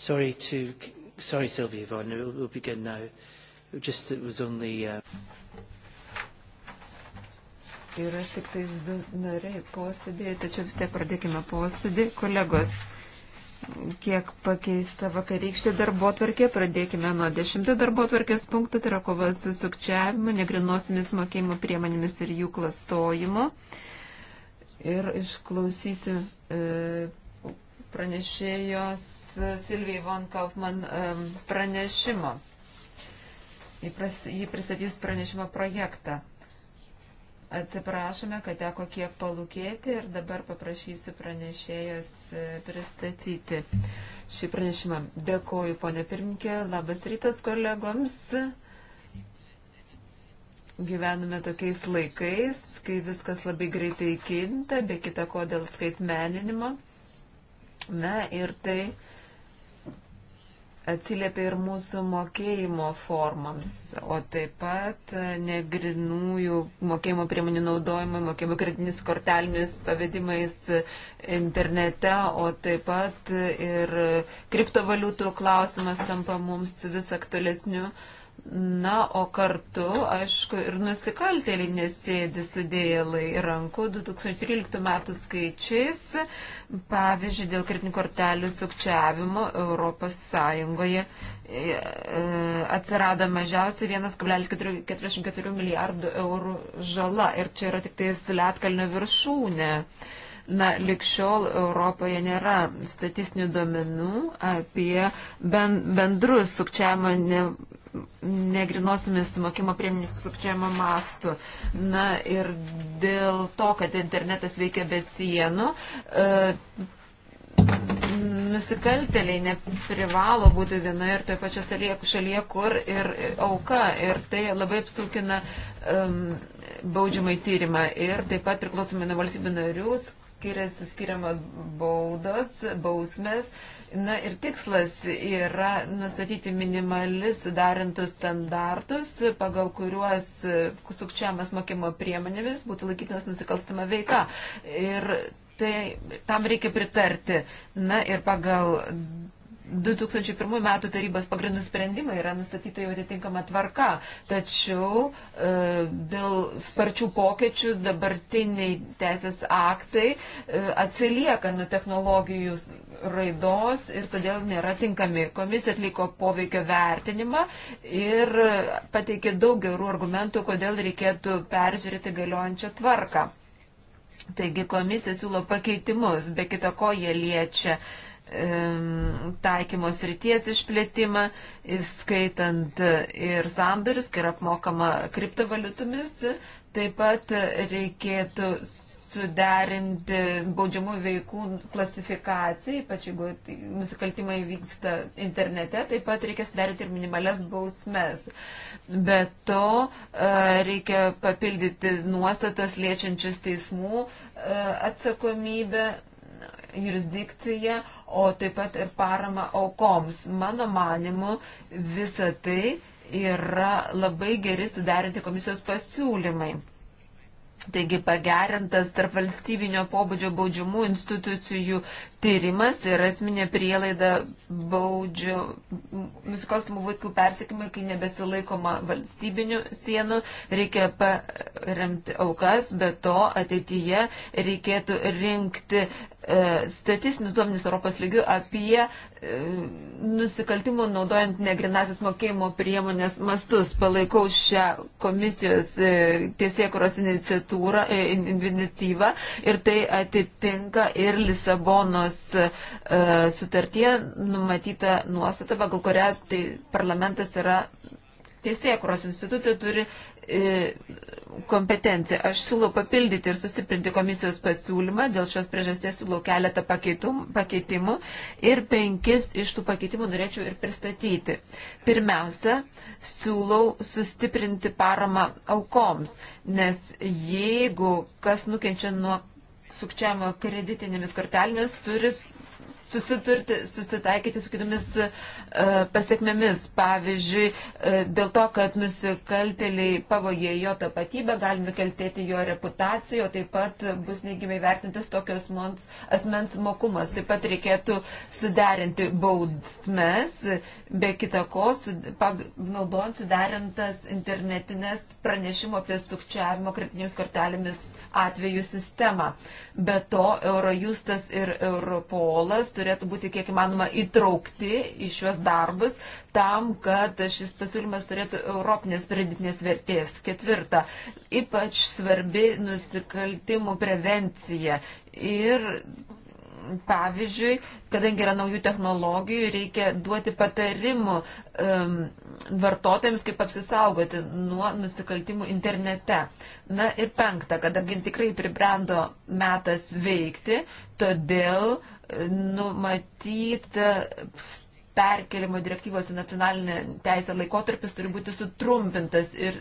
Sorry to, sorry Sylvia Vaughan, we'll, we'll begin now. It just it was only. Uh... Yra tik tai du nariai posėdėje, tačiau vis tiek pradėkime posėdį. Kolegos, kiek pakeista vakarykštė darbo tvarkė, pradėkime nuo dešimto darbo tvarkės punktų, tai yra kova su sukčiavimu, negrinosimis mokėjimo priemonėmis ir jų klastojimu. Ir išklausysiu e, pranešėjos Silvijai von Kaufman pranešimo. Jį pristatys pranešimo projektą. Atsiprašome, kad teko kiek palūkėti ir dabar paprašysiu pranešėjos e, pristatyti šį pranešimą. Dėkoju, ponė pirmininkė, labas rytas kolegoms. Gyvename tokiais laikais, kai viskas labai greitai kinta, be kita ko dėl skaitmeninimo. Na ir tai atsiliepia ir mūsų mokėjimo formams, o taip pat e, negrinųjų mokėjimo priemonių naudojimui, mokėjimo kreditinis kortelėmis, pavedimais e, internete, o taip pat ir e, kriptovaliutų klausimas tampa mums vis aktualesniu. Uh, Na, o kartu, aišku, ir nusikaltėliai nesėdi sudėję rankų 2013 metų skaičiais, pavyzdžiui, dėl kritinių kortelių sukčiavimo Europos Sąjungoje e, e, atsirado mažiausiai 1,44 milijardų eurų žala ir čia yra tik tai Lietkalnio viršūnė. Na, likščiol Europoje nėra statistinių duomenų apie ben, bendrus sukčiavimo negrinosimis mokymo priemonių sukčiavimo mastu. Na ir dėl to, kad internetas veikia be sienų, e, nusikalteliai neprivalo būti vienoje ir toje pačioje šalyje, kur ir auka. Ir tai labai apsūkina um, baudžiamai tyrimą. Ir taip pat priklausomai nuo valstybių narių skiriasi skiriamas baudos, bausmės. Uh, Na ir tikslas yra nustatyti minimalius sudarintus standartus, pagal kuriuos sukčiamas mokymo priemonėmis būtų laikytinas nusikalstama veika. Ir tai, tam reikia pritarti. Na ir pagal 2001 metų tarybos pagrindų sprendimai yra nustatyta jau atitinkama tvarka, tačiau e, dėl sparčių pokyčių dabartiniai teisės aktai e, atsilieka nuo technologijų raidos ir todėl nėra tinkami. Komisija atliko poveikio vertinimą ir pateikė daug gerų argumentų, kodėl reikėtų peržiūrėti galiojančią tvarką. Taigi komisija siūlo pakeitimus, be kita ko jie liečia uh, taikymos ryties išplėtimą, įskaitant ir sandorius, kai yra apmokama kriptovaliutomis, taip pat reikėtų suderinti baudžiamų veikų klasifikaciją, ypač jeigu tai nusikaltimai vyksta internete, taip pat reikia suderinti ir minimales bausmes. Be to e, reikia papildyti nuostatas liečiančias teismų e, atsakomybę jurisdikciją, o taip pat ir parama aukoms. Mano manimu, visa tai yra labai geri suderinti komisijos pasiūlymai. Taigi pagerintas tarp valstybinio pobūdžio baudžiamų institucijų tyrimas ir asminė prielaida baudžių nusikalstamų vaikų persikimai, kai nebesilaikoma valstybinių sienų, reikia paremti aukas, bet to ateityje reikėtų rinkti e, statistinius duomenys Europos lygių apie nusikaltimų naudojant negrinasis mokėjimo priemonės mastus. Palaikau šią komisijos e, tiesiekuros e, iniciatyvą ir tai atitinka ir Lisabonos e, sutartie numatyta nuostata, pagal kurią tai parlamentas yra teisėkuros institucija turi E, kompetencija. Aš siūlau papildyti ir sustiprinti komisijos pasiūlymą, dėl šios priežasties siūlau keletą pakeitimų ir penkis iš tų pakeitimų norėčiau ir pristatyti. Pirmiausia, siūlau sustiprinti paramą aukoms, nes jeigu kas nukenčia nuo sukčiavimo kreditinėmis kortelėmis, turi susiturti, susitaikyti su kitomis uh, E, pasiekmėmis. Pavyzdžiui, e, dėl to, kad nusikaltėliai pavogė jo tapatybę, gali nukeltėti jo reputaciją, o taip pat bus neigiamai vertintas tokios asmens mokumas. Taip pat reikėtų suderinti baudmes, be kita ko, su, naudojant suderintas internetinės pranešimo apie sukčiavimo kritinius kortelėmis atvejų sistemą. Be to, Eurojustas ir Europolas turėtų būti kiek įmanoma įtraukti į šiuos darbus tam, kad šis pasiūlymas turėtų europinės pridėtinės vertės. Ketvirta, ypač svarbi nusikaltimų prevencija. Ir pavyzdžiui, kadangi yra naujų technologijų, reikia duoti patarimų um, vartotojams, kaip apsisaugoti nuo nusikaltimų internete. Na ir penkta, kadangi tikrai pribrendo metas veikti, todėl e, numatyti perkelimo direktyvos į nacionalinę teisę laikotarpis turi būti sutrumpintas ir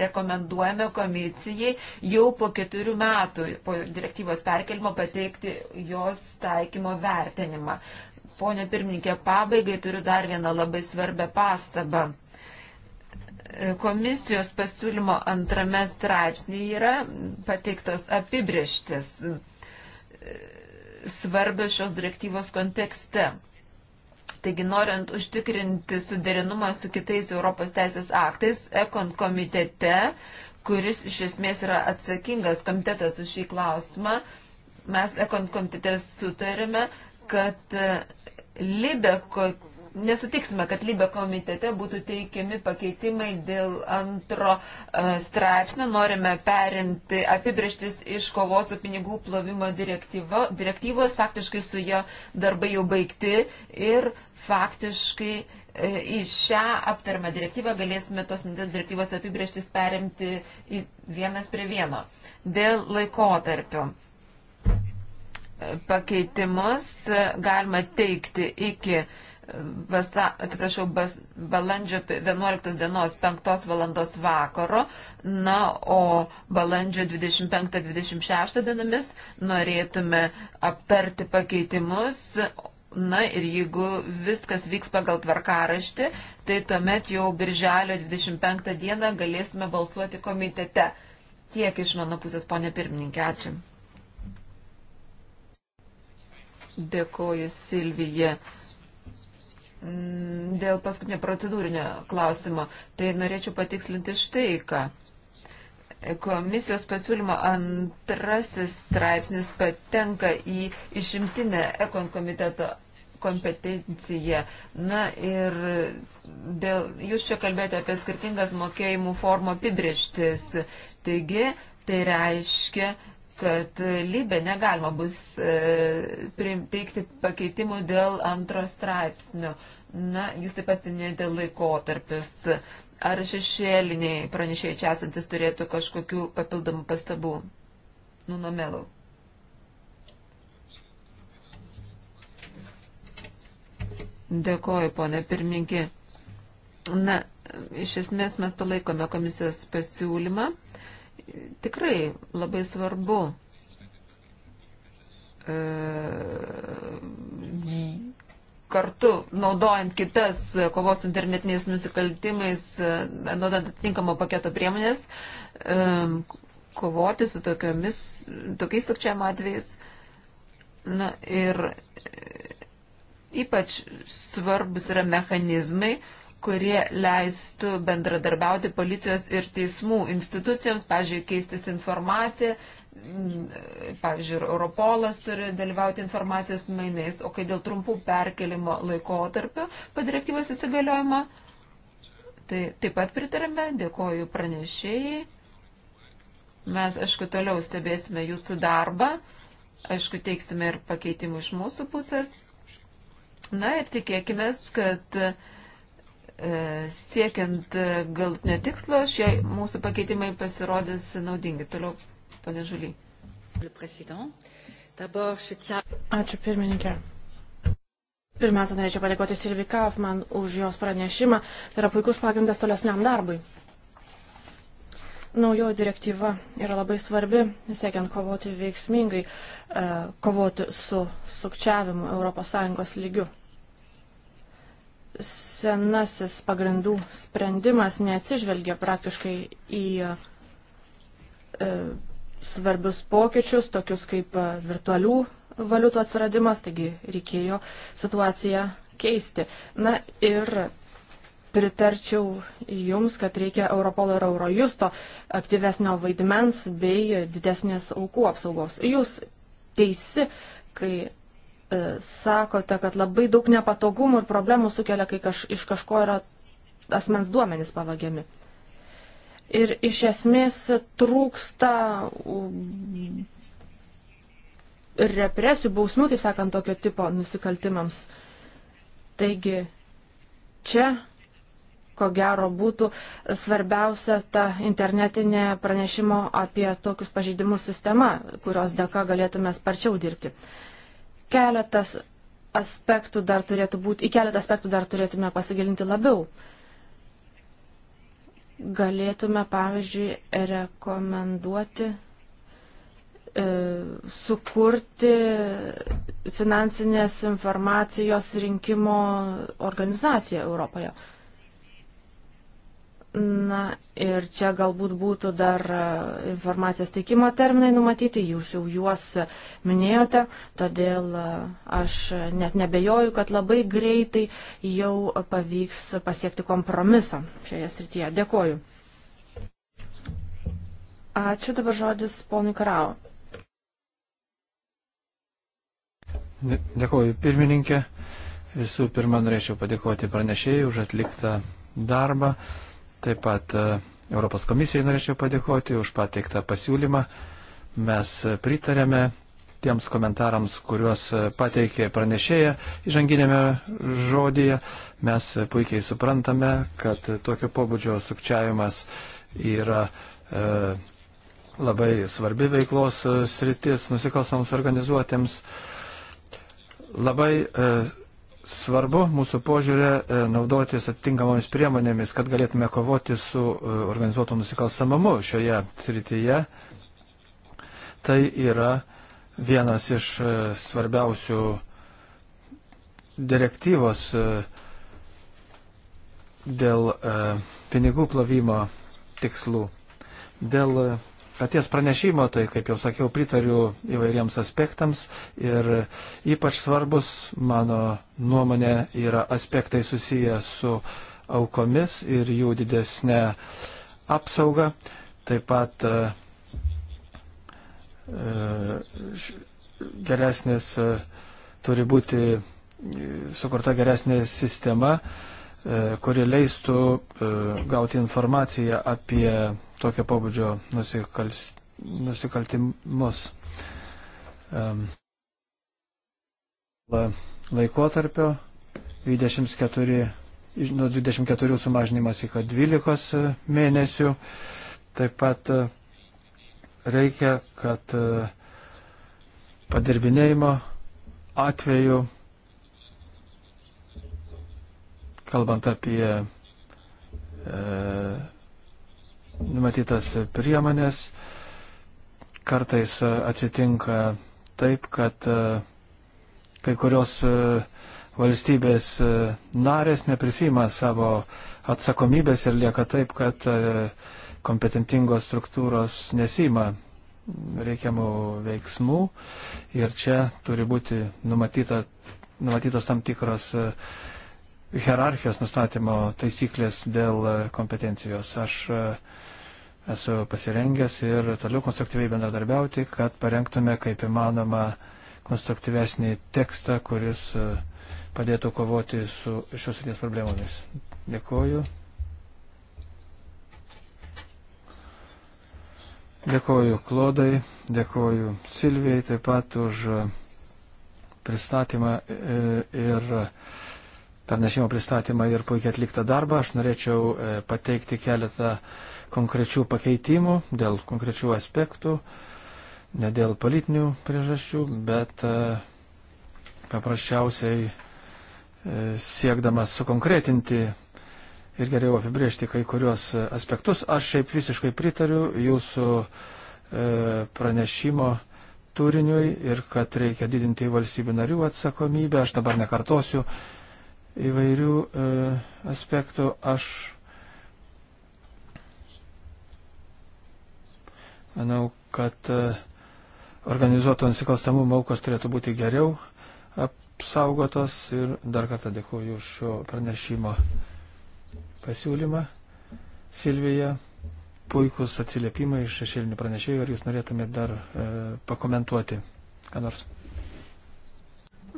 rekomenduojame komisijai jau po keturių metų po direktyvos perkelimo pateikti jos taikymo vertinimą. Pone pirmininkė, pabaigai turiu dar vieną labai svarbę pastabą. Komisijos pasiūlymo antrame straipsnėje yra pateiktos apibrieštis e, svarbios šios direktyvos kontekste. Taigi, norint užtikrinti suderinumą su kitais Europos teisės aktais, Ekon komitete, kuris iš esmės yra atsakingas komitetas už šį klausimą, mes Ekon komitete sutarėme, kad Libe nesutiksime, kad Libė komitete būtų teikiami pakeitimai dėl antro uh, straipsnio. Norime perimti apibrieštis iš kovos su pinigų plovimo direktyvo, direktyvos. Faktiškai su jo darbai jau baigti ir faktiškai uh, į šią aptarimą direktyvą galėsime tos direktyvos apibrieštis perimti į vienas prie vieno. Dėl laikotarpio e, pakeitimus galima teikti iki vasa, atsiprašau, bas, balandžio 11 dienos 5 valandos vakaro, na, o balandžio 25-26 dienomis norėtume aptarti pakeitimus. Na ir jeigu viskas vyks pagal tvarkaraštį, tai tuomet jau birželio 25 dieną galėsime balsuoti komitete. Tiek iš mano pusės, ponė pirmininkė, ačiū. Dėkoju Silvija Mm, dėl paskutinio procedūrinio klausimo, tai norėčiau patikslinti štai ką. Komisijos pasiūlymo antrasis straipsnis patenka į išimtinę ekon komiteto kompetenciją. Na ir dėl, jūs čia kalbėjote apie skirtingas mokėjimų formo apibrieštis. Taigi, tai reiškia, kad Libė negalima bus e, teikti pakeitimų dėl antro straipsnio. Na, jūs taip pat minėjote laikotarpius. Ar šešėliniai pranešėjai čia esantis turėtų kažkokių papildomų pastabų? Nu, nomelau. Dėkoju, ponė pirmininkė. Na, iš esmės mes palaikome komisijos pasiūlymą tikrai labai svarbu e, kartu naudojant kitas kovos su internetiniais nusikaltimais, e, naudojant atitinkamo paketo priemonės, e, kovoti su tokiomis, tokiais sukčiam atvejais. Na ir ypač svarbus yra mechanizmai, kurie leistų bendradarbiauti policijos ir teismų institucijoms, pavyzdžiui, keistis informaciją, mm, pavyzdžiui, Europolas turi dalyvauti informacijos mainais, o kai dėl trumpų perkelimo laikotarpių padirektyvos įsigaliojimo, tai taip pat pritarėme, dėkoju pranešėjai. Mes, aišku, toliau stebėsime jūsų darbą, aišku, teiksime ir pakeitimų iš mūsų pusės. Na ir tikėkime, kad uh, E, siekiant e, galutinio tikslo, šie mūsų pakeitimai pasirodys naudingi. Toliau, pane Žuly. Ačiū pirmininkė. Pirmiausia, norėčiau padėkoti Silvi Kaufman už jos pranešimą. Tai yra puikus pagrindas tolesniam darbui. Naujoji direktyva yra labai svarbi, siekiant kovoti veiksmingai, e, kovoti su sukčiavimu ES lygiu senasis pagrindų sprendimas neatsižvelgia praktiškai į e, svarbius pokyčius, tokius kaip e, virtualių valiutų atsiradimas, taigi reikėjo situaciją keisti. Na ir pritarčiau jums, kad reikia Europolo ir Eurojusto aktyvesnio vaidmens bei didesnės aukų apsaugos. Jūs teisi, kai E, sakote, kad labai daug nepatogumų ir problemų sukelia, kai kaž, iš kažko yra asmens duomenys pavagiami. Ir iš esmės trūksta represijų, bausmių, taip sakant, tokio tipo nusikaltimams. Taigi čia, ko gero, būtų svarbiausia ta internetinė pranešimo apie tokius pažeidimus sistema, kurios dėka galėtume sparčiau dirbti. Uh, keletas aspektų dar turėtų būti, į keletą aspektų dar turėtume pasigilinti labiau. Galėtume, pavyzdžiui, rekomenduoti e, sukurti finansinės informacijos rinkimo organizaciją Europoje. E, Na ir čia galbūt būtų dar e, informacijos teikimo terminai numatyti, jūs jau juos minėjote, todėl e, aš net nebejoju, kad labai greitai jau pavyks pasiekti kompromisą šioje srityje. Dėkoju. Ačiū dabar žodis ponui Karau. Dėkoju pirmininkė. Visų pirma, norėčiau padėkoti pranešėjai už atliktą darbą. Taip pat e, Europos komisijai norėčiau padėkoti už pateiktą pasiūlymą. Mes e, pritarėme tiems komentarams, kuriuos e, pateikė pranešėja įžanginėme žodėje. Mes puikiai suprantame, kad tokio pobūdžio sukčiavimas yra e, labai svarbi veiklos sritis nusikalstams organizuotėms. Labai e, svarbu mūsų požiūrė e, naudotis atitinkamomis priemonėmis, kad galėtume kovoti su e, organizuotu nusikalstamamu šioje srityje. Tai yra vienas iš e, svarbiausių direktyvos dėl pinigų plovimo tikslų. Dėl paties pranešimo, tai kaip jau sakiau, pritariu įvairiems aspektams ir ypač svarbus mano nuomonė yra aspektai susiję su aukomis ir jų didesnė apsauga. Taip pat e, e, geresnis e, turi būti sukurta geresnė sistema E, kuri leistų e, gauti informaciją apie tokio pobūdžio nusikaltimus laikotarpio 24, nuo 24 sumažinimas iki 12 mėnesių. Taip pat e, reikia, kad padirbinėjimo atveju kalbant apie e, numatytas priemonės, kartais atsitinka taip, kad e, kai kurios e, valstybės e, narės neprisima savo atsakomybės ir lieka taip, kad e, kompetentingos struktūros nesima reikiamų veiksmų ir čia turi būti numatyta, numatytos tam tikros e, hierarchijos nustatymo taisyklės dėl kompetencijos. Aš e, esu pasirengęs ir toliau konstruktyviai bendradarbiauti, kad parengtume kaip įmanoma konstruktyvesnį tekstą, kuris e, padėtų kovoti su šios ryties problemomis. Dėkuoju. Dėkuoju Klodai, dėkuoju Silvijai taip pat už pristatymą e, ir, ir pranešimo pristatymą ir puikiai atliktą darbą. Aš norėčiau e, pateikti keletą konkrečių pakeitimų dėl konkrečių aspektų, ne dėl politinių priežasčių, bet e, paprasčiausiai e, siekdamas sukonkretinti ir geriau apibriežti kai kurios aspektus. Aš šiaip visiškai pritariu jūsų pranešimo turiniui ir kad reikia didinti valstybių narių atsakomybę. Aš dabar nekartosiu įvairių e, aspektų aš manau, kad e, organizuoto nusikalstamumo aukos turėtų būti geriau apsaugotos ir dar kartą dėkuoju už šio pranešimo pasiūlymą. Silvija, puikus atsiliepimai iš šešėlinių pranešėjų, ar jūs norėtumėte dar e, pakomentuoti, ką nors?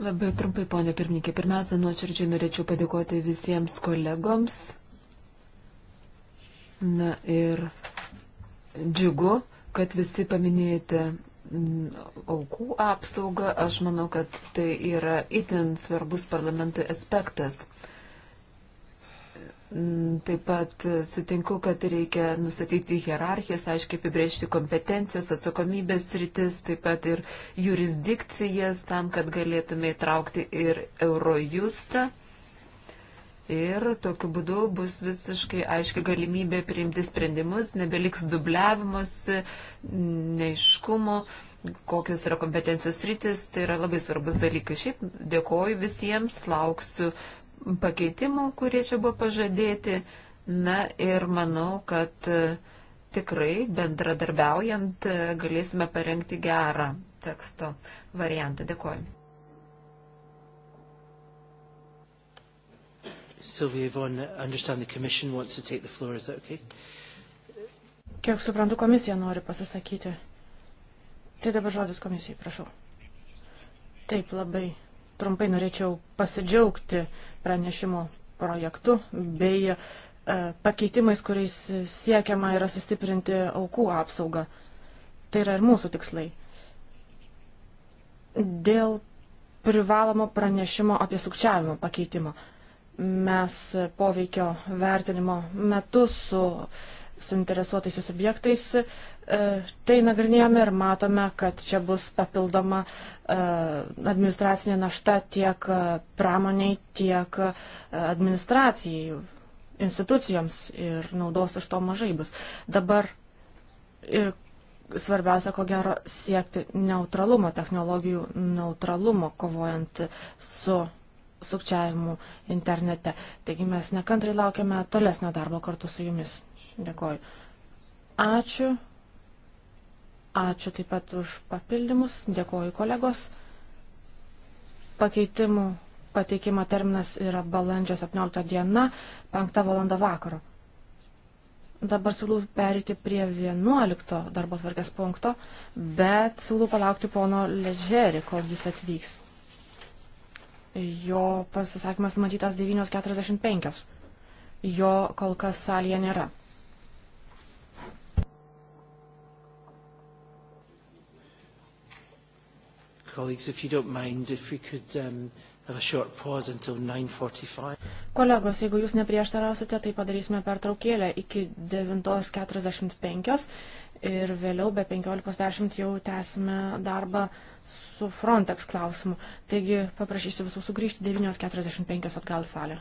Labai trumpai, ponė pirmininkė. Pirmiausia, nuoširdžiai norėčiau padėkoti visiems kolegoms. Na ir džiugu, kad visi paminėjote mm, aukų apsaugą. Aš manau, kad tai yra itin svarbus parlamentui aspektas. Mm, taip pat sutinku, kad reikia nustatyti hierarchijas, aiškiai apibriežti kompetencijos, atsakomybės rytis, taip pat ir jurisdikcijas tam, kad galėtume įtraukti ir Eurojustą. Ir tokiu būdu bus visiškai aiški galimybė priimti sprendimus, nebeliks dubliavimus, neiškumo, kokios yra kompetencijos rytis, tai yra labai svarbus dalykai. Šiaip dėkoju visiems, lauksiu pakeitimų, kurie čia buvo pažadėti. Na ir manau, kad e, tikrai bendradarbiaujant e, galėsime parengti gerą teksto variantą. Dėkuoju. Sylvia Yvonne, I understand the Commission wants to take the floor, is that okay? Kiek suprantu, komisija nori pasisakyti. Tai dabar žodis komisijai, prašau. Taip, labai trumpai norėčiau pasidžiaugti pranešimo projektu bei e, pakeitimais, kuriais siekiama yra sustiprinti aukų apsaugą. Tai yra ir mūsų tikslai. Dėl privalomo pranešimo apie sukčiavimo pakeitimo. Mes poveikio vertinimo metu su suinteresuotais subjektais E, tai nagrinėjome ir matome, kad čia bus papildoma e, administracinė našta tiek e, pramoniai, tiek administracijai, institucijoms ir naudos iš to mažai bus. Dabar svarbiausia, ko gero, siekti neutralumo, technologijų neutralumo, kovojant su sukčiavimu internete. Taigi mes nekantrai laukiame tolesnio darbo kartu su jumis. Dėkoju. Ačiū. Ačiū taip pat už papildymus. Dėkoju kolegos. Pakeitimų pateikimo terminas yra balandžio 17 diena, 5 val. vakaro. Dabar siūlau perėti prie 11 darbo tvarkės punkto, bet siūlau palaukti pono Ležerį, kol jis atvyks. Jo pasisakymas matytas 9.45. Jo kol kas salėje nėra. Colleagues, if you don't mind, if we could um, have a short pause until 9.45. Kolegos, jeigu jūs neprieštarausite, tai padarysime pertraukėlę iki 9.45 ir vėliau be 15.10 jau tęsime darbą su Frontex klausimu. Taigi paprašysiu visų sugrįžti 9.45 atgal salę.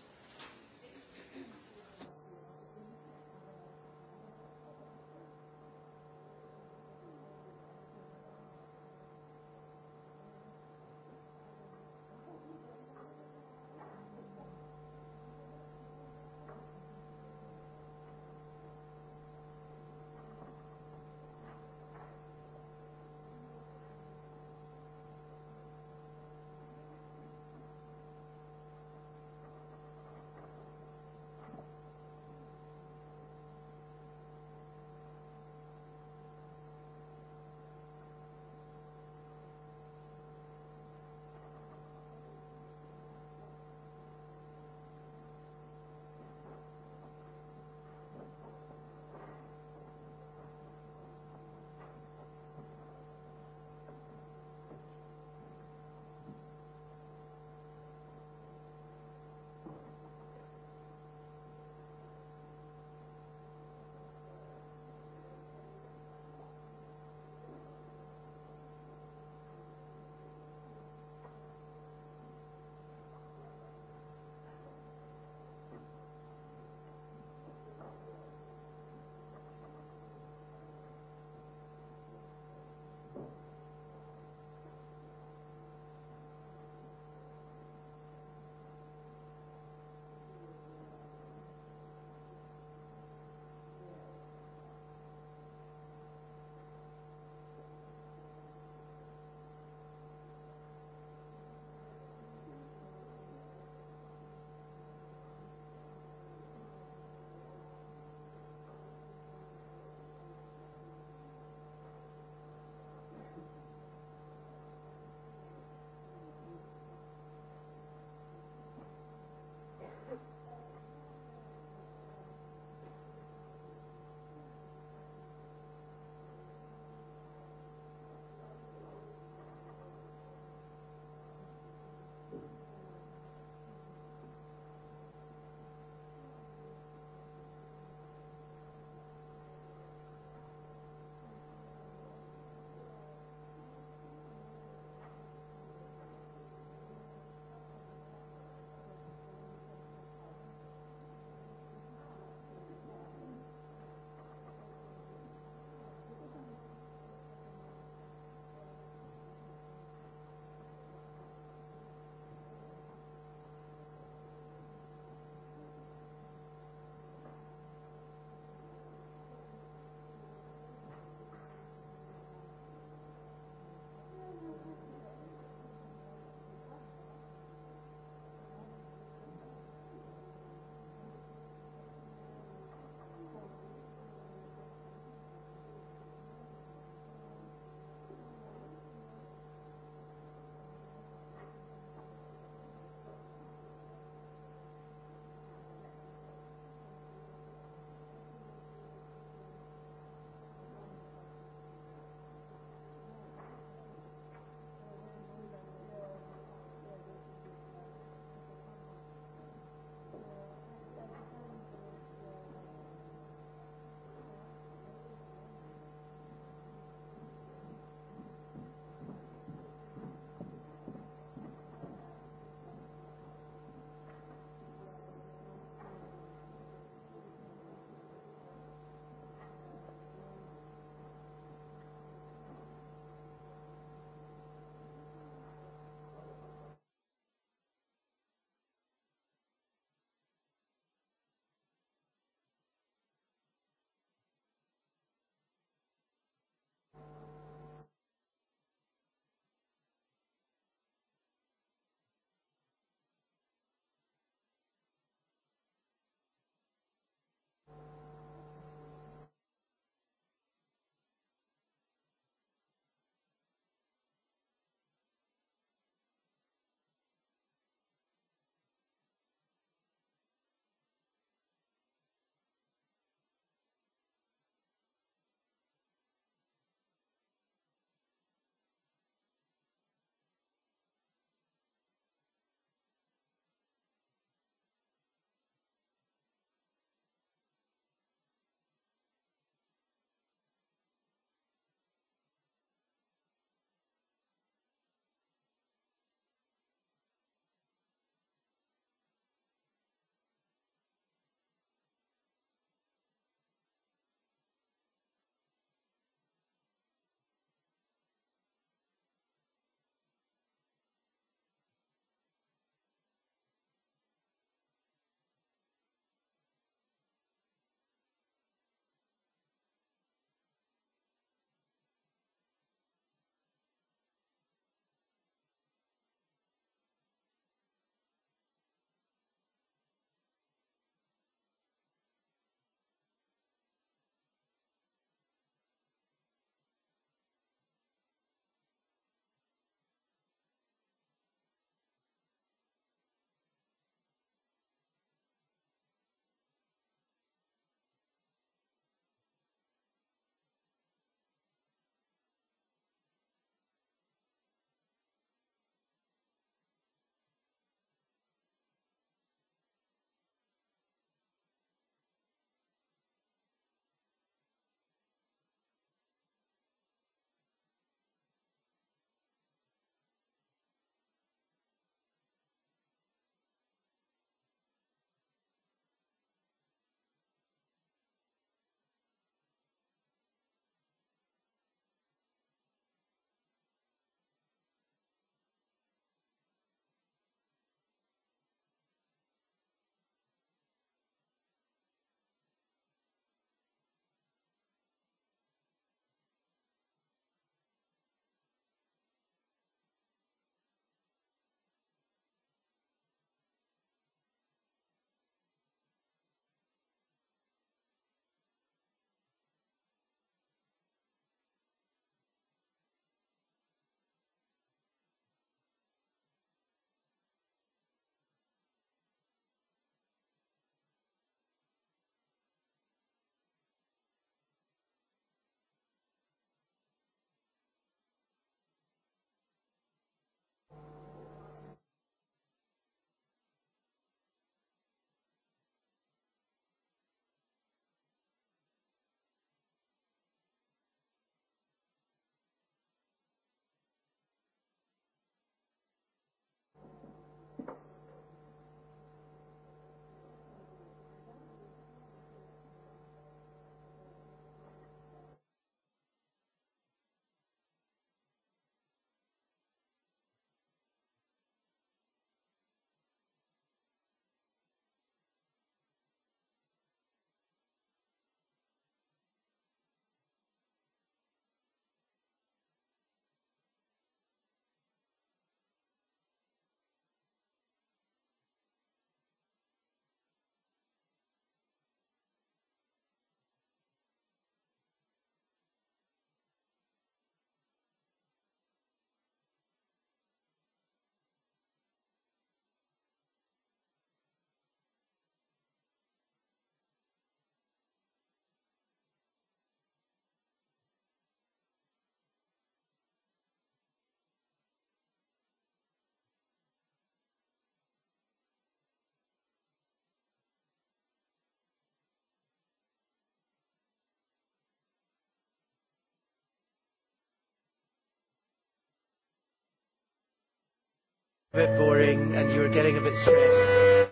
a bit boring and you were getting a bit stressed.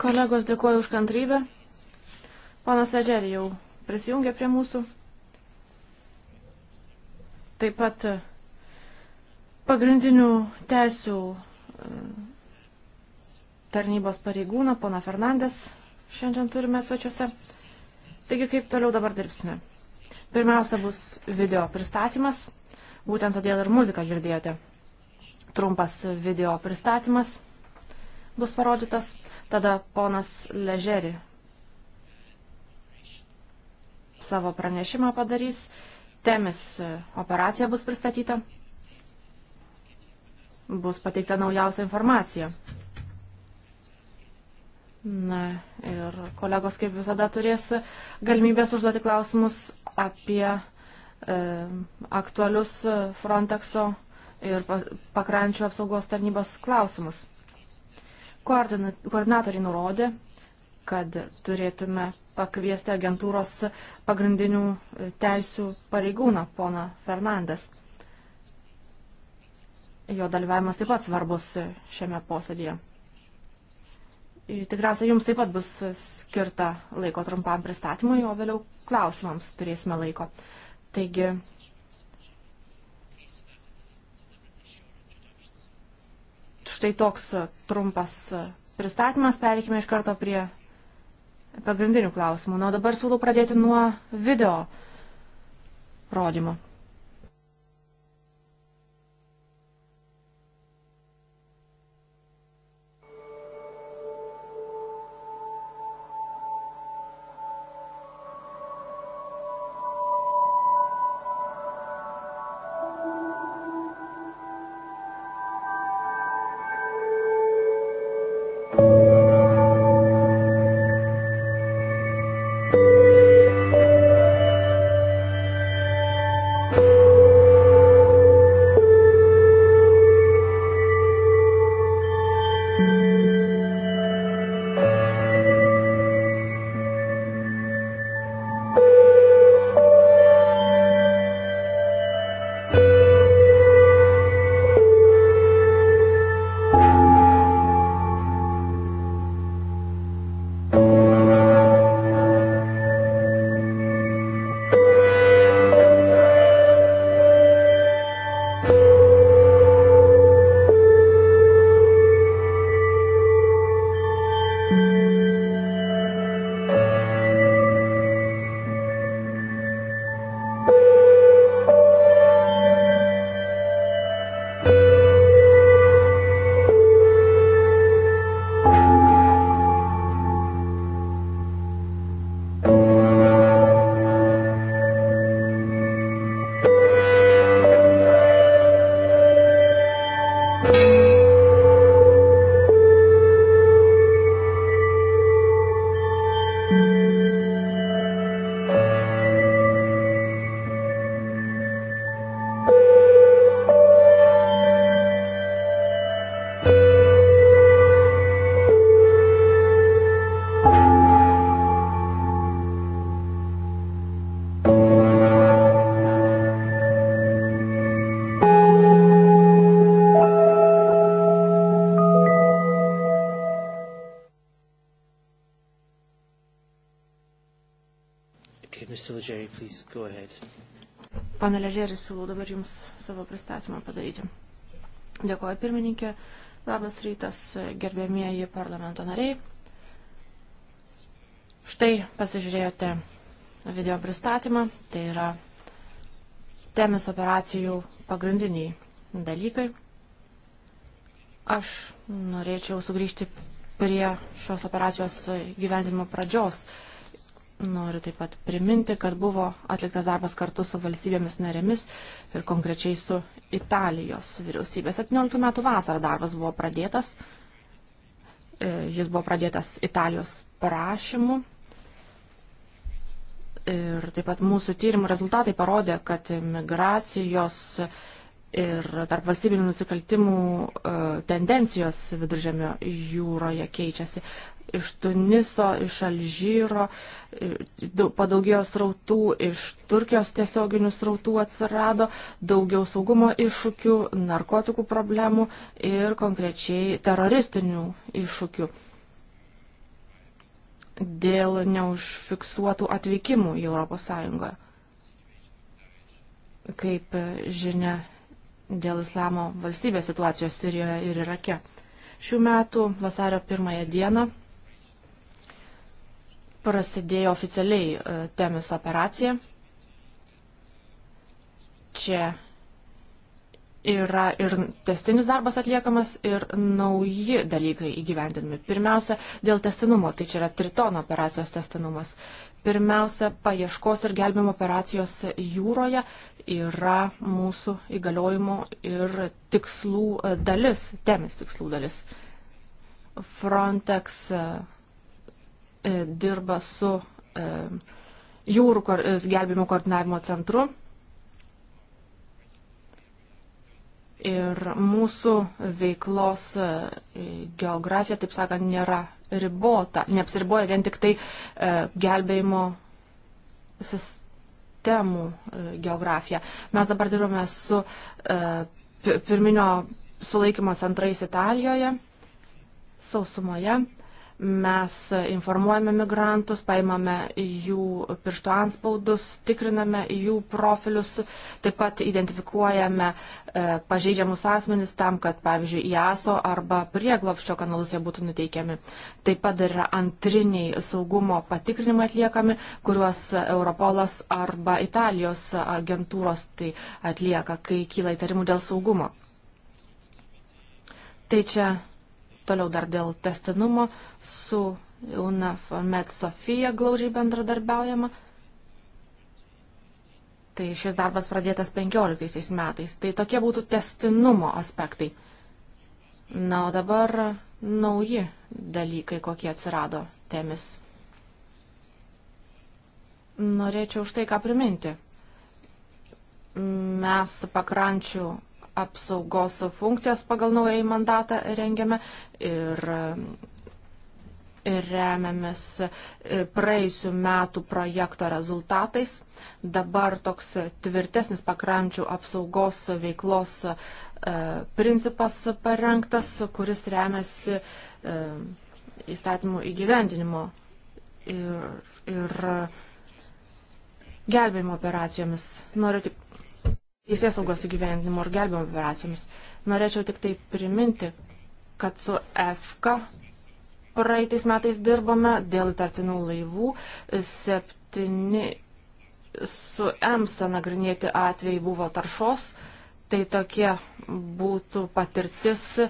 Kolegos, dėkuoju už kantrybę. Panas Ledžerį jau prisijungė prie mūsų. Taip pat pagrindinių teisų e, tarnybos pareigūną, pona Fernandes, šiandien turime svečiuose. Taigi, kaip toliau dabar dirbsime? Pirmiausia bus video pristatymas, būtent todėl ir muziką girdėjote. Trumpas video pristatymas bus parodytas, tada ponas Ležeri savo pranešimą padarys, temis operacija bus pristatyta bus pateikta naujausia informacija. Na ir kolegos kaip visada turės galimybės užduoti klausimus apie e, aktualius Frontexo ir pakrančių apsaugos tarnybos klausimus. Koordinatoriai nurodė, kad turėtume pakviesti agentūros pagrindinių teisių pareigūną, pona Fernandes jo dalyvavimas taip pat svarbus šiame posėdėje. Tikriausiai jums taip pat bus skirta laiko trumpam pristatymui, o vėliau klausimams turėsime laiko. Taigi, štai toks trumpas pristatymas, pereikime iš karto prie pagrindinių klausimų. Na, dabar siūlau pradėti nuo video rodymo. Pane Ležerį, siūlau dabar Jums savo pristatymą padaryti. Dėkuoju pirmininkė, labas rytas, gerbėmieji parlamento nariai. Štai pasižiūrėjote video pristatymą, tai yra temis operacijų pagrindiniai dalykai. Aš norėčiau sugrįžti prie šios operacijos gyvendimo pradžios. Uh, Noriu taip pat priminti, kad buvo atliktas darbas kartu su valstybėmis narėmis ir konkrečiai su Italijos vyriausybė. 17 metų vasarą darbas buvo pradėtas. E, jis buvo pradėtas Italijos prašymu. Ir taip pat mūsų tyrimų rezultatai parodė, kad migracijos ir tarp valstybinių nusikaltimų e, tendencijos viduržėmio jūroje keičiasi. Iš Tuniso, iš Alžyro e, padaugėjo srautų, iš Turkijos tiesioginių srautų atsirado daugiau saugumo iššūkių, narkotikų problemų ir konkrečiai teroristinių iššūkių dėl neužfiksuotų atvykimų į ES. Kaip žinia, dėl islamo valstybės situacijos Sirijoje ir Irake. Šių metų vasario pirmąją dieną prasidėjo oficialiai e, Temis operacija. Čia yra ir testinis darbas atliekamas, ir nauji dalykai įgyvendinami. Pirmiausia, dėl testinumo, tai čia yra Tritono operacijos testinumas. Pirmiausia, paieškos ir gelbimo operacijos jūroje yra mūsų įgaliojimų ir tikslų e, dalis, temis tikslų dalis. Frontex e, e, dirba su jūrų gelbimo koordinavimo centru. Ir mūsų veiklos geografija, taip sakant, nėra ribota, neapsiriboja vien tik tai e, gelbėjimo sistemų e, geografija. Mes dabar dirbame su e, pirminio sulaikymo centrais Italijoje, sausumoje. Mes informuojame migrantus, paimame jų pirštų anspaudus, tikriname jų profilius, taip pat identifikuojame e, pažeidžiamus asmenis tam, kad, pavyzdžiui, į ASO arba prieglopščio kanalus jie būtų nuteikiami. Taip pat yra antriniai saugumo patikrinimai atliekami, kuriuos Europolas arba Italijos agentūros tai atlieka, kai kyla įtarimų dėl saugumo. Tai čia Toliau dar dėl testinumo su UNAFMED Sofija glaužiai bendradarbiaujama. Tai šis darbas pradėtas 15 metais. Tai tokie būtų testinumo aspektai. Na, o dabar nauji dalykai, kokie atsirado temis. Norėčiau už tai ką priminti. Mes pakrančių apsaugos funkcijas pagal naująjį mandatą rengiame ir e, remiamės e, praėjusių metų projekto rezultatais. Dabar toks tvirtesnis pakrančių apsaugos veiklos e, principas parengtas, kuris remiasi įstatymų įgyvendinimo ir, ir gelbėjimo operacijomis. Noriu tik teisės saugos įgyvendinimo ir gelbėjimo operacijomis. Norėčiau tik tai priminti, kad su EFKA praeitais metais dirbome dėl įtartinų laivų. Septyni su EMSA nagrinėti atvejai buvo taršos. Tai tokie būtų patirtis e,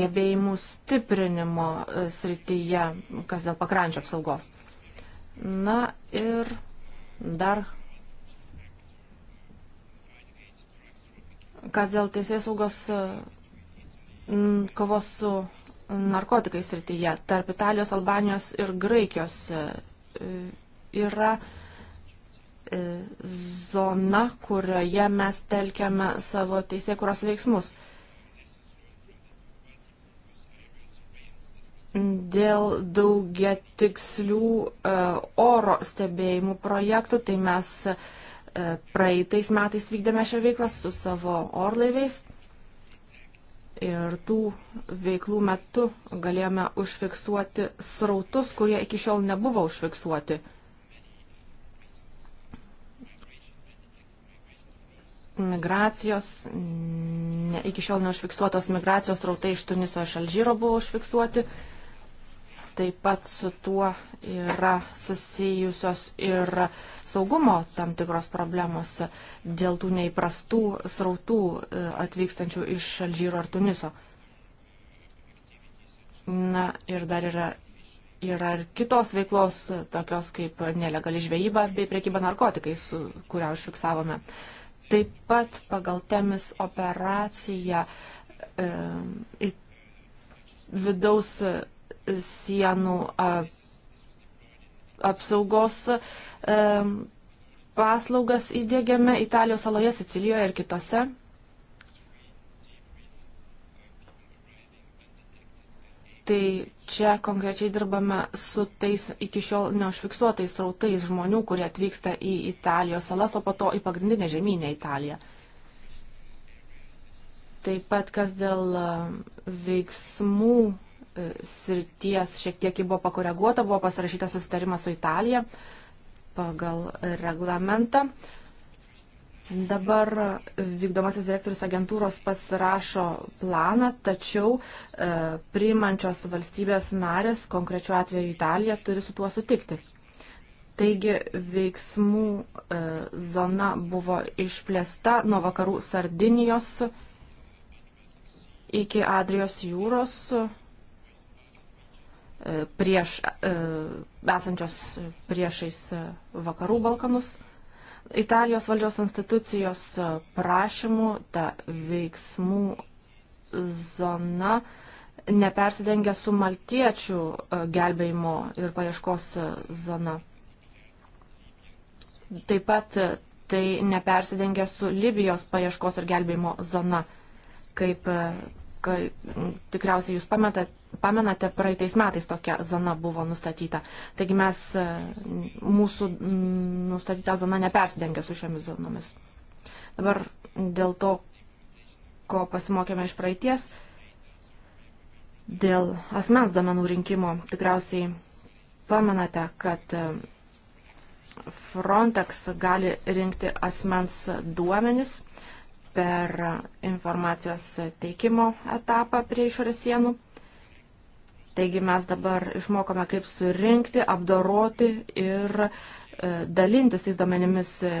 gebėjimų stiprinimo e, srityje, kas dėl pakrančio apsaugos. Na ir dar Kas dėl teisės saugos e, kovos su narkotikais srityje tarp Italijos, Albanijos ir Graikijos e, yra e, zona, kurioje mes telkiame savo teisėkuros veiksmus. Dėl daugia tikslių oro stebėjimų projektų, tai mes uh, E, praeitais metais vykdėme šią veiklą su savo orlaiviais ir tų veiklų metu galėjome užfiksuoti srautus, kurie iki šiol nebuvo užfiksuoti. Migracijos, ne, iki šiol neužfiksuotos migracijos rautai iš Tuniso iš Alžyro buvo užfiksuoti. Uh, Taip pat su tuo yra susijusios ir saugumo tam tikros problemos dėl tų neįprastų srautų e, atvykstančių iš Alžyro ar Tuniso. Na ir dar yra, yra ir kitos veiklos, tokios kaip nelegali žvejyba bei priekyba narkotikais, kurią užfiksavome. Taip pat pagal temis operaciją e, vidaus sienų apsaugos e, paslaugas įdėgiame Italijos saloje, Sicilijoje ir kitose. Tai čia konkrečiai dirbame su tais iki šiol neužfiksuotais rautais žmonių, kurie atvyksta į Italijos salas, o po to į pagrindinę žemynę Italiją. Taip pat kas dėl veiksmų E, srities šiek tiek buvo pakoreguota, buvo pasirašytas susitarimas su Italija pagal reglamentą. Dabar vykdomasis direktorius agentūros pasirašo planą, tačiau e, priimančios valstybės narės, konkrečiu atveju Italija, turi su tuo sutikti. Taigi veiksmų e, zona buvo išplėsta nuo vakarų Sardinijos iki Adrijos jūros. E, prieš, e, esančios priešais vakarų Balkanus. Italijos valdžios institucijos prašymų ta veiksmų zona nepersidengia su maltiečių e, gelbėjimo ir paieškos zona. Taip pat tai nepersidengia su Libijos paieškos ir gelbėjimo zona, kaip e, Kai, tikriausiai jūs pamenate, pamenate, praeitais metais tokia zona buvo nustatyta. Taigi mes, e, mūsų nustatyta zona nepersidengia su šiomis zonomis. Dabar dėl to, ko pasimokėme iš praeities, dėl asmens duomenų rinkimo, tikriausiai pamenate, kad e, Frontex gali rinkti asmens duomenis per informacijos teikimo etapą prie išorės sienų. Taigi mes dabar išmokome, kaip surinkti, apdoroti ir e, dalintis tais duomenimis e,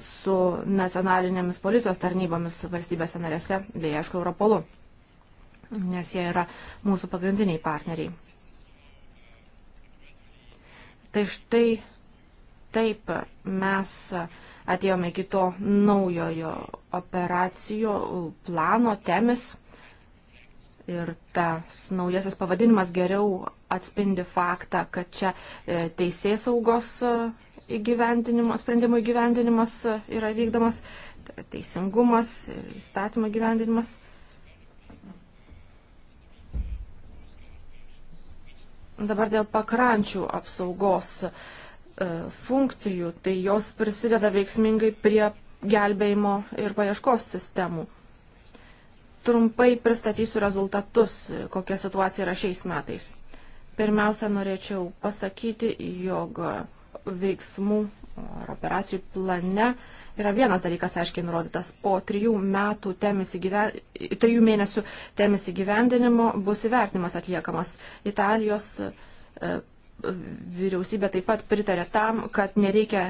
su nacionalinėmis policijos tarnybomis valstybėse narėse, bei aišku, Europolu, nes jie yra mūsų pagrindiniai partneriai. Tai štai Taip, mes atėjome iki to naujojo operacijų plano temis ir tas naujasis pavadinimas geriau atspindi faktą, kad čia e, teisės saugos e, įgyvendinimas, sprendimų įgyvendinimas e, yra vykdomas, tai teisingumas ir įstatymo įgyvendinimas. Dabar dėl pakrančių apsaugos E, funkcijų, tai jos prisideda veiksmingai prie gelbėjimo ir paieškos sistemų. Trumpai pristatysiu rezultatus, e, kokia situacija yra šiais metais. Pirmiausia, norėčiau pasakyti, jog veiksmų ar operacijų plane yra vienas dalykas aiškiai nurodytas. Po trijų, įgyven... trijų mėnesių temis įgyvendinimo bus įvertinimas atliekamas Italijos e, vyriausybė taip pat pritarė tam, kad nereikia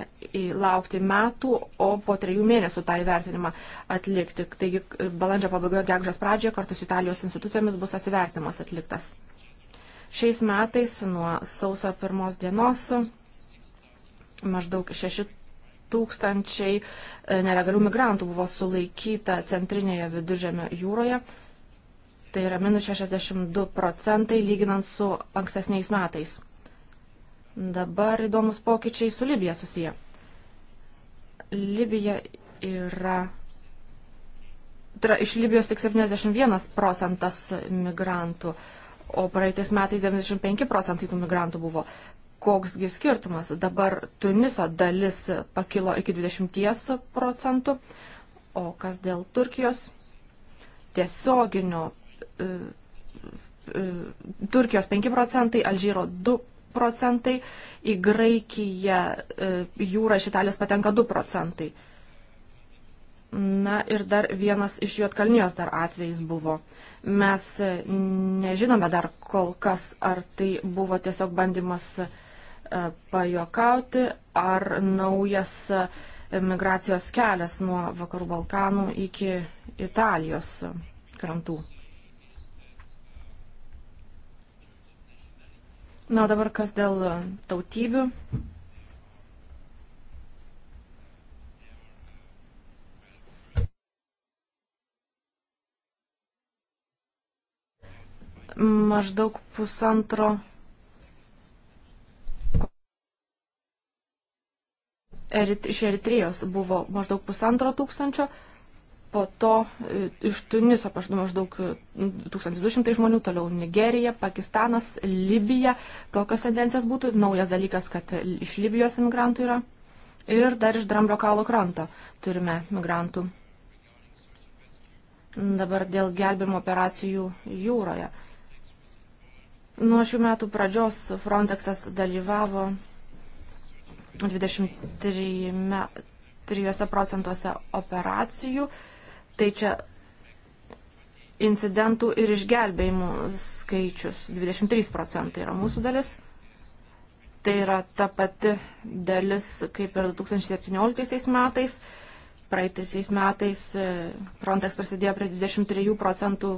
laukti metų, o po trejų mėnesių tą įvertinimą atlikti. Taigi balandžio pabaigoje, gegužės pradžioje kartu su Italijos institucijomis bus atsivertinimas atliktas. Šiais metais nuo sausio pirmos dienos maždaug 6 tūkstančiai e, nelegalių migrantų buvo sulaikyta centrinėje viduržėmio jūroje. Tai yra minus 62 procentai lyginant su ankstesniais metais. Dabar įdomus pokyčiai su Libija susiję. Libija yra. Tra, tai iš Libijos tik 71 procentas migrantų, o praeitais metais 95 procentai tų migrantų buvo. Koksgi skirtumas? Dabar Tuniso dalis pakilo iki 20 procentų, o kas dėl Turkijos tiesioginio. E, e, Turkijos 5 procentai, Alžyro 2 procentai, į Graikiją e, jūrą iš Italijos patenka 2 procentai. Na ir dar vienas iš Juotkalnijos dar atvejais buvo. Mes e, nežinome dar kol kas, ar tai buvo tiesiog bandymas e, pajokauti, ar naujas migracijos kelias nuo Vakarų Balkanų iki Italijos krantų. Na, o dabar kas dėl e, tautybių. Maždaug pusantro iš Eritrijos buvo maždaug pusantro tūkstančio po to e, iš Tuniso pažadu maždaug 1200 e, žmonių, toliau Nigerija, Pakistanas, Libija. Tokios tendencijos būtų naujas dalykas, kad iš Libijos imigrantų yra. Ir dar iš Dramblio kalo kranto turime migrantų. Dabar dėl gelbimo operacijų jūroje. Nuo šių metų pradžios Frontexas dalyvavo 23 me, 3 procentuose operacijų. Tai čia incidentų ir išgelbėjimų skaičius 23 procentai yra mūsų dalis. Tai yra ta pati dalis kaip ir 2017 metais. Praeitaisiais metais e, Frontex prasidėjo prie 23 procentų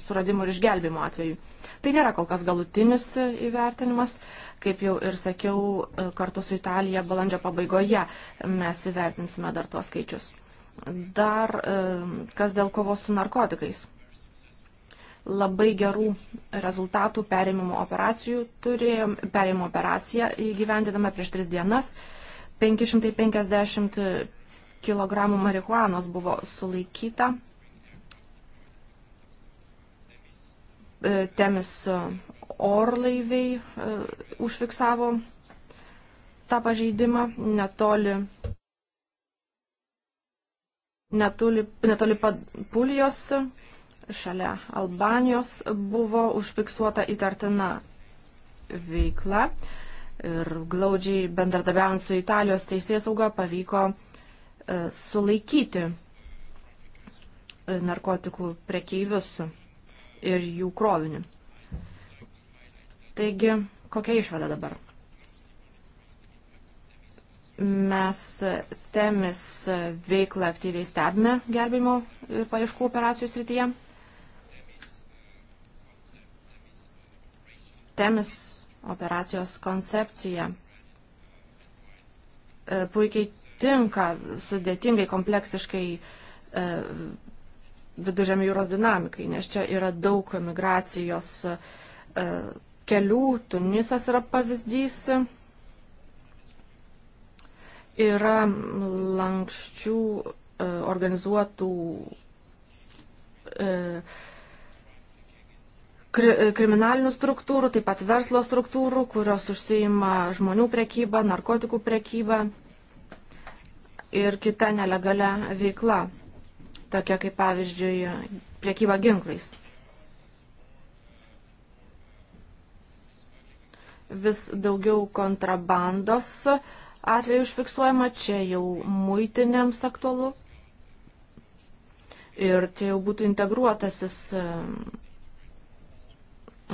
suradimų ir išgelbimo atveju. Tai nėra kol kas galutinis įvertinimas. Kaip jau ir sakiau, e, kartu su Italija balandžio pabaigoje mes įvertinsime dar tuos skaičius. Dar e, kas dėl kovos su narkotikais. Labai gerų rezultatų perėmimo operacijų turėjom, perėmimo operaciją įgyvendiname prieš tris dienas. 550 kg marihuanos buvo sulaikyta. E, Temis orlaiviai e, užfiksavo tą pažeidimą netoli netoli, netoli Pulijos, šalia Albanijos, buvo užfiksuota įtartina veikla ir glaudžiai bendradarbiaujant su Italijos teisės sauga pavyko e, sulaikyti e, narkotikų prekeivius ir jų krovinį. Taigi, kokia išvada dabar? Mes temis veiklą aktyviai stebime gelbėjimo ir paieškų operacijų srityje. Temis operacijos koncepcija e, puikiai tinka sudėtingai, kompleksiškai e, viduržėmio jūros dinamikai, nes čia yra daug migracijos e, kelių, Tunisas yra pavyzdys Yra lankščių e, organizuotų e, e, kriminalinių struktūrų, taip pat verslo struktūrų, kurios užsiima žmonių prekybą, narkotikų prekybą ir kita nelegalia veikla, tokia kaip pavyzdžiui priekyba ginklais. Vis daugiau kontrabandos uh, atveju užfiksuojama, čia jau muitinėms aktualu. Ir čia jau būtų integruotasis e,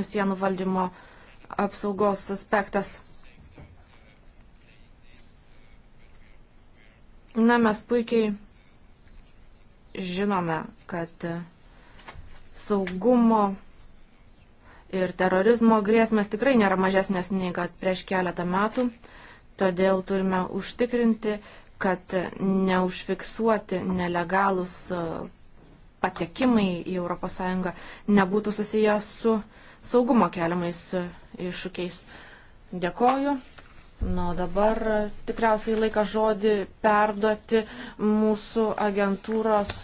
sienų valdymo apsaugos aspektas. Na, mes puikiai žinome, kad e, saugumo ir terorizmo grėsmės tikrai nėra mažesnės nei kad prieš keletą metų. Todėl turime užtikrinti, kad neužfiksuoti nelegalus e, patekimai į ES nebūtų susijęs su saugumo keliamais e, iššūkiais. Dėkoju. Na, o dabar e, tikriausiai laiką žodį perduoti mūsų agentūros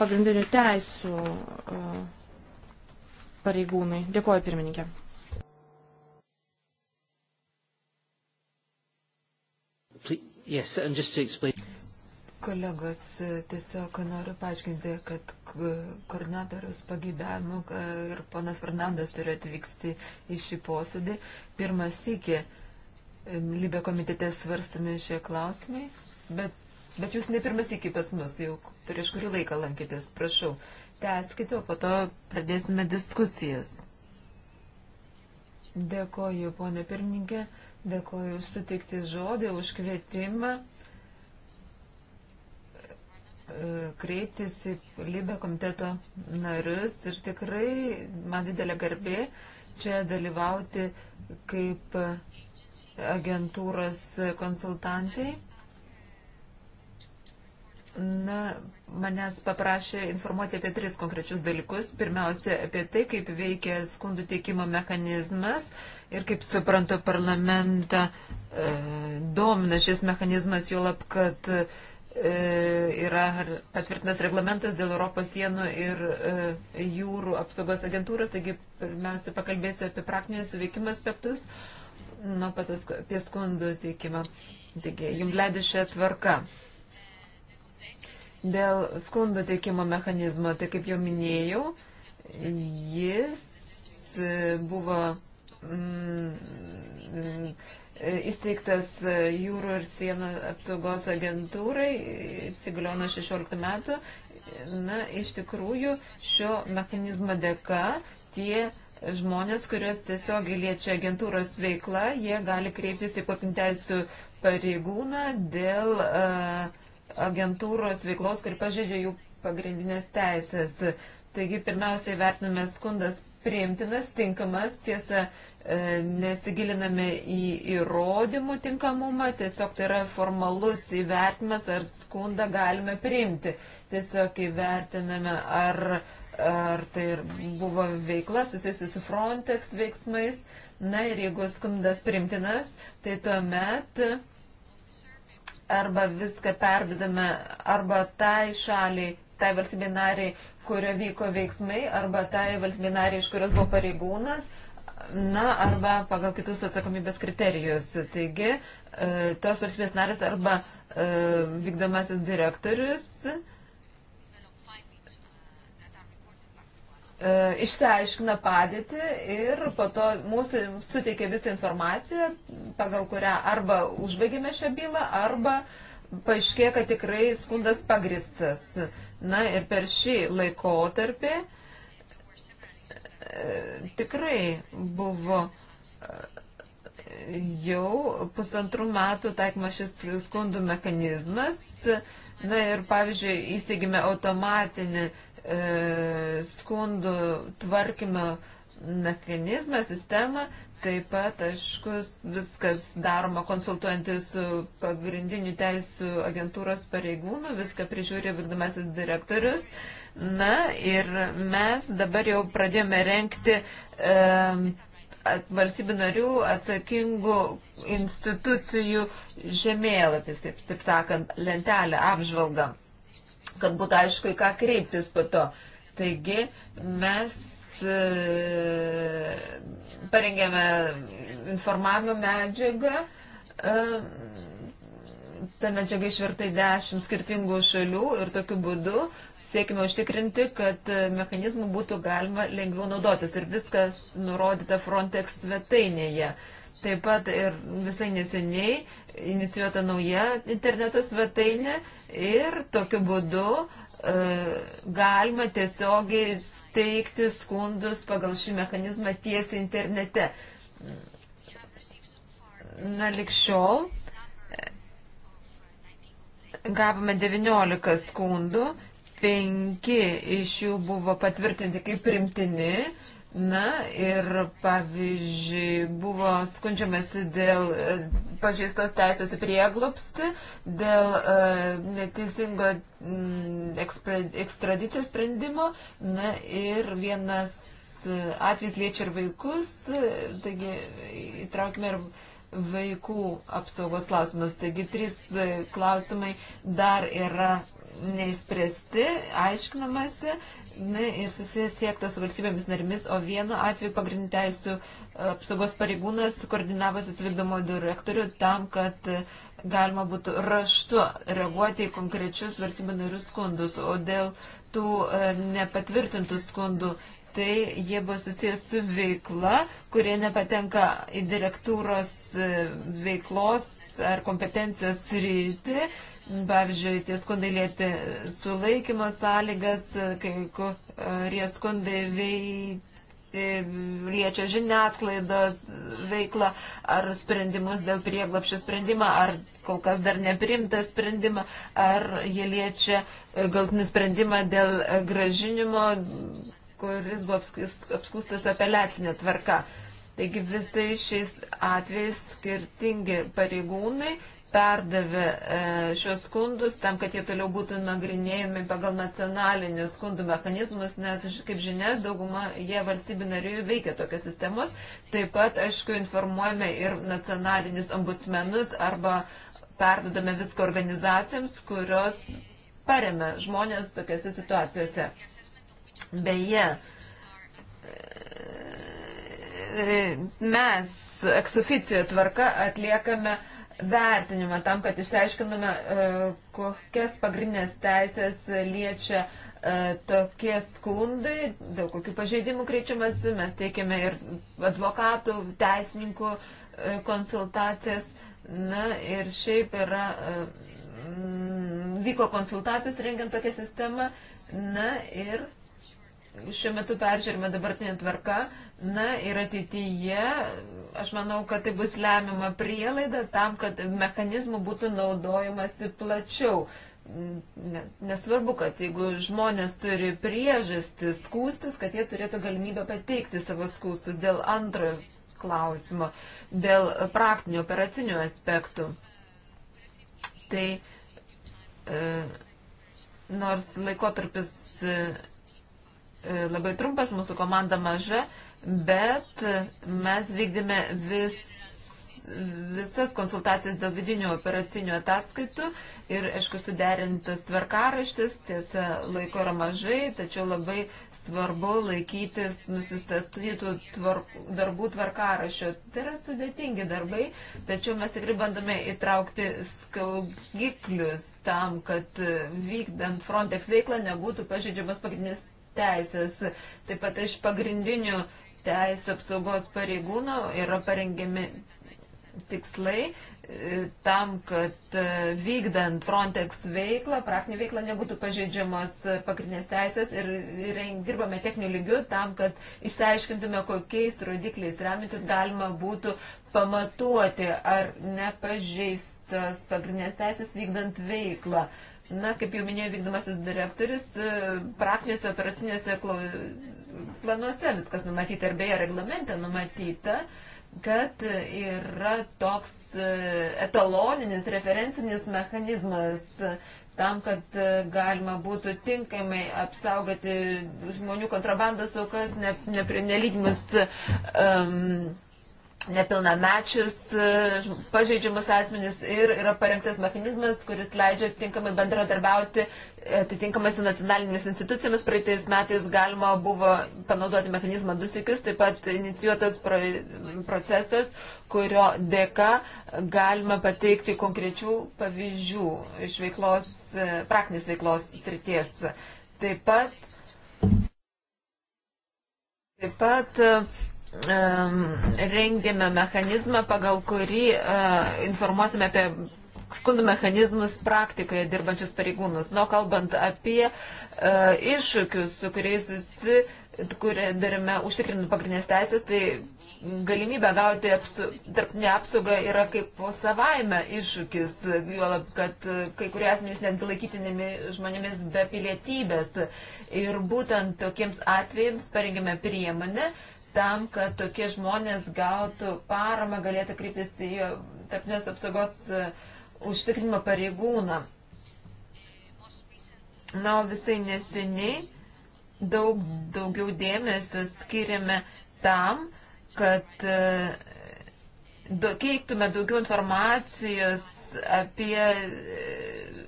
pagrindinių teisų pareigūnai. Dėkoju, pirmininkė. Yes, and just to explain. Kolegos, tiesiog noriu paaiškinti, kad koordinatorius pagydavimo ir ponas Fernandas turi atvykti į šį posėdį. Pirmas iki Libė komitete svarstami šie klausimai, bet, bet jūs ne pirmas iki pas mus, jau prieš kurį laiką lankytės. Prašau, tęskite, o po to pradėsime diskusijas. Dėkoju, ponė pirmininkė. Dėkuoju už sutikti žodį, už kvietimą e, kreiptis į Libę komiteto narius ir tikrai man didelė garbė čia dalyvauti kaip agentūros konsultantai. Na, manęs paprašė informuoti apie tris konkrečius dalykus. Pirmiausia, apie tai, kaip veikia skundų teikimo mechanizmas, Ir kaip suprantu, parlamentą e, domina šis mechanizmas, juolab, kad e, yra patvirtinas reglamentas dėl Europos sienų ir e, jūrų apsaugos agentūros. Taigi, pirmiausia, pakalbėsiu apie praktinius veikimo aspektus, nuo patos apie skundų teikimą. Taigi, jums leidė šią tvarką. Dėl skundų teikimo mechanizmo, tai kaip jau minėjau, jis e, buvo mm, įsteigtas jūrų ir sienų apsaugos agentūrai, įsigaliojo nuo 16 metų. Na, iš tikrųjų, šio mechanizmo dėka tie žmonės, kurios tiesiog liečia agentūros veikla, jie gali kreiptis į papinteisių pareigūną dėl uh, agentūros veiklos, kuri pažeidžia jų pagrindinės teisės. Taigi, pirmiausiai vertiname skundas priimtinas, tinkamas, tiesa, e, nesigiliname į įrodymų tinkamumą, tiesiog tai yra formalus įvertimas, ar skundą galime priimti. Tiesiog įvertiname, ar, ar tai buvo veikla susijusi su Frontex veiksmais. Na ir jeigu skundas priimtinas, tai tuomet arba viską perdodame arba tai šaliai, tai valstybė nariai, kurio vyko veiksmai, arba tai valstybinariai, iš kurios buvo pareigūnas, na, arba pagal kitus atsakomybės kriterijus. Taigi, e, tos valstybės narės arba e, vykdomasis direktorius e, išsiaiškina padėtį ir po to mūsų suteikia visą informaciją, pagal kurią arba užbaigėme šią bylą, arba uh, paaiškėjo, kad tikrai skundas pagristas. Na ir per šį laikotarpį e, tikrai buvo e, jau pusantrų metų taikymas šis skundų mechanizmas. Na ir pavyzdžiui, įsigime automatinį e, skundų tvarkymą mechanizmą, sistemą. Taip pat, aišku, viskas daroma konsultuojantis su pagrindiniu teisų agentūros pareigūnu, viską prižiūri vykdomasis direktorius. Na ir mes dabar jau pradėjome renkti e, valstybių narių atsakingų institucijų žemėlapis, taip, taip sakant, lentelę, apžvalgą, kad būtų aišku, į ką kreiptis po to. Taigi mes E, parengėme informavimo medžiagą. E, ta medžiaga išvertai dešimt skirtingų šalių ir tokiu būdu siekime užtikrinti, kad mechanizmų būtų galima lengviau naudotis ir viskas nurodyta Frontex svetainėje. Taip pat ir visai neseniai inicijuota nauja interneto svetainė ir tokiu būdu uh, E, galima tiesiogiai steigti skundus pagal šį mechanizmą tiesiai internete. Na, likščiol e, gavome 19 skundų, 5 iš jų buvo patvirtinti kaip primtini, Na ir pavyzdžiui, buvo skundžiamasi dėl e, pažeistos teisės į prieglopsti, dėl e, neteisingo m, mm, ekstradicijos sprendimo. Na ir vienas e, atvejs liečia ir vaikus, e, taigi įtraukime ir vaikų apsaugos klausimus. Taigi trys klausimai dar yra neįspręsti, aiškinamasi ir susisiekta su valstybėmis narimis, o vienu atveju pagrindinių teisų e, apsaugos pareigūnas koordinavosi su vykdomo direktoriu tam, kad e, galima būtų raštu reaguoti į konkrečius valstybių narių skundus, o dėl tų e, nepatvirtintų skundų. Tai jie buvo susijęs su veikla, kurie nepatenka į direktūros veiklos ar kompetencijos rytį Pavyzdžiui, tie skundai lėti sulaikymo sąlygas, kai kurie e, skundai liečia žiniasklaidos veiklą ar sprendimus dėl prieglapščio sprendimą, ar kol kas dar neprimtą sprendimą, ar jie liečia e, galtinį sprendimą dėl e, gražinimo, kuris buvo apskustas apeliacinė tvarka. Taigi visai šiais atvejais skirtingi pareigūnai perdavė e, šios skundus tam, kad jie toliau būtų nagrinėjami pagal nacionalinius skundų mechanizmus, nes, kaip žinia, dauguma jie valstybių narių veikia tokios sistemos. Taip pat, aišku, informuojame ir nacionalinius ombudsmenus arba perdodame viską organizacijoms, kurios paremia žmonės tokiose situacijose. Beje, e, e, mes eksoficijo tvarka atliekame uh, vertinimą tam, kad išsiaiškinume, e, kokias pagrindinės teisės liečia e, tokie skundai, daug kokių pažeidimų kreičiamas, mes teikiame ir advokatų, teisininkų e, konsultacijas. Na ir šiaip yra, vyko konsultacijos rengiant tokią sistemą. Na ir šiuo metu peržiūrime dabartinę tvarką, Na ir ateityje, aš manau, kad tai bus lemiama prielaida tam, kad mechanizmų būtų naudojamasi plačiau. Nesvarbu, kad jeigu žmonės turi priežastį skūstis, kad jie turėtų galimybę pateikti savo skūstus dėl antros klausimo, dėl praktinių operacinių aspektų. Tai e, nors laikotarpis e, e labai trumpas, mūsų komanda maža, e, bet mes vykdėme vis, visas konsultacijas dėl vidinių operacinių ataskaitų ir, aišku, suderintas tvarkaraštis, tiesa, laiko yra mažai, tačiau labai svarbu laikytis nusistatytų tvark, darbų tvarkarašio. Tai yra sudėtingi darbai, tačiau mes tikrai bandome įtraukti skaugiklius tam, kad vykdant Frontex veiklą nebūtų pažydžiamas pagrindinis teisės. Taip pat iš pagrindinių teisų apsaugos pareigūnų yra parengiami tikslai e, tam, kad e, vykdant Frontex veiklą, praktinį veiklą nebūtų pažeidžiamos e, pagrindinės teisės ir, ir dirbame techninių lygių tam, kad išsiaiškintume, kokiais rodikliais remintis galima būtų pamatuoti ar nepažeistas pagrindinės teisės vykdant veiklą. Na, kaip jau minėjo vykdomasis direktorius, praktiniuose operacinėse planuose viskas numatyta ir beje reglamente numatyta, kad yra toks e, etaloninis, referencinis mechanizmas tam, kad e, galima būtų tinkamai apsaugoti žmonių kontrabandos aukas, neprinelygimus ne um, nepilnamečius, e, pažeidžiamus asmenis ir yra parengtas mechanizmas, kuris leidžia tinkamai bendradarbiauti atitinkamai su nacionalinėmis institucijomis. Praeitais metais galima buvo panaudoti mechanizmą du sėkius, taip pat inicijuotas pro, procesas, kurio dėka galima pateikti konkrečių pavyzdžių iš veiklos, e, praktinės veiklos srities. Taip pat, taip pat e, rengėme mechanizmą, pagal kurį e, informuosime apie skundų mechanizmus praktikoje dirbančius pareigūnus. Nuo kalbant apie e, iššūkius, su kuriais susidurime užtikrinant pagrindinės teisės, tai galimybė gauti apsu, tarpinę apsaugą yra kaip po savaime iššūkis, juolab, kad e, kai kurie asmenys netgi laikytinimi žmonėmis be pilietybės. Ir būtent tokiems atvejams parengėme priemonę, tam, kad tokie žmonės gautų paramą, galėtų kryptis į tarpinės apsaugos e, užtikrinimo pareigūną. Na, o visai neseniai daug, daugiau dėmesio skiriame tam, kad keiktume e, daugiau informacijos apie e,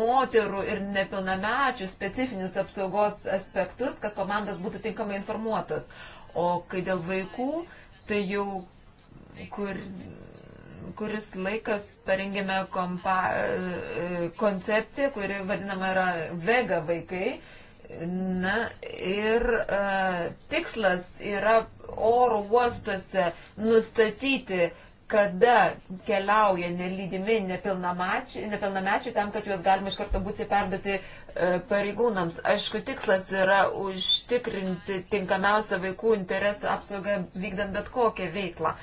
moterų ir nepilnamečių specifinius apsaugos aspektus, kad komandos būtų tinkamai informuotos. O kai dėl vaikų, tai jau kur, kuris laikas parengėme kompa, e, koncepciją, kuri vadinama yra vega vaikai. Na ir e, tikslas yra oro uostuose nustatyti kada keliauja nelydimi nepilnamečiai, nepilnamečiai tam, kad juos galima iš karto būti perduoti e, pareigūnams. Aišku, tikslas yra užtikrinti tinkamiausią vaikų interesų apsaugą vykdant bet kokią veiklą.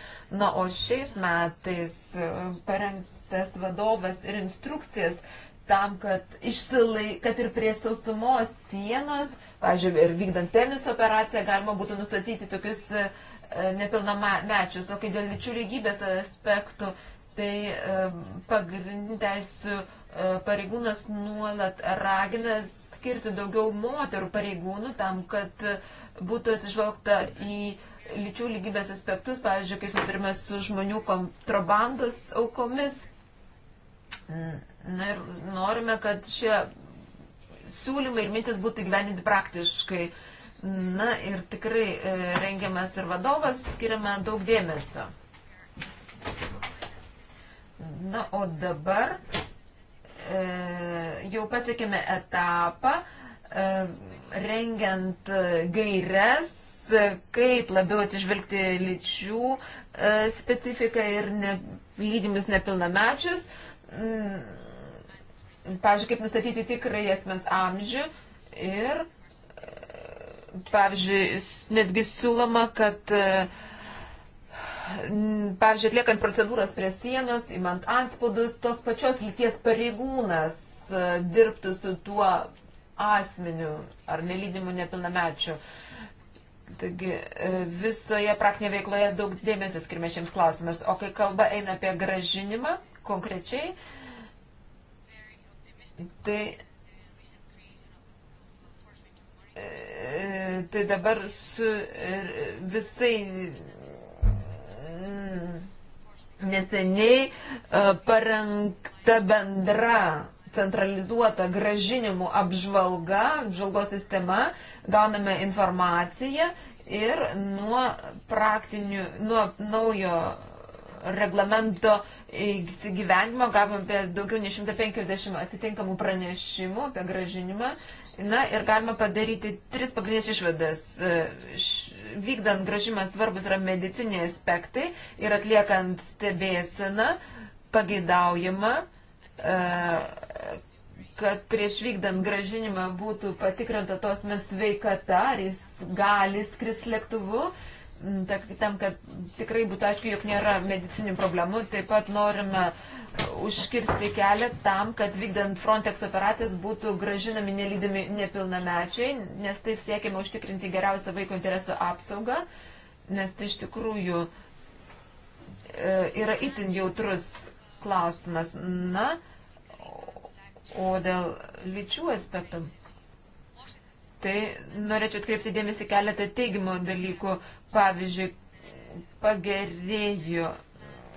Na, o šiais metais e, parengtas vadovas ir instrukcijas tam, kad, išsilai, kad ir prie sausumos sienos, pažiūrėjau, ir vykdant tenis operaciją galima būtų nustatyti tokius uh, E, nepilnamečius, o kai dėl lyčių lygybės aspektų, tai e, pagrindinių teisų e, pareigūnas nuolat ragina skirti daugiau moterų pareigūnų tam, kad būtų atsižvelgta į lyčių lygybės aspektus, pavyzdžiui, kai susidurime su žmonių kontrabandos aukomis. Na ir norime, kad šie siūlymai ir mintis būtų gyveninti praktiškai. Uh, Na ir tikrai e, rengiamas ir vadovas skiriame daug dėmesio. Na, o dabar e, jau pasiekėme etapą, e, rengiant gairias, kaip labiau atsižvelgti lyčių e, specifiką ir ne, lydimus nepilnamečius. Mm, pavyzdžiui, kaip nustatyti tikrai esmens amžių ir Pavyzdžiui, netgi siūloma, kad, e, pavyzdžiui, atliekant procedūras prie sienos, imant antspaudus, tos pačios lyties pareigūnas e, dirbtų su tuo asmeniu ar nelydimu nepilnamečiu. Taigi e, visoje praktinėje veikloje daug dėmesio skirime šiems klausimams. O kai kalba eina apie gražinimą konkrečiai, tai E, tai dabar su visai mm, neseniai e, parengta bendra centralizuota gražinimų apžvalga, apžvalgos sistema, gauname informaciją ir nuo praktinių, nuo naujo reglamento įsigyvenimo gavome apie daugiau nei 150 atitinkamų pranešimų apie gražinimą Na ir galima padaryti tris pagrindinės išvadas. E, vykdant gražimą svarbus yra mediciniai aspektai ir atliekant stebėseną pageidaujama, e, kad prieš vykdant gražinimą būtų patikrinta tos mens veikata, ar jis gali skris lėktuvu, tam, kad tikrai būtų aišku, jog nėra medicinių problemų. Taip pat norime uh, užkirsti kelią tam, kad vykdant Frontex operacijas būtų gražinami nelydami nepilnamečiai, nes taip siekiama užtikrinti geriausią vaiko interesų apsaugą, nes tai iš tikrųjų e, yra itin jautrus klausimas. Na, o dėl lyčių aspektų. Tai norėčiau atkreipti dėmesį keletą teigiamų dalykų. Pavyzdžiui, pagerėjo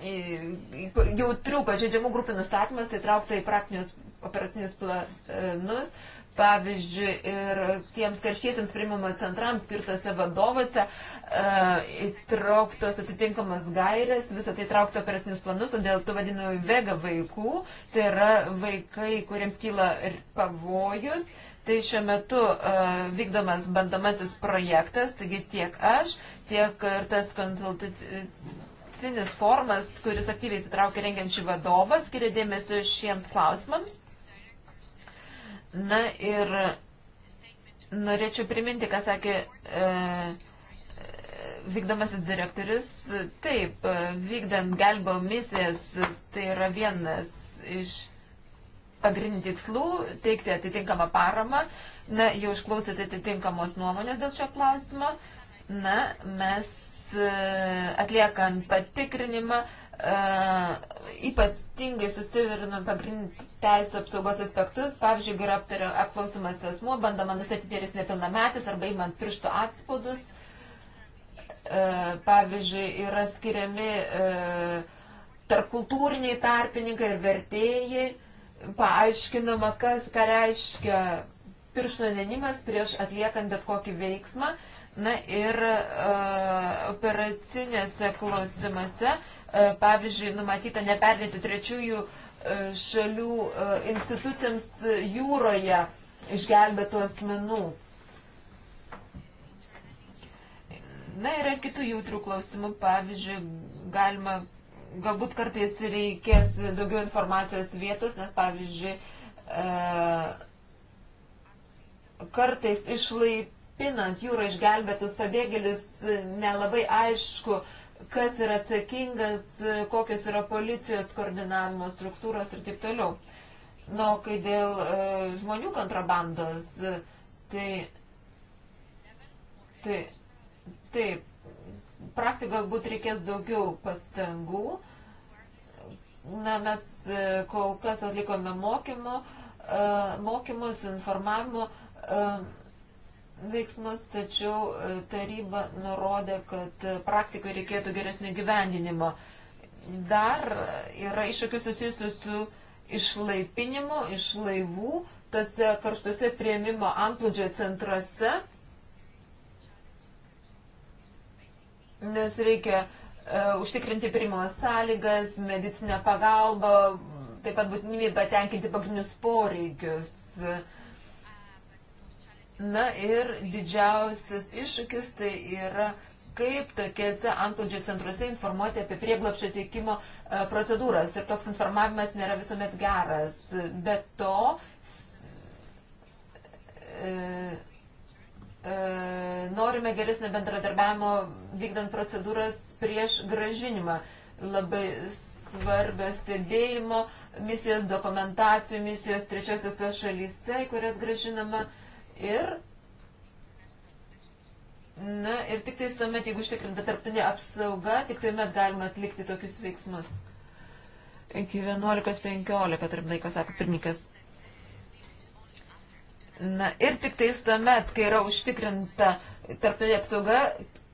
jautrių pažeidžiamų grupių nustatymas, tai traukta į praktinius operacinius planus. E, Pavyzdžiui, ir tiems karščiesiams primimo centrams skirtose vadovose e, įtrauktos atitinkamas gairės, visą tai traukta operacinius planus, o dėl tų vadinamųjų vega vaikų, tai yra vaikai, kuriems kyla pavojus, Tai šiuo metu uh, vykdomas bandomasis projektas, taigi tiek aš, tiek ir tas konsultatyvus nuolatinis formas, kuris aktyviai įsitraukia rengiančių vadovą, skiria dėmesio šiems klausimams. Na ir norėčiau priminti, ką sakė e, vykdomasis direktorius. Taip, e, vykdant gelbio misijas, tai yra vienas iš pagrindinių tikslų - teikti atitinkamą paramą. Na, jau išklausėte atitinkamos nuomonės dėl šio klausimo. Na, mes E, atliekant patikrinimą e, ypatingai sustiprinu pagrindinį teisų apsaugos aspektus. Pavyzdžiui, jeigu yra apklausimas asmuo, bandoma nustatyti, ar jis nepilnametis, arba įmant piršto atspaudus. E, pavyzdžiui, yra skiriami tarpkultūriniai tarpininkai ir vertėjai. Paaiškinama, kas, ką reiškia piršto nenimas prieš atliekant bet kokį veiksmą. Na ir e, operacinėse klausimuose, e, pavyzdžiui, numatyta neperdėti trečiųjų e, šalių institucijams jūroje išgelbėtų asmenų. Na ir ar kitų jautrių klausimų, pavyzdžiui, galima, galbūt kartais reikės daugiau informacijos vietos, nes pavyzdžiui, kartais išlaip talpinant jūro išgelbėtus pabėgėlius, nelabai aišku, kas yra atsakingas, kokios yra policijos koordinavimo struktūros ir taip toliau. Na, nu, kai dėl e, žmonių kontrabandos, tai, tai taip, praktikai galbūt reikės daugiau pastangų. Na, mes e, kol kas atlikome mokymo, e, mokymus, informavimo e, veiksmus, tačiau e, taryba nurodė, kad e, praktikoje reikėtų geresnio gyvendinimo. Dar yra iššūkių susijusių su išlaipinimu iš laivų, tose karštuose prieimimo antplūdžio centruose, nes reikia uh, užtikrinti pirmimo sąlygas, medicinę pagalbą, taip pat būtinybė patenkinti pagrindinius poreikius. Uh, Na ir didžiausias iššūkis tai yra, kaip tokiuose antplūdžio centruose informuoti apie prieglapšio teikimo e, procedūras. Ir toks informavimas nėra visuomet geras. Be to, e, e, norime geresnio bendradarbiavimo vykdant procedūras prieš gražinimą. Labai svarbios stebėjimo misijos, dokumentacijų misijos trečiosios šalyse, į kurias gražinama. E, Ir, na, ir tik tais tuomet, jeigu užtikrinta tarptinė apsauga, tik tuomet galima atlikti tokius veiksmus. Iki 11.15 tarp laiko, sako pirmininkas. Na ir tik tais tuomet, kai yra užtikrinta tarptautinė apsauga,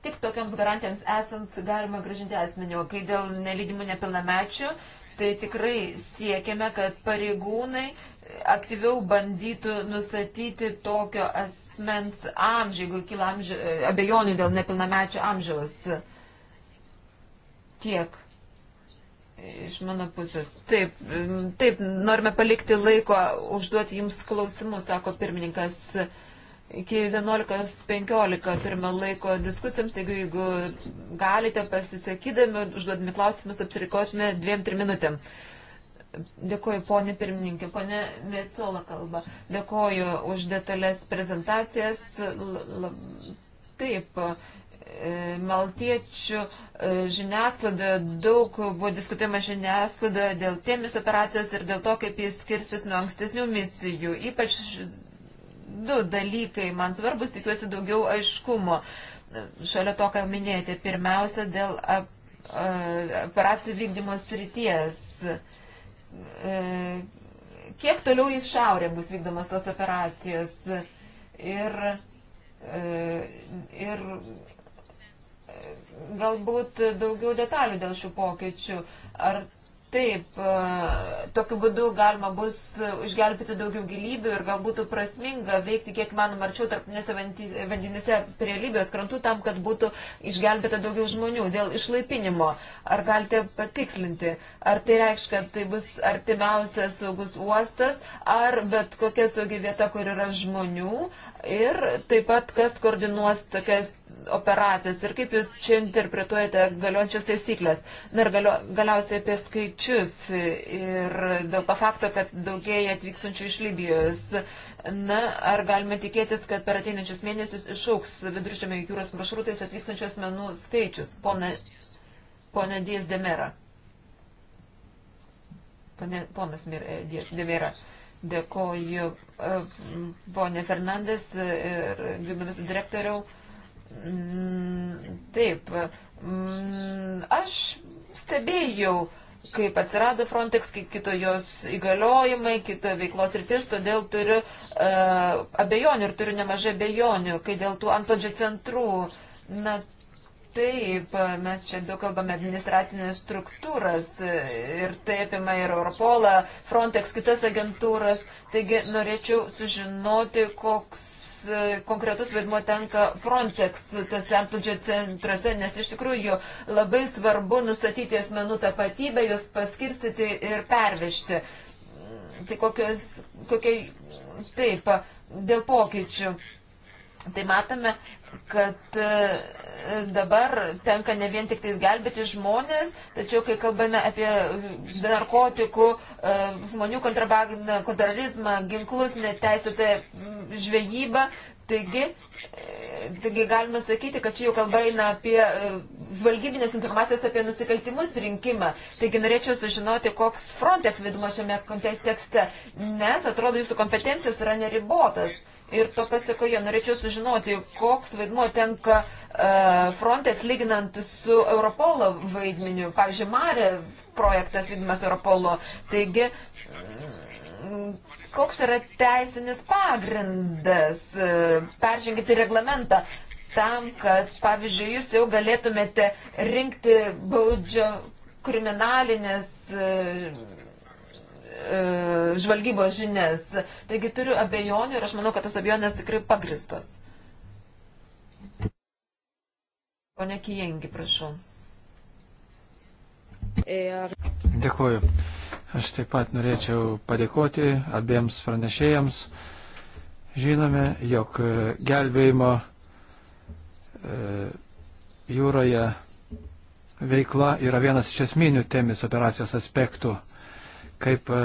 tik tokiams garantijams esant galima gražinti asmenį. O kai dėl nelydimų nepilnamečių, tai tikrai siekiame, kad pareigūnai aktyviau bandytų nustatyti tokio asmens amžių, jeigu kyla amžių, abejonių dėl nepilnamečio amžiaus. Tiek. Iš mano pusės. Taip, taip, norime palikti laiko užduoti jums klausimus, sako pirmininkas. Iki 11.15 turime laiko diskusijams, jeigu, jeigu galite pasisakydami, užduodami klausimus, apsirikotume dviem, trim minutėm. Dėkuoju, ponė pirmininkė, ponė Mėcola kalba. Dėkuoju už detalės prezentacijas. Lab, taip, e, maltiečių e, žiniasklaidoje daug buvo diskutuojama žiniasklaidoje dėl tėmis operacijos ir dėl to, kaip jis skirsis nuo ankstesnių misijų. Ypač du dalykai man svarbus, tikiuosi daugiau aiškumo. Šalia to, ką minėjote, pirmiausia, dėl e, operacijų vykdymo srities. E, kiek toliau į šiaurę bus vykdomas tos operacijos ir, e, ir e, galbūt daugiau detalių dėl šių pokyčių. Ar Taip, e, tokiu būdu galima bus išgelbėti daugiau gyvybių ir gal būtų prasminga veikti kiek manoma arčiau tarpinėse vandenyse prie Libijos krantų tam, kad būtų išgelbėta daugiau žmonių dėl išlaipinimo. Ar galite patikslinti, ar tai reikš, kad tai bus artimiausias saugus uostas, ar bet kokia saugi vieta, kur yra žmonių, ir taip pat kas koordinuos tokias operacijas ir kaip jūs čia interpretuojate galiojančias taisyklės. Na ir galio, galiausiai apie skaičius ir dėl to fakto, kad daugėja atvykstančių iš Libijos. Na, ar galime tikėtis, kad per ateinančius mėnesius išauks viduržėmio jūros maršrutais atvykstančių asmenų skaičius? Pone, pone Dies Demera. Pone, ponas eh, Dies Demera. Uh, Dėkoju, e, ponė Fernandes ir gydymas direktoriau. Mm, taip, mm, aš stebėjau, kaip atsirado Frontex, kaip kito jos įgaliojimai, kito veiklos rytis, todėl turiu uh, abejonių ir turiu nemažai abejonių, kai dėl tų antplodžio centrų. Na Taip, mes čia daug kalbame administracinės struktūras ir tai apima ir Europolą, Frontex, kitas agentūras. Taigi norėčiau sužinoti, koks e, konkretus vaidmuo tenka Frontex tose antplūdžio centruose, nes iš tikrųjų labai svarbu nustatyti asmenų tapatybę, juos paskirstyti ir pervežti. Tai kokios, kokie, taip, dėl pokyčių. Tai matome, kad e, dabar tenka ne vien tik tais gelbėti žmonės, tačiau kai kalbame apie narkotikų, e, žmonių kontrabandą, kontrarizmą, ginklus, neteisėtą žvejybą, taigi, e, taigi galima sakyti, kad čia jau kalba eina apie žvalgybinės informacijos apie nusikaltimus rinkimą. Taigi norėčiau sužinoti, koks Frontex vidmo šiame kontekste, nes atrodo jūsų kompetencijos yra neribotas. Ir to pasakoje norėčiau sužinoti, koks vaidmuo tenka uh, Frontex lyginant su Europolo vaidmeniu. Pavyzdžiui, Marė projektas lydimas Europolo. Taigi, mm, koks yra teisinis pagrindas uh, peržengti reglamentą tam, kad, pavyzdžiui, jūs jau galėtumėte rinkti baudžio kriminalinės uh, E, žvalgybos žinias. Taigi turiu abejonių ir aš manau, kad tas abejonės tikrai pagristos. Pone Kijengi, prašau. Dėkuoju. Aš taip pat norėčiau padėkoti abiems pranešėjams. Žinome, jog gelbėjimo e, jūroje veikla yra vienas iš esminių temis operacijos aspektų. Kaip e,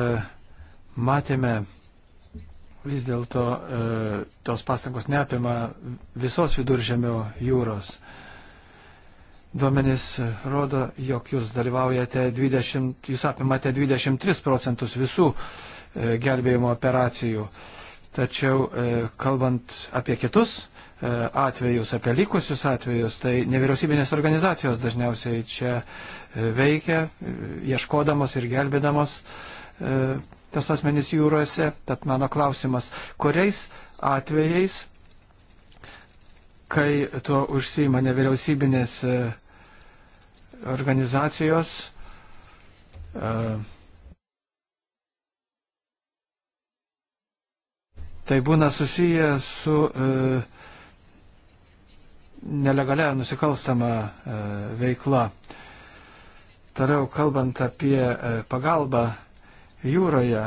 matėme, vis dėlto e, tos pastangos neapima visos viduržėmio jūros. Duomenys rodo, jog jūs dalyvaujate 20, jūs apimate 23 procentus visų e, gelbėjimo operacijų. Tačiau kalbant apie kitus atvejus, apie likusius atvejus, tai nevyriausybinės organizacijos dažniausiai čia veikia, ieškodamos ir gelbėdamos e, tas asmenys jūrose. Tad mano klausimas, kuriais atvejais, kai tuo užsima nevyriausybinės e, organizacijos, e, tai būna susiję su nelegalia nusikalstama veikla. Toliau kalbant apie e, pagalbą jūroje,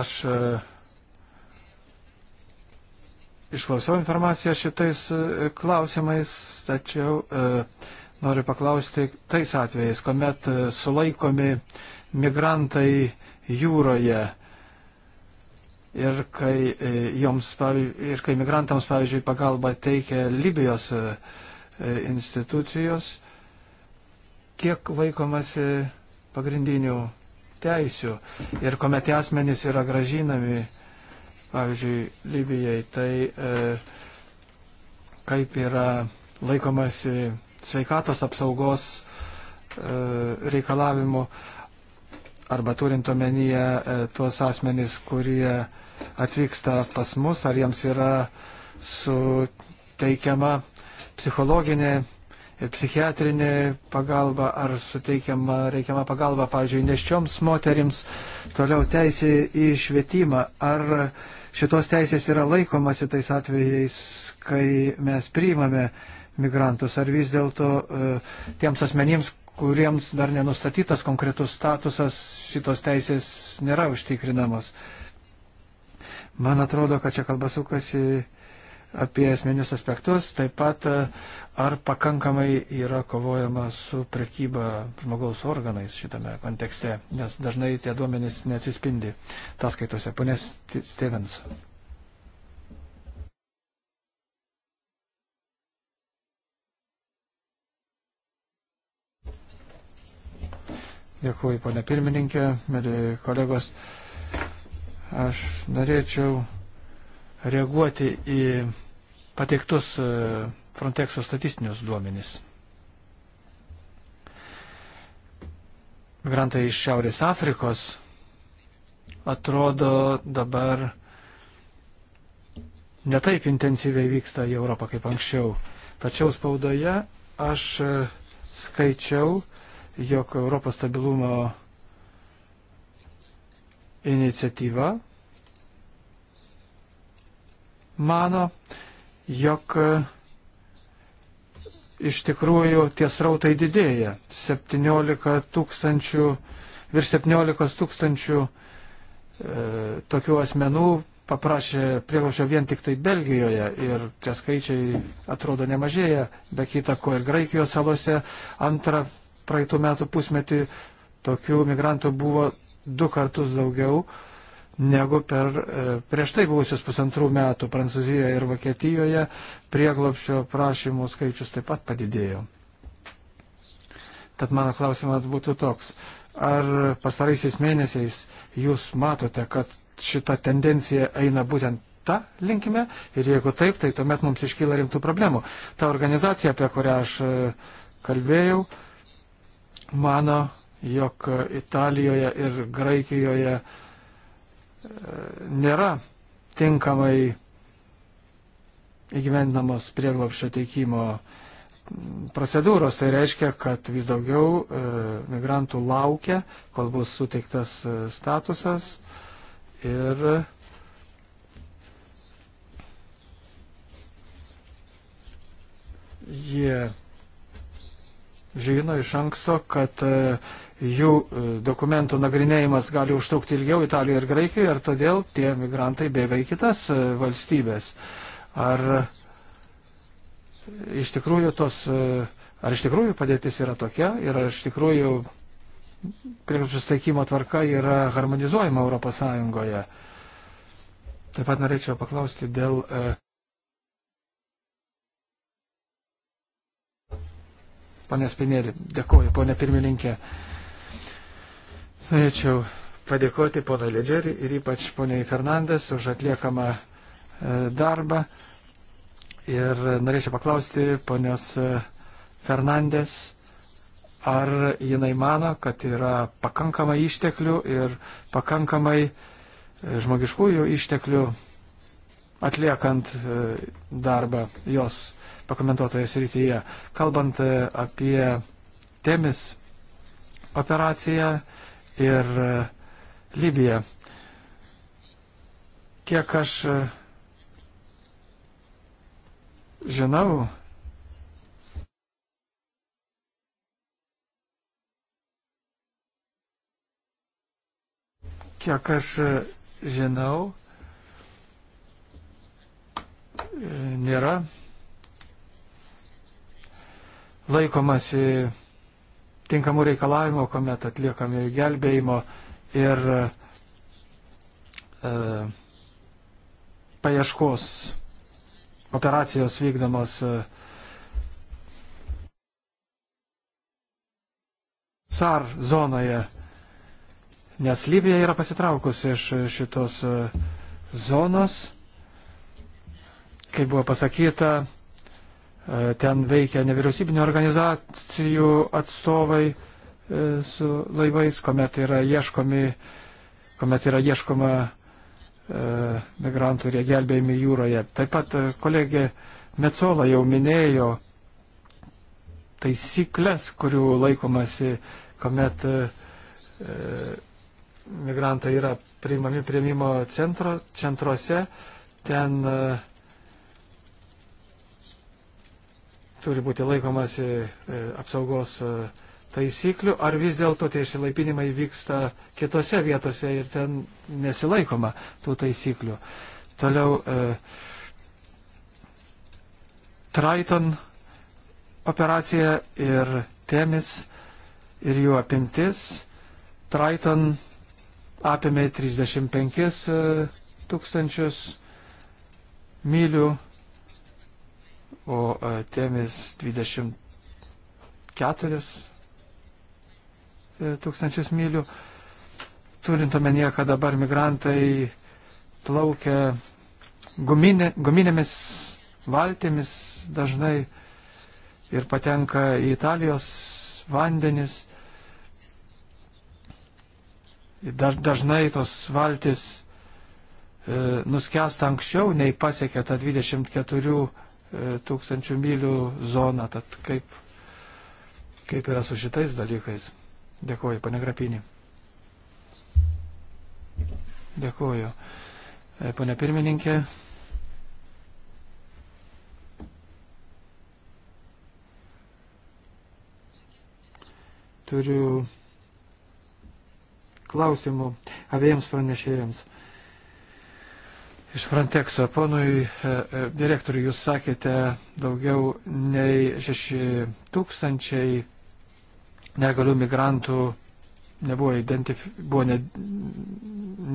aš e, išklausiau informaciją šitais e, klausimais, tačiau noriu paklausti tais atvejais, kuomet sulaikomi migrantai jūroje. Ir kai, joms, ir kai migrantams, pavyzdžiui, pagalba teikia Libijos uh, E, institucijos, kiek laikomasi pagrindinių teisių. Ir kuomet tie asmenys yra gražinami, pavyzdžiui, Libijai, tai e, kaip yra laikomasi sveikatos apsaugos e, reikalavimu arba turint omenyje e, tuos asmenys, kurie atvyksta pas mus, ar jiems yra suteikiama psichologinė ir psichiatrinė pagalba, ar suteikiama reikiama pagalba, pavyzdžiui, neščioms moterims, toliau teisė į švietimą, ar šitos teisės yra laikomasi tais atvejais, kai mes priimame migrantus, ar vis dėlto e, tiems asmenims, kuriems dar nenustatytas konkretus statusas, šitos teisės nėra užtikrinamos. Man atrodo, kad čia kalba sukasi apie esminius aspektus, taip pat e, ar pakankamai yra kovojama su prekyba žmogaus organais šitame kontekste, nes dažnai tie duomenys neatsispindi taskaitose. Ponės Stevens. Dėkuoju, ponė pirmininkė, mėly kolegos. Aš norėčiau reaguoti į pateiktus e, Frontexo statistinius duomenis. Migrantai iš Šiaurės Afrikos atrodo dabar netaip intensyviai vyksta į Europą kaip anksčiau. Tačiau spaudoje aš e, skaičiau, jog Europos stabilumo iniciatyva mano, jog e, iš tikrųjų tie srautai didėja. 17 tūkstančių, virš 17 tūkstančių e, tokių asmenų paprašė prieglobščio vien tik tai Belgijoje ir tie skaičiai atrodo nemažėja, be kita ko ir Graikijos salose antrą praeitų metų pusmetį tokių migrantų buvo du kartus daugiau negu per e, prieš tai buvusius pusantrų metų Prancūzijoje ir Vokietijoje prieglopšio prašymų skaičius taip pat padidėjo. Tad mano klausimas būtų toks. Ar pastaraisiais mėnesiais jūs matote, kad šita tendencija eina būtent ta linkime ir jeigu taip, tai tuomet mums iškyla rimtų problemų. Ta organizacija, apie kurią aš e, kalbėjau, mano, jog Italijoje ir Graikijoje uh, nėra tinkamai įgyvendinamos prieglopščio teikimo procedūros. Tai reiškia, kad vis daugiau e, migrantų laukia, kol bus suteiktas e, statusas ir jie žino iš anksto, kad e, jų e, dokumentų nagrinėjimas gali užtrukti ilgiau Italijoje ir Graikijoje ir todėl tie migrantai bėga į kitas e, valstybės. Ar iš tikrųjų tos, e, ar iš tikrųjų padėtis yra tokia ir ar iš tikrųjų prieglobsčio steikimo tvarka yra harmonizuojama Europos Sąjungoje. Taip pat norėčiau paklausti dėl. Pane Spinėlį, dėkuoju, ponė pirmininkė. Norėčiau padėkoti pono Ledžerį ir ypač poniai Fernandes už atliekamą e, darbą. Ir norėčiau paklausti ponios e, Fernandes, ar jinai mano, kad yra pakankamai išteklių ir pakankamai e, žmogiškųjų išteklių atliekant darbą jos pakomentuotoje srityje. Kalbant apie temis operaciją, ir e, Libija. Kiek aš e, žinau, kiek aš e, žinau, nėra laikomasi tinkamų reikalavimų, kuomet atliekami gelbėjimo ir e, paieškos operacijos vykdomos e, SAR zonoje, nes Libija yra pasitraukusi iš šitos e, zonos, kaip buvo pasakyta, Ten veikia nevyriausybinio organizacijų atstovai e, su laivais, kuomet yra, ieškomi, kuomet yra ieškoma e, migrantų ir jie gelbėjami jūroje. Taip pat e, kolegė Metzola jau minėjo taisyklės, kurių laikomasi, kuomet migrantai yra priimami prieimimo centro, centruose. Ten uh, turi būti laikomasi e, apsaugos e, taisyklių, ar vis dėlto tie išsilaipinimai vyksta kitose vietose ir ten nesilaikoma tų taisyklių. Toliau e, Triton operacija ir Temis ir jų apimtis. Triton apėmė 35 e, tūkstančius mylių o e, temis 24 e, tūkstančius mylių. Turint omenyje, kad dabar migrantai plaukia guminė, guminėmis valtimis dažnai ir patenka į Italijos vandenis. Dar, dažnai tos valtis e, nuskęsta anksčiau, nei pasiekia tą 24 tūkstančių mylių zoną. Tad kaip, kaip yra su šitais dalykais? Dėkuoju, pane Grapinį. Dėkuoju. E, pane pirmininkė. Turiu klausimų abiejams pranešėjams iš Frontexo. Ponui e, e, direktoriui jūs sakėte daugiau nei 6 tūkstančiai negalių migrantų nebuvo, identifi, buvo ne,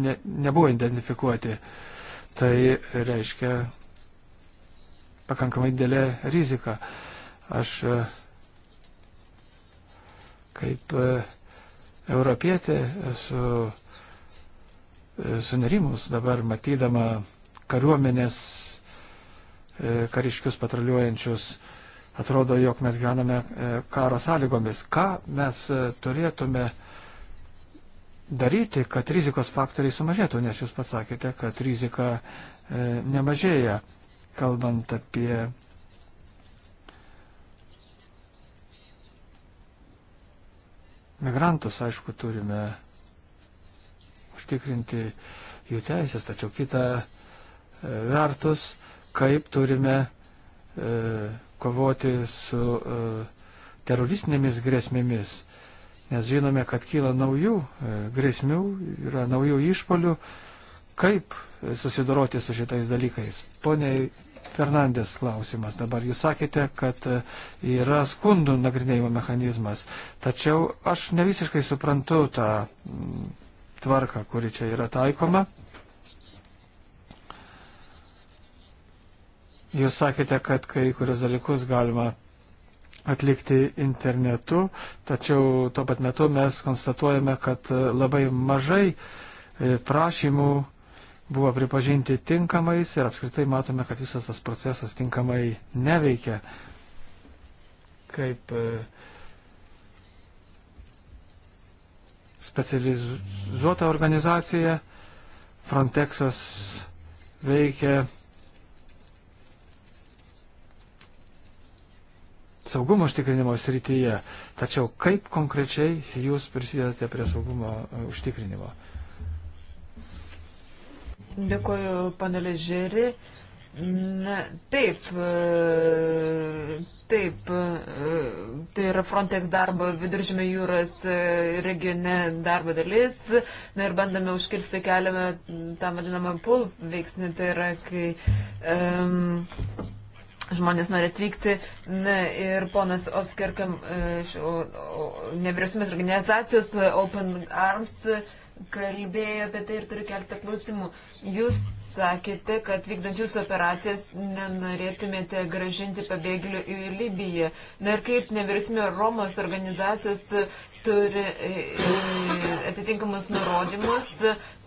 ne, nebuvo identifikuoti. Tai reiškia pakankamai didelė rizika. Aš e, kaip europietė esu E, sunerimus dabar matydama kariuomenės e, kariškius patruliuojančius. Atrodo, jog mes gyvename e, karo sąlygomis. Ką mes turėtume daryti, kad rizikos faktoriai sumažėtų, nes jūs pasakėte, kad rizika nemažėja, kalbant apie migrantus, aišku, turime užtikrinti jų teisės, tačiau kita e, vertus, kaip turime e, kovoti su e, teroristinėmis grėsmėmis. Nes žinome, kad kyla naujų grėsmių, yra naujų išpolių. Kaip susidoroti su šitais dalykais? Pone Fernandės klausimas dabar. Jūs sakėte, kad yra skundų nagrinėjimo mechanizmas. Tačiau aš ne visiškai suprantu tą tvarką, kuri čia yra taikoma. Jūs sakėte, kad kai kurios dalykus galima atlikti internetu, tačiau tuo pat metu mes konstatuojame, kad labai mažai e, prašymų buvo pripažinti tinkamais ir apskritai matome, kad visas tas procesas tinkamai neveikia. Kaip e, specializuota organizacija. Frontexas veikia saugumo užtikrinimo srityje. Tačiau kaip konkrečiai jūs prisidedate prie saugumo e, užtikrinimo? Dėkuoju, panelė Žeri. Na, taip, e, taip, e, tai yra Frontex darbo viduržymė jūros e, regione darbo dalis. Na ir bandame užkirsti kelią tam vadinamą pul veiksnį, tai yra, kai um, žmonės nori atvykti. Na ir ponas Oskarkam, nevyriausybės organizacijos Open Arms kalbėjo apie tai ir turiu keletą klausimų. Jūs sakėte, kad vykdant jūsų operacijas nenorėtumėte gražinti pabėgėlių į Libiją. Na ir kaip nevirsime Romos organizacijos turi e, atitinkamus nurodymus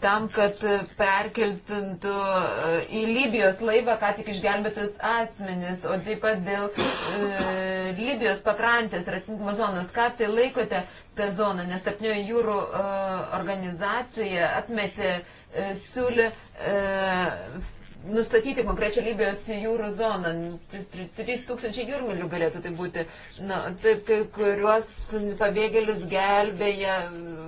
tam, kad perkeltintų e, į Libijos laivą ką tik išgelbėtus asmenis, o taip pat dėl e, Libijos pakrantės ir atitinkamos zonos. Ką tai laikote tą zoną, nes tarpnioji jūrų e, organizacija atmetė e, siūlė e, nustatyti konkrečią Libijos jūrų zoną. 3000 jūrmilių galėtų tai būti. Na, tai kai kuriuos pabėgėlius gelbėja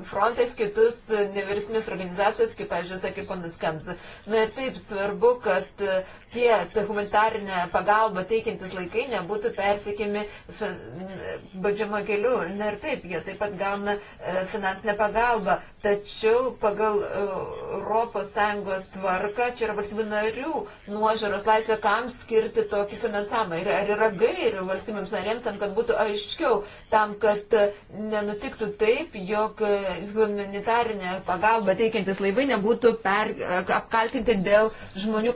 frontais, kitus nevyriausybinės organizacijos, kaip, pavyzdžiui, sakė ponas Kams. Na ir taip svarbu, kad e, tie ta humanitarinė pagalba teikiantis laikai nebūtų persikimi badžiamo keliu. Na ir taip, jie taip pat gauna e, finansinę pagalbą. Tačiau pagal ES tvarką čia yra valstybių narių narių nuožiūros laisvė, kam skirti tokį finansavimą. Ir ar yra gairių valstybėms narėms tam, kad būtų aiškiau, tam, kad e, nenutiktų taip, jog e, humanitarinė pagalba teikiantis laivai nebūtų per, e, apkaltinti dėl žmonių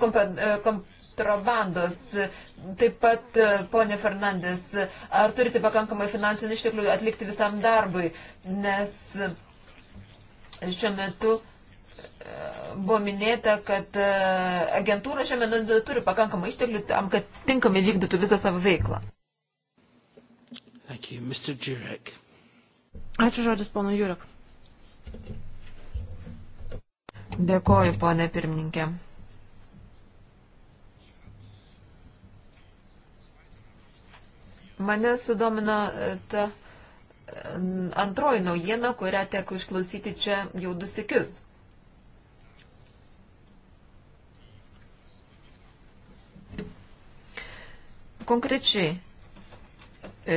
kontrabandos. Taip pat, ponė Fernandės, ar turite pakankamai finansinių išteklių atlikti visam darbui? Nes šiuo metu buvo minėta, kad e, agentūra šiame neturi pakankamai išteklių tam, kad tinkamai vykdytų visą savo veiklą. Ačiū žodis, pono Jurek. Dėkoju, ponė pirmininkė. Mane sudomino e, ta e, antroji naujiena, kurią teko išklausyti čia jau du sikius. Konkrečiai, e,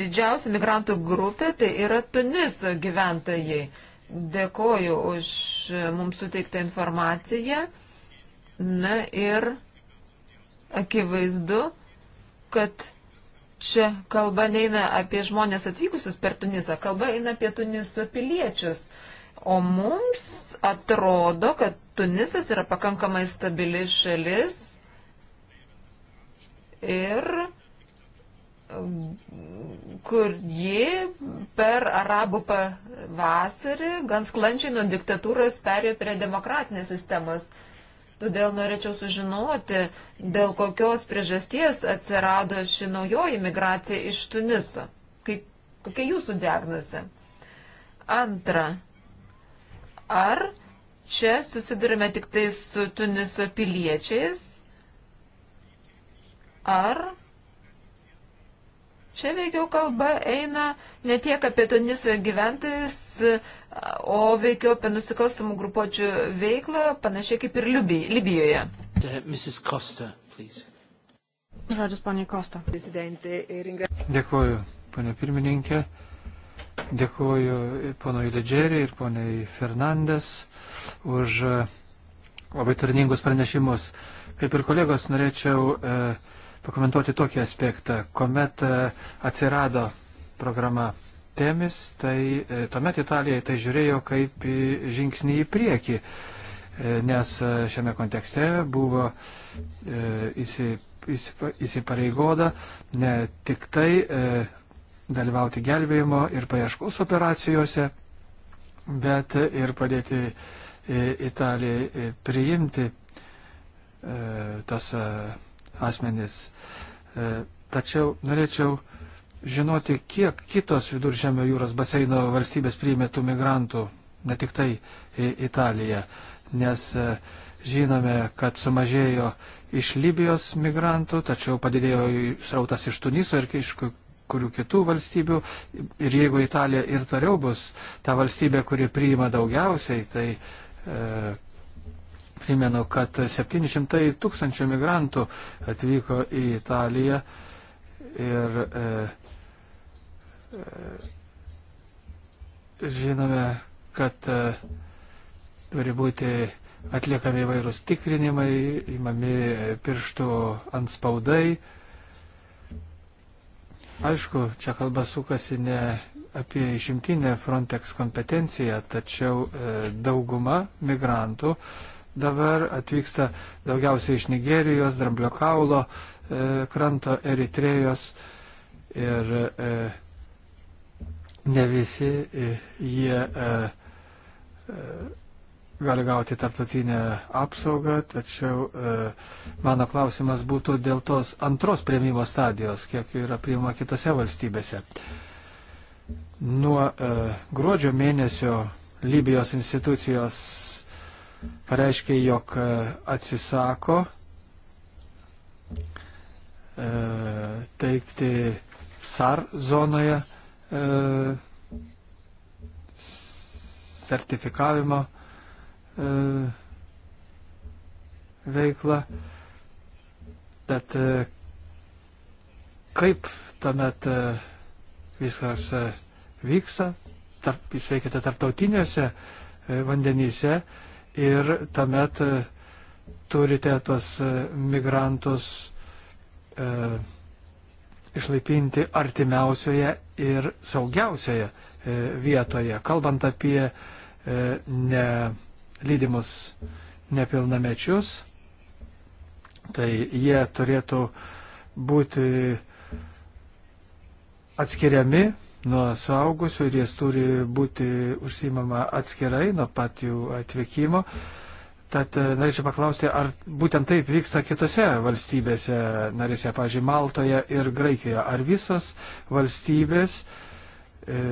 didžiausia migrantų grupė tai yra Tuniso gyventojai. Dėkoju už mums suteiktą informaciją. Na ir akivaizdu, kad čia kalba neina apie žmonės atvykusius per Tunisą, kalba eina apie Tuniso piliečius. O mums atrodo, kad Tunisas yra pakankamai stabili šalis, ir kur ji per arabų pavasarį gan sklančiai nuo diktatūros perėjo prie demokratinės sistemos. Todėl norėčiau sužinoti, dėl kokios priežasties atsirado ši naujoji migracija iš Tuniso. Kaip, kokia jūsų diagnozė? Antra. Ar čia susidurime tik tai su Tuniso piliečiais, Ar Čia veikiau kalba eina ne tiek apie Tuniso gyventojus, o veikiau apie nusikalstamų grupuočių veiklą, panašiai kaip ir Libijoje. Costa, Žodis, ponė Kosta. E Dėkuoju, ponė pirmininkė. Dėkuoju ponui Ledžeriai ir poniai Fernandes už labai turiningus pranešimus. Kaip ir kolegos, norėčiau. E, pakomentuoti tokį aspektą. Komet e, atsirado programa Temis, tai e, tuomet Italija tai žiūrėjo kaip žingsnį į priekį, e, nes šiame kontekste buvo įsipareigoda ne tik tai dalyvauti gelbėjimo ir paieškos operacijose, bet ir padėti Italijai priimti tas asmenys. E, tačiau norėčiau žinoti, kiek kitos viduržėmio jūros baseino valstybės priėmė tų migrantų, ne tik tai Italija, nes e, žinome, kad sumažėjo iš Libijos migrantų, tačiau padidėjo srautas iš Tuniso ir iš kurių kitų valstybių. Ir jeigu Italija ir toliau bus ta valstybė, kuri priima daugiausiai, tai e, Primenu, kad 700 tūkstančių migrantų atvyko į Italiją ir e, e, žinome, kad e, turi būti atliekami įvairūs tikrinimai, imami pirštų ant spaudai. Aišku, čia kalba sukasi ne apie išimtinę Frontex kompetenciją, tačiau e, dauguma migrantų e, dabar atvyksta daugiausiai iš Nigerijos, Dramblio kaulo, e, kranto Eritrejos ir e, ne visi e, jie e, e, gali gauti tarptautinę apsaugą, tačiau e, mano klausimas būtų dėl tos antros prieimimo stadijos, kiek yra priima kitose valstybėse. Nuo e, gruodžio mėnesio Libijos institucijos pareiškė, jog e, atsisako e, teikti SAR zonoje sertifikavimo e, veiklą. Bet kaip tuomet viskas vyksta, tarp, jūs veikiate tarptautiniuose vandenyse ir tuomet e, turite tuos e, migrantus e, išlaipinti artimiausioje ir saugiausioje e, vietoje. Kalbant apie e, nelydimus nepilnamečius, tai jie turėtų būti atskiriami nuo saugusių ir jas turi būti užsimama atskirai nuo pat jų atvykimo. Tad e, norėčiau paklausti, ar būtent taip vyksta kitose valstybėse narėse, pažiūrėjau, Maltoje ir Graikijoje. Ar visos valstybės e,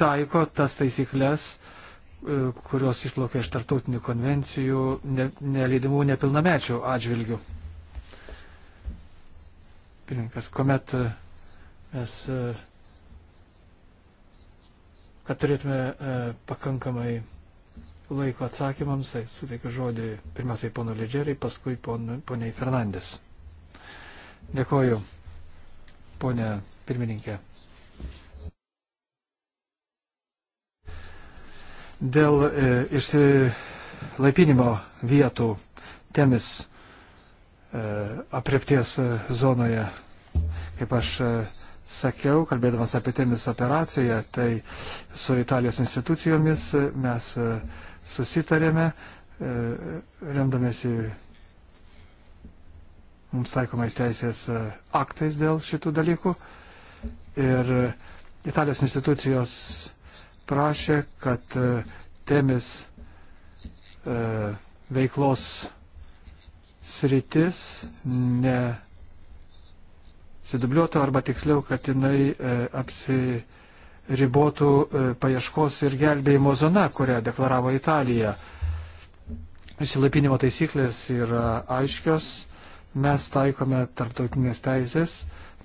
taiko tas taisyklės, e, kurios išplaukia iš tartutinių konvencijų ne, nelydimų nepilnamečių atžvilgių? Pirinkas, kuomet mes. E, kad turėtume e, pakankamai laiko atsakymams, tai suteikiu žodį pirmiausiai pono Ledžeriai, paskui pon, poniai Fernandės. Dėkoju, ponė pirmininkė. Dėl e, išsilaipinimo vietų temis e, apriepties e, zonoje, kaip aš e, sakiau, kalbėdamas apie temis operaciją, tai su Italijos institucijomis mes e, susitarėme, e, remdamėsi mums taikomais teisės e, aktais dėl šitų dalykų. Ir Italijos institucijos prašė, kad temis veiklos sritis ne sudubliuotų arba tiksliau, kad jinai e, apsiribotų e, paieškos ir gelbėjimo zona, kurią deklaravo Italija. Išsilaipinimo taisyklės yra aiškios, mes taikome tarptautinės teisės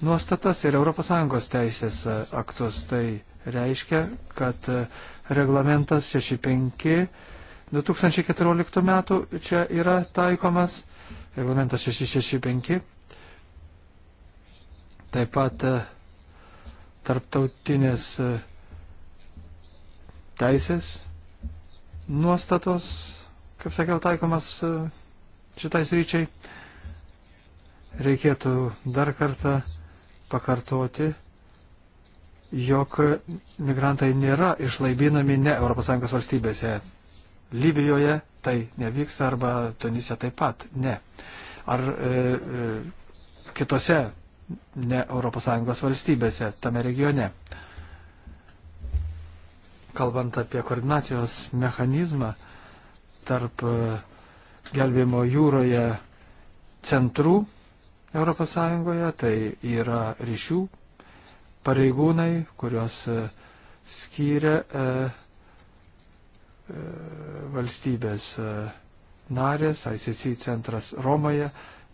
nuostatas ir ES teisės e, aktus. Tai reiškia, kad reglamentas 65 2014 metų čia yra taikomas, reglamentas 665 Taip pat e, tarptautinės e, teisės nuostatos, kaip sakiau, taikomas e, šitais ryčiai. Reikėtų dar kartą pakartoti, jog migrantai nėra išlaibinami ne ES valstybėse. Libijoje tai nevyks arba Tunise taip pat ne. Ar e, e, kitose ne ES valstybėse tame regione. Kalbant apie koordinacijos mechanizmą tarp e, gelbėjimo jūroje centrų ES, tai yra ryšių pareigūnai, kurios e, skyrė e, valstybės narės, ICC centras Romoje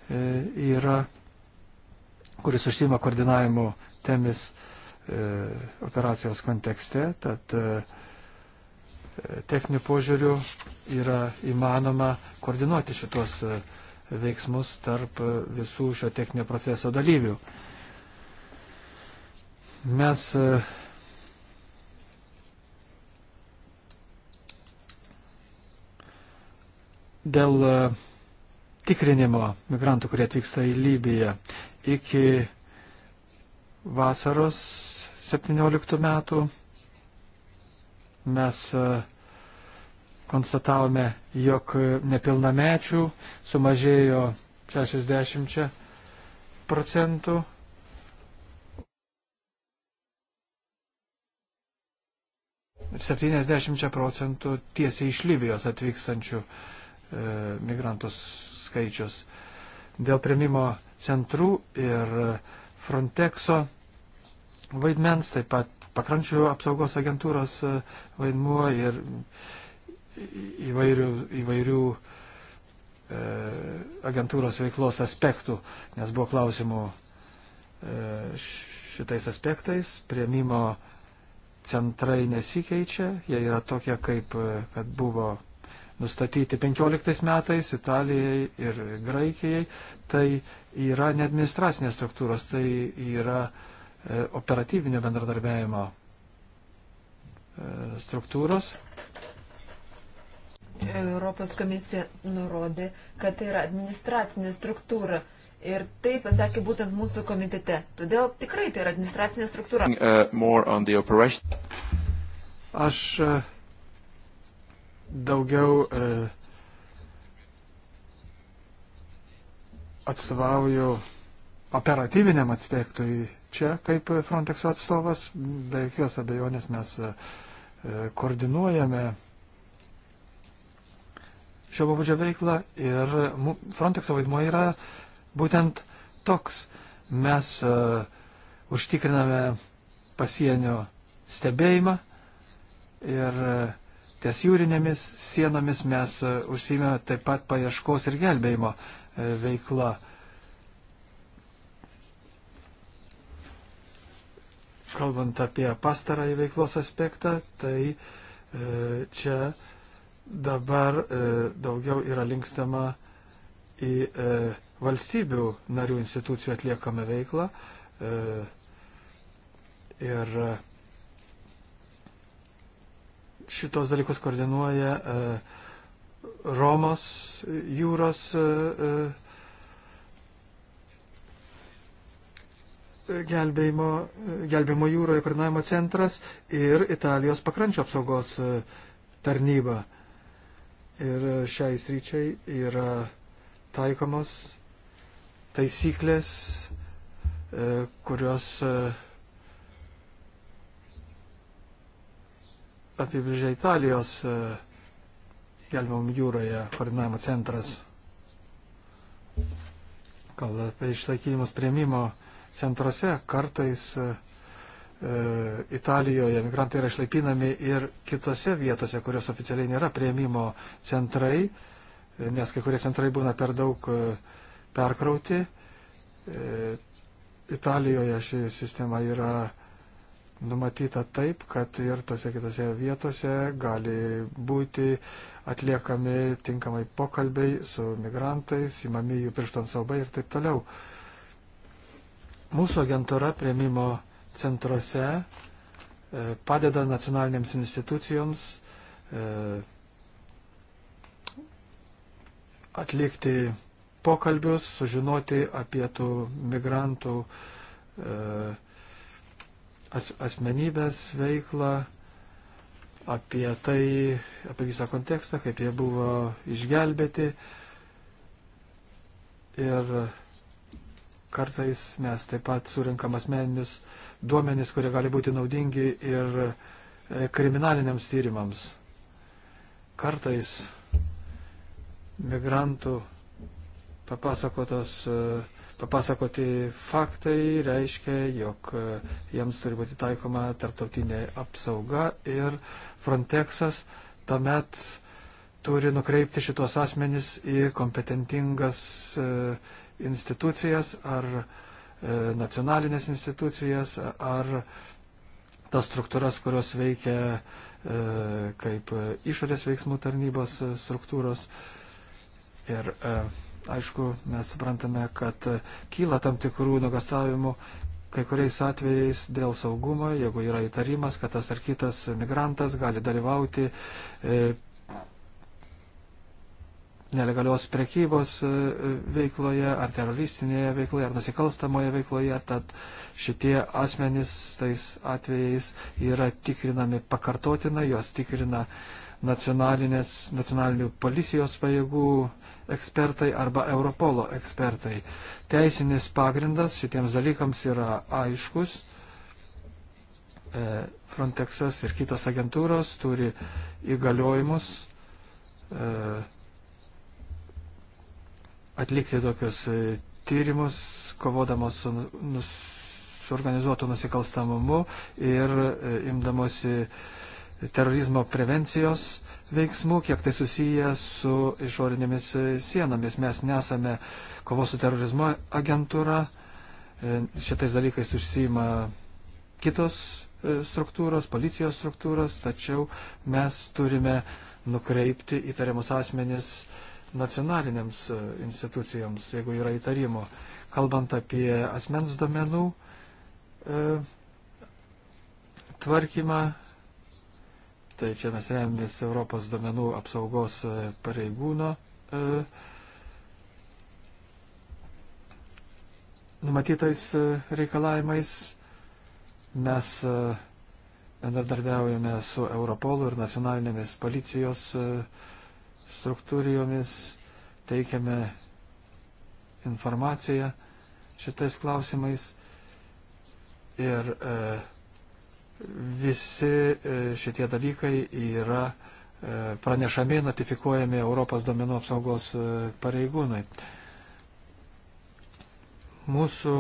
yra kuris užsima koordinavimo temis e, operacijos kontekste. Tad e, techninių požiūrių yra įmanoma koordinuoti šitos e, veiksmus tarp e, visų šio techninio proceso dalyvių. Mes e, dėl e, tikrinimo migrantų, kurie atvyksta į Libiją iki vasaros 17 metų mes e, konstatavome, jog nepilnamečių sumažėjo 60 procentų. Ir 70 procentų tiesiai iš Libijos atvykstančių e, migrantų skaičius. Dėl primimo centrų ir Frontexo vaidmens, taip pat pakrančių apsaugos agentūros vaidmuo ir įvairių, įvairių e, agentūros veiklos aspektų, nes buvo klausimų e, šitais aspektais, prieimimo centrai nesikeičia, jie yra tokie, kaip e, kad buvo nustatyti 15 metais Italijai ir Graikijai, tai yra ne administracinės struktūros, tai yra e, operatyvinio bendradarbiajimo e, struktūros. Europos komisija nurodė, kad tai yra administracinė struktūra. Ir tai pasakė būtent mūsų komitete. Todėl tikrai tai yra administracinė struktūra. Uh, Aš uh, daugiau e, atstovauju operatyviniam aspektui čia kaip Frontexo atstovas, be jokios abejonės mes e, koordinuojame šio pabudžio veiklą ir Frontexo vaidmuo yra būtent toks. Mes uh, užtikriname pasienio stebėjimą ir uh, Ties jūrinėmis sienomis mes e, užsime taip pat paieškos ir gelbėjimo e, veikla. Kalbant apie pastarąjį veiklos aspektą, tai e, čia dabar daugiau yra linkstama į valstybių narių institucijų atliekamą veiklą. Ir šitos dalykus koordinuoja e, Romos jūros e, e, gelbėjimo, gelbėjimo jūroje koordinavimo centras ir Italijos pakrančio apsaugos tarnyba. Ir šiai sryčiai yra taikomos taisyklės, kurios apibrėžia Italijos e, gelbėjom jūroje koordinavimo centras. Gal apie išlaikymus prieimimo centruose kartais e, e, Italijoje migrantai yra išlaipinami ir kitose vietose, kurios oficialiai nėra prieimimo centrai, nes kai kurie centrai būna per daug e, perkrauti. E, Italijoje ši sistema yra numatyta taip, kad ir tose kitose vietose gali būti atliekami tinkamai pokalbiai su migrantais, įmami jų pirštant saubai ir taip toliau. Mūsų agentūra prieimimo centruose e, padeda nacionalinėms institucijoms e, atlikti pokalbius, sužinoti apie tų migrantų e, as, asmenybės veiklą, apie tai, apie visą kontekstą, kaip jie buvo išgelbėti. Ir kartais mes taip pat surinkam asmeninius duomenis, kurie gali būti naudingi ir e, kriminaliniams tyrimams. Kartais migrantų papasakotos uh, papasakoti faktai reiškia, jog e, jiems turi būti taikoma tarptautinė apsauga ir Frontexas tuomet turi nukreipti šitos asmenys į kompetentingas e, institucijas ar e, nacionalinės institucijas ar tas struktūras, kurios veikia kaip išorės veiksmų tarnybos struktūros. Ir uh, Aišku, mes suprantame, kad kyla tam tikrų nugastavimų kai kuriais atvejais dėl saugumo, jeigu yra įtarimas, kad tas ar kitas migrantas gali dalyvauti e, nelegalios prekybos e, veikloje, ar teroristinėje veikloje, ar nusikalstamoje veikloje, tad šitie asmenys tais atvejais yra tikrinami pakartotinai, juos tikrina nacionalinių policijos pajėgų ekspertai arba Europolo ekspertai. Teisinis pagrindas šitiems dalykams yra aiškus. E, Frontexas ir kitos agentūros turi įgaliojimus e, atlikti tokius e, tyrimus, kovodamos su, nu, nus, su organizuotu nusikalstamumu ir imdamosi terorizmo prevencijos veiksmų, kiek tai susiję su išorinėmis sienomis. Mes nesame kovos su terorizmo agentūra, e, šitais dalykais užsima kitos e, struktūros, policijos struktūros, tačiau mes turime nukreipti įtariamus asmenis nacionalinėms e, institucijoms, jeigu yra įtarimo. Kalbant apie asmens domenų e, tvarkymą, Tai čia mes remiamės Europos domenų apsaugos e, pareigūno e, numatytais e, reikalavimais. Mes bendradarbiaujame su Europolu ir nacionalinėmis policijos struktūrijomis, teikiame informaciją šitais klausimais ir e, Visi e, šitie dalykai yra e, pranešami, notifikuojami Europos domenų apsaugos e, pareigūnai. Mūsų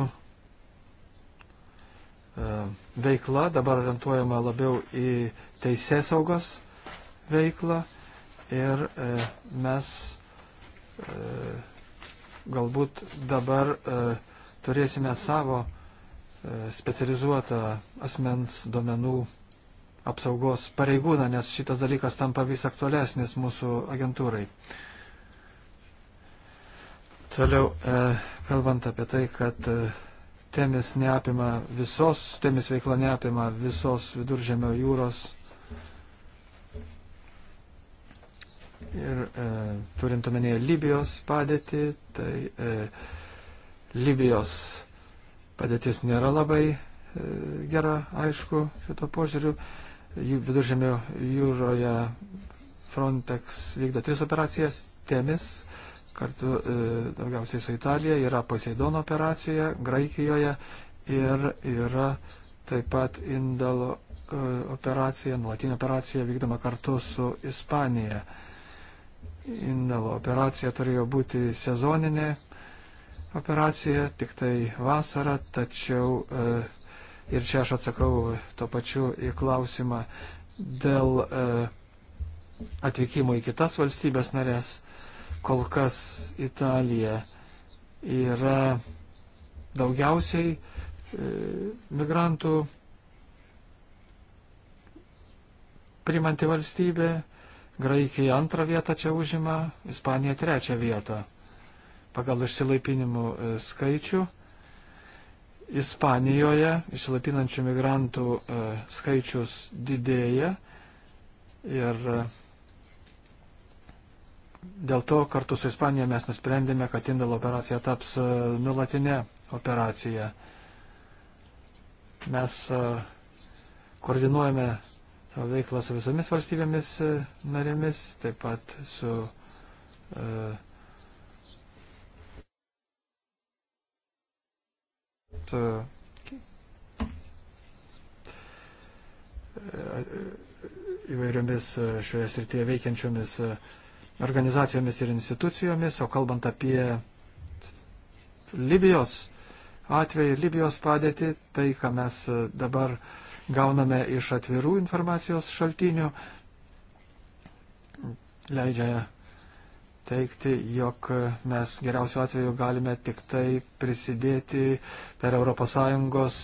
veikla dabar orientuojama labiau į teisės saugos veiklą ir mes galbūt dabar turėsime savo specializuotą asmens duomenų apsaugos pareigūną, nes šitas dalykas tampa vis aktualesnis mūsų agentūrai. Toliau, e, kalbant apie tai, kad e, temis neapima visos, temis veikla neapima visos viduržėmio jūros. Ir e, turint omenyje Libijos padėtį, tai e, Libijos Padėtis nėra labai e, gera, aišku, šito požiūriu. Viduržėmio jūroje Frontex vykdo tris operacijas, temis, kartu e, daugiausiai su Italija, yra Poseidono operacija Graikijoje ir yra taip pat Indalo e, operacija, nuolatinė operacija vykdoma kartu su Ispanija. Indalo operacija turėjo būti sezoninė, operacija tik tai vasarą, tačiau e, ir čia aš atsakau to pačiu į klausimą dėl e, atvykimo į kitas valstybės narės. Kol kas Italija yra daugiausiai e, migrantų primanti valstybė, Graikija antrą vietą čia užima, Ispanija trečią vietą pagal išsilaipinimų e, skaičių. Ispanijoje išsilaipinančių migrantų e, skaičius didėja ir e, dėl to kartu su Ispanija mes nusprendėme, kad Indalo operacija taps nulatinė operacija. Mes koordinuojame savo veiklą su visomis valstybėmis narėmis, taip pat su uh, E, e, įvairiomis e, šioje srityje veikiančiomis organizacijomis ir institucijomis, o kalbant apie Libijos atvejį, Libijos padėtį, tai, ką mes dabar gauname iš atvirų informacijos šaltinių, leidžia teikti, jog mes geriausiu atveju galime tik tai prisidėti per ES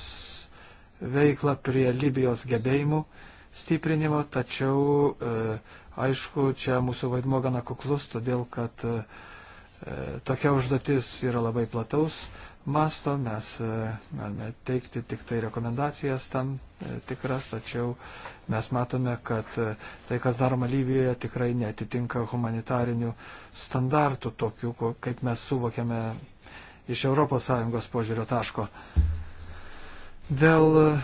veiklą prie Libijos gebėjimų stiprinimo, tačiau e, aišku, čia mūsų vaidmo gana kuklus, todėl kad e, tokia užduotis yra labai plataus masto, mes e, galime teikti tik tai rekomendacijas tam e, tikras, tačiau mes matome, kad e, tai, kas daroma Libijoje, tikrai netitinka humanitarinių standartų, tokių, kaip mes suvokiame iš ES požiūrio taško. Dėl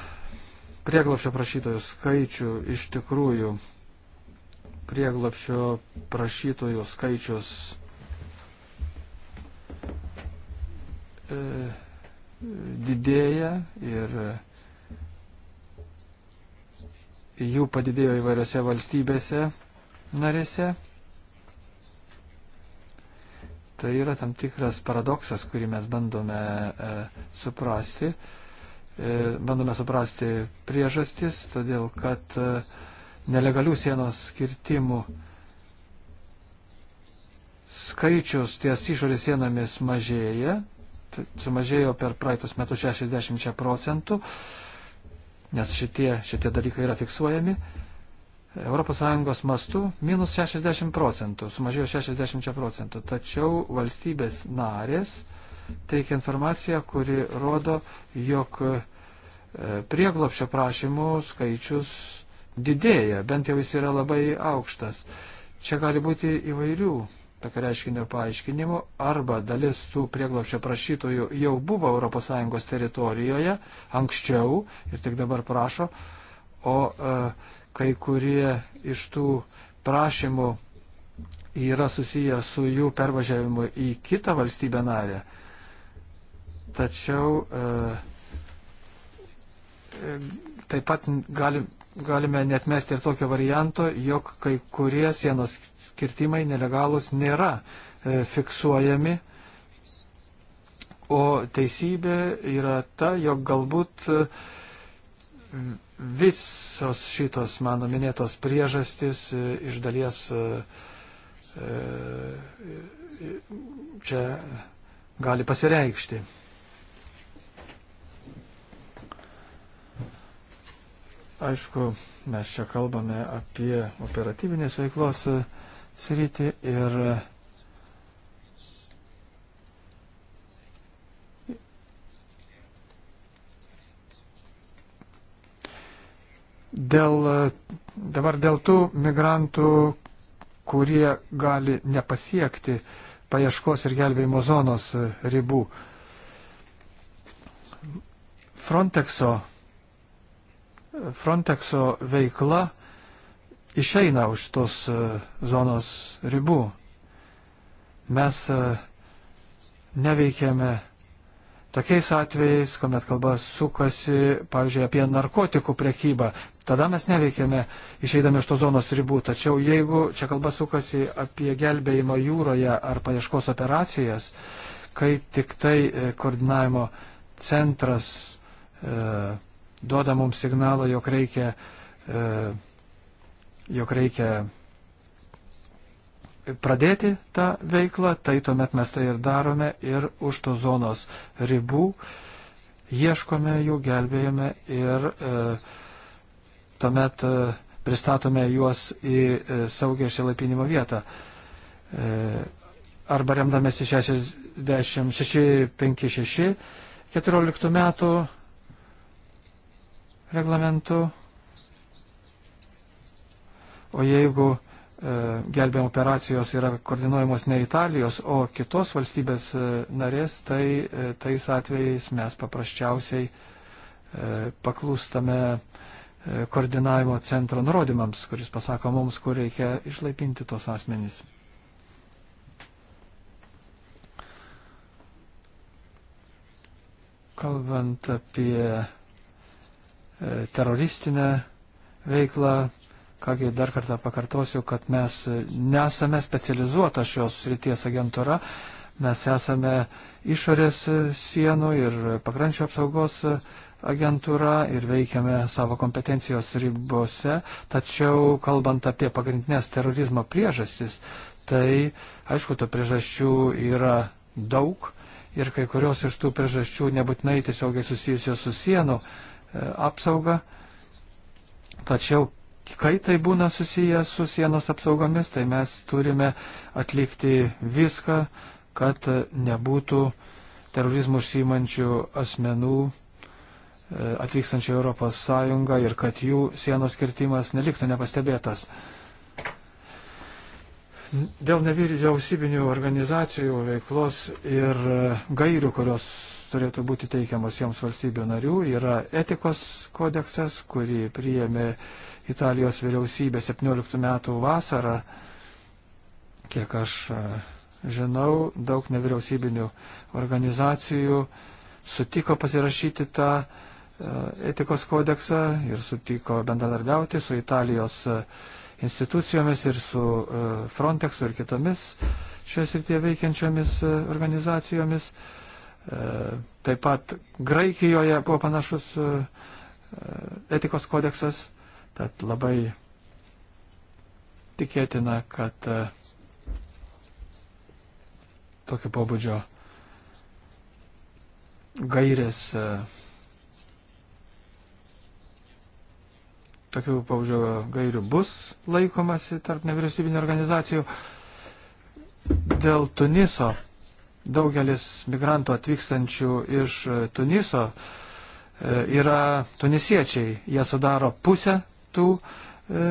prieglopšio prašytojų skaičių iš tikrųjų prieglopšio prašytojų skaičius E, didėja ir e, jų padidėjo įvairiose valstybėse narėse. Tai yra tam tikras paradoksas, kurį mes bandome e, suprasti. E, bandome suprasti priežastis, todėl kad e, nelegalių sienos skirtimų skaičius ties išorės sienomis mažėja, sumažėjo per praeitus metus 60 procentų, nes šitie, šitie dalykai yra fiksuojami. ES mastu minus 60 procentų, sumažėjo 60 procentų. Tačiau valstybės narės teikia informaciją, kuri rodo, jog e, prieglopšio prašymų skaičius didėja, bent jau jis yra labai aukštas. Čia gali būti įvairių tokio reiškinio paaiškinimo, arba dalis tų prieglopščio prašytojų jau buvo ES teritorijoje anksčiau ir tik dabar prašo, o e, kai kurie iš tų prašymų yra susiję su jų pervažiavimu į kitą valstybę narę. Tačiau e, e taip pat gali, galime netmesti ir tokio varianto, jog kai kurie sienos kirtimai nelegalus nėra e, fiksuojami, o teisybė yra ta, jog galbūt e, visos šitos mano minėtos priežastis e, iš dalies čia gali pasireikšti. Aišku, mes čia kalbame apie operatyvinės veiklos sritį ir dėl, dabar dėl tų migrantų, kurie gali nepasiekti paieškos ir gelbėjimo zonos ribų. Frontexo, Frontexo veikla išeina už tos e, zonos ribų. Mes e, neveikėme tokiais atvejais, kuomet kalba sukasi, pavyzdžiui, apie narkotikų prekybą. Tada mes neveikėme išeidami iš to zonos ribų. Tačiau jeigu čia kalba sukasi apie gelbėjimo jūroje ar paieškos operacijas, kai tik tai e, koordinavimo centras e, duoda mums signalą, jog reikia e, jog reikia pradėti tą veiklą, tai tuomet mes tai ir darome ir už tos zonos ribų ieškome jų, gelbėjame ir e, tuomet e, pristatome juos į e, saugią išsilaipinimo vietą. E, arba remdamėsi 6656 14 metų reglamentu O jeigu e, gelbėjimo operacijos yra koordinuojamos ne Italijos, o kitos valstybės e, narės, tai e, tais atvejais mes paprasčiausiai e, paklūstame e, koordinavimo centro nurodymams, kuris pasako mums, kur reikia išlaipinti tos asmenys. kalbant apie e, teroristinę veiklą, Kągi dar kartą pakartosiu, kad mes nesame specializuota šios srities agentūra, mes esame išorės sienų ir pakrančio apsaugos agentūra ir veikiame savo kompetencijos ribose, tačiau kalbant apie pagrindinės terorizmo priežastis, tai aišku, tų priežasčių yra daug ir kai kurios iš tų priežasčių nebūtinai tiesiogiai susijusios su sienų e, apsauga, tačiau kai tai būna susijęs su sienos apsaugomis, tai mes turime atlikti viską, kad nebūtų terorizmų užsimančių asmenų e, atvykstančių Europos Sąjungą ir kad jų sienos kirtimas neliktų nepastebėtas. Dėl nevyriausybinių organizacijų veiklos ir e, gairių, kurios turėtų būti teikiamos joms valstybių narių. Yra etikos kodeksas, kurį priėmė Italijos vyriausybė 17 metų vasarą. Kiek aš e, žinau, daug nevyriausybinių organizacijų sutiko pasirašyti tą e, etikos kodeksą ir sutiko bendradarbiauti su Italijos e, institucijomis ir su Frontexu ir kitomis šios ir tie veikiančiomis organizacijomis. Uh, E, taip pat Graikijoje buvo panašus e, e, etikos kodeksas, tad labai tikėtina, kad tokio pobūdžio gairės, tokių pobūdžio gairių bus laikomasi tarp nevyriausybinio organizacijų. Dėl Tuniso Daugelis migrantų atvykstančių iš e, Tuniso e, yra tunisiečiai. Jie sudaro pusę tų e,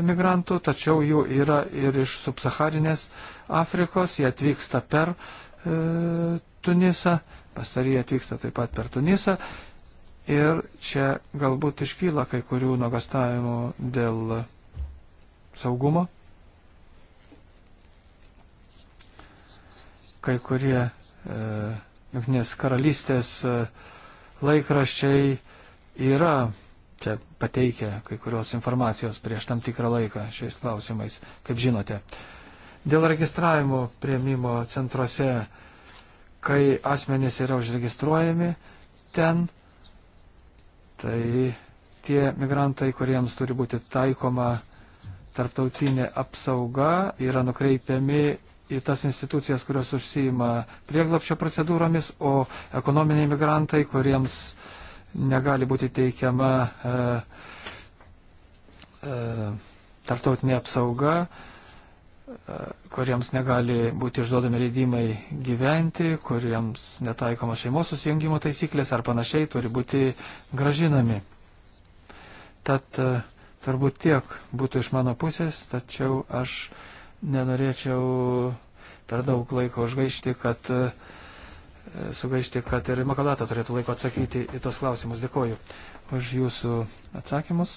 migrantų, tačiau jų yra ir iš subsaharinės Afrikos. Jie atvyksta per Tunisą, pastarieji atvyksta taip pat per Tunisą. Ir čia galbūt iškyla kai kurių nuogastavimų dėl saugumo. Kai kurie E, Junknės karalystės e, laikraščiai yra čia pateikę kai kurios informacijos prieš tam tikrą laiką šiais klausimais, kaip žinote. Dėl registravimo prieimimo centruose, kai asmenys yra užregistruojami ten, tai tie migrantai, kuriems turi būti taikoma tarptautinė apsauga, yra nukreipiami į tas institucijas, kurios užsijima prieglapšio procedūromis, o ekonominiai migrantai, kuriems negali būti teikiama e, e, tartautinė apsauga, e, kuriems negali būti išduodami leidimai gyventi, kuriems netaikoma šeimos susijungimo taisyklės ar panašiai, turi būti gražinami. Tad e, turbūt tiek būtų iš mano pusės, tačiau aš nenorėčiau per daug laiko užgaišti, kad e, sugaišti, kad ir Makalata turėtų laiko atsakyti į tos klausimus. Dėkoju už jūsų atsakymus.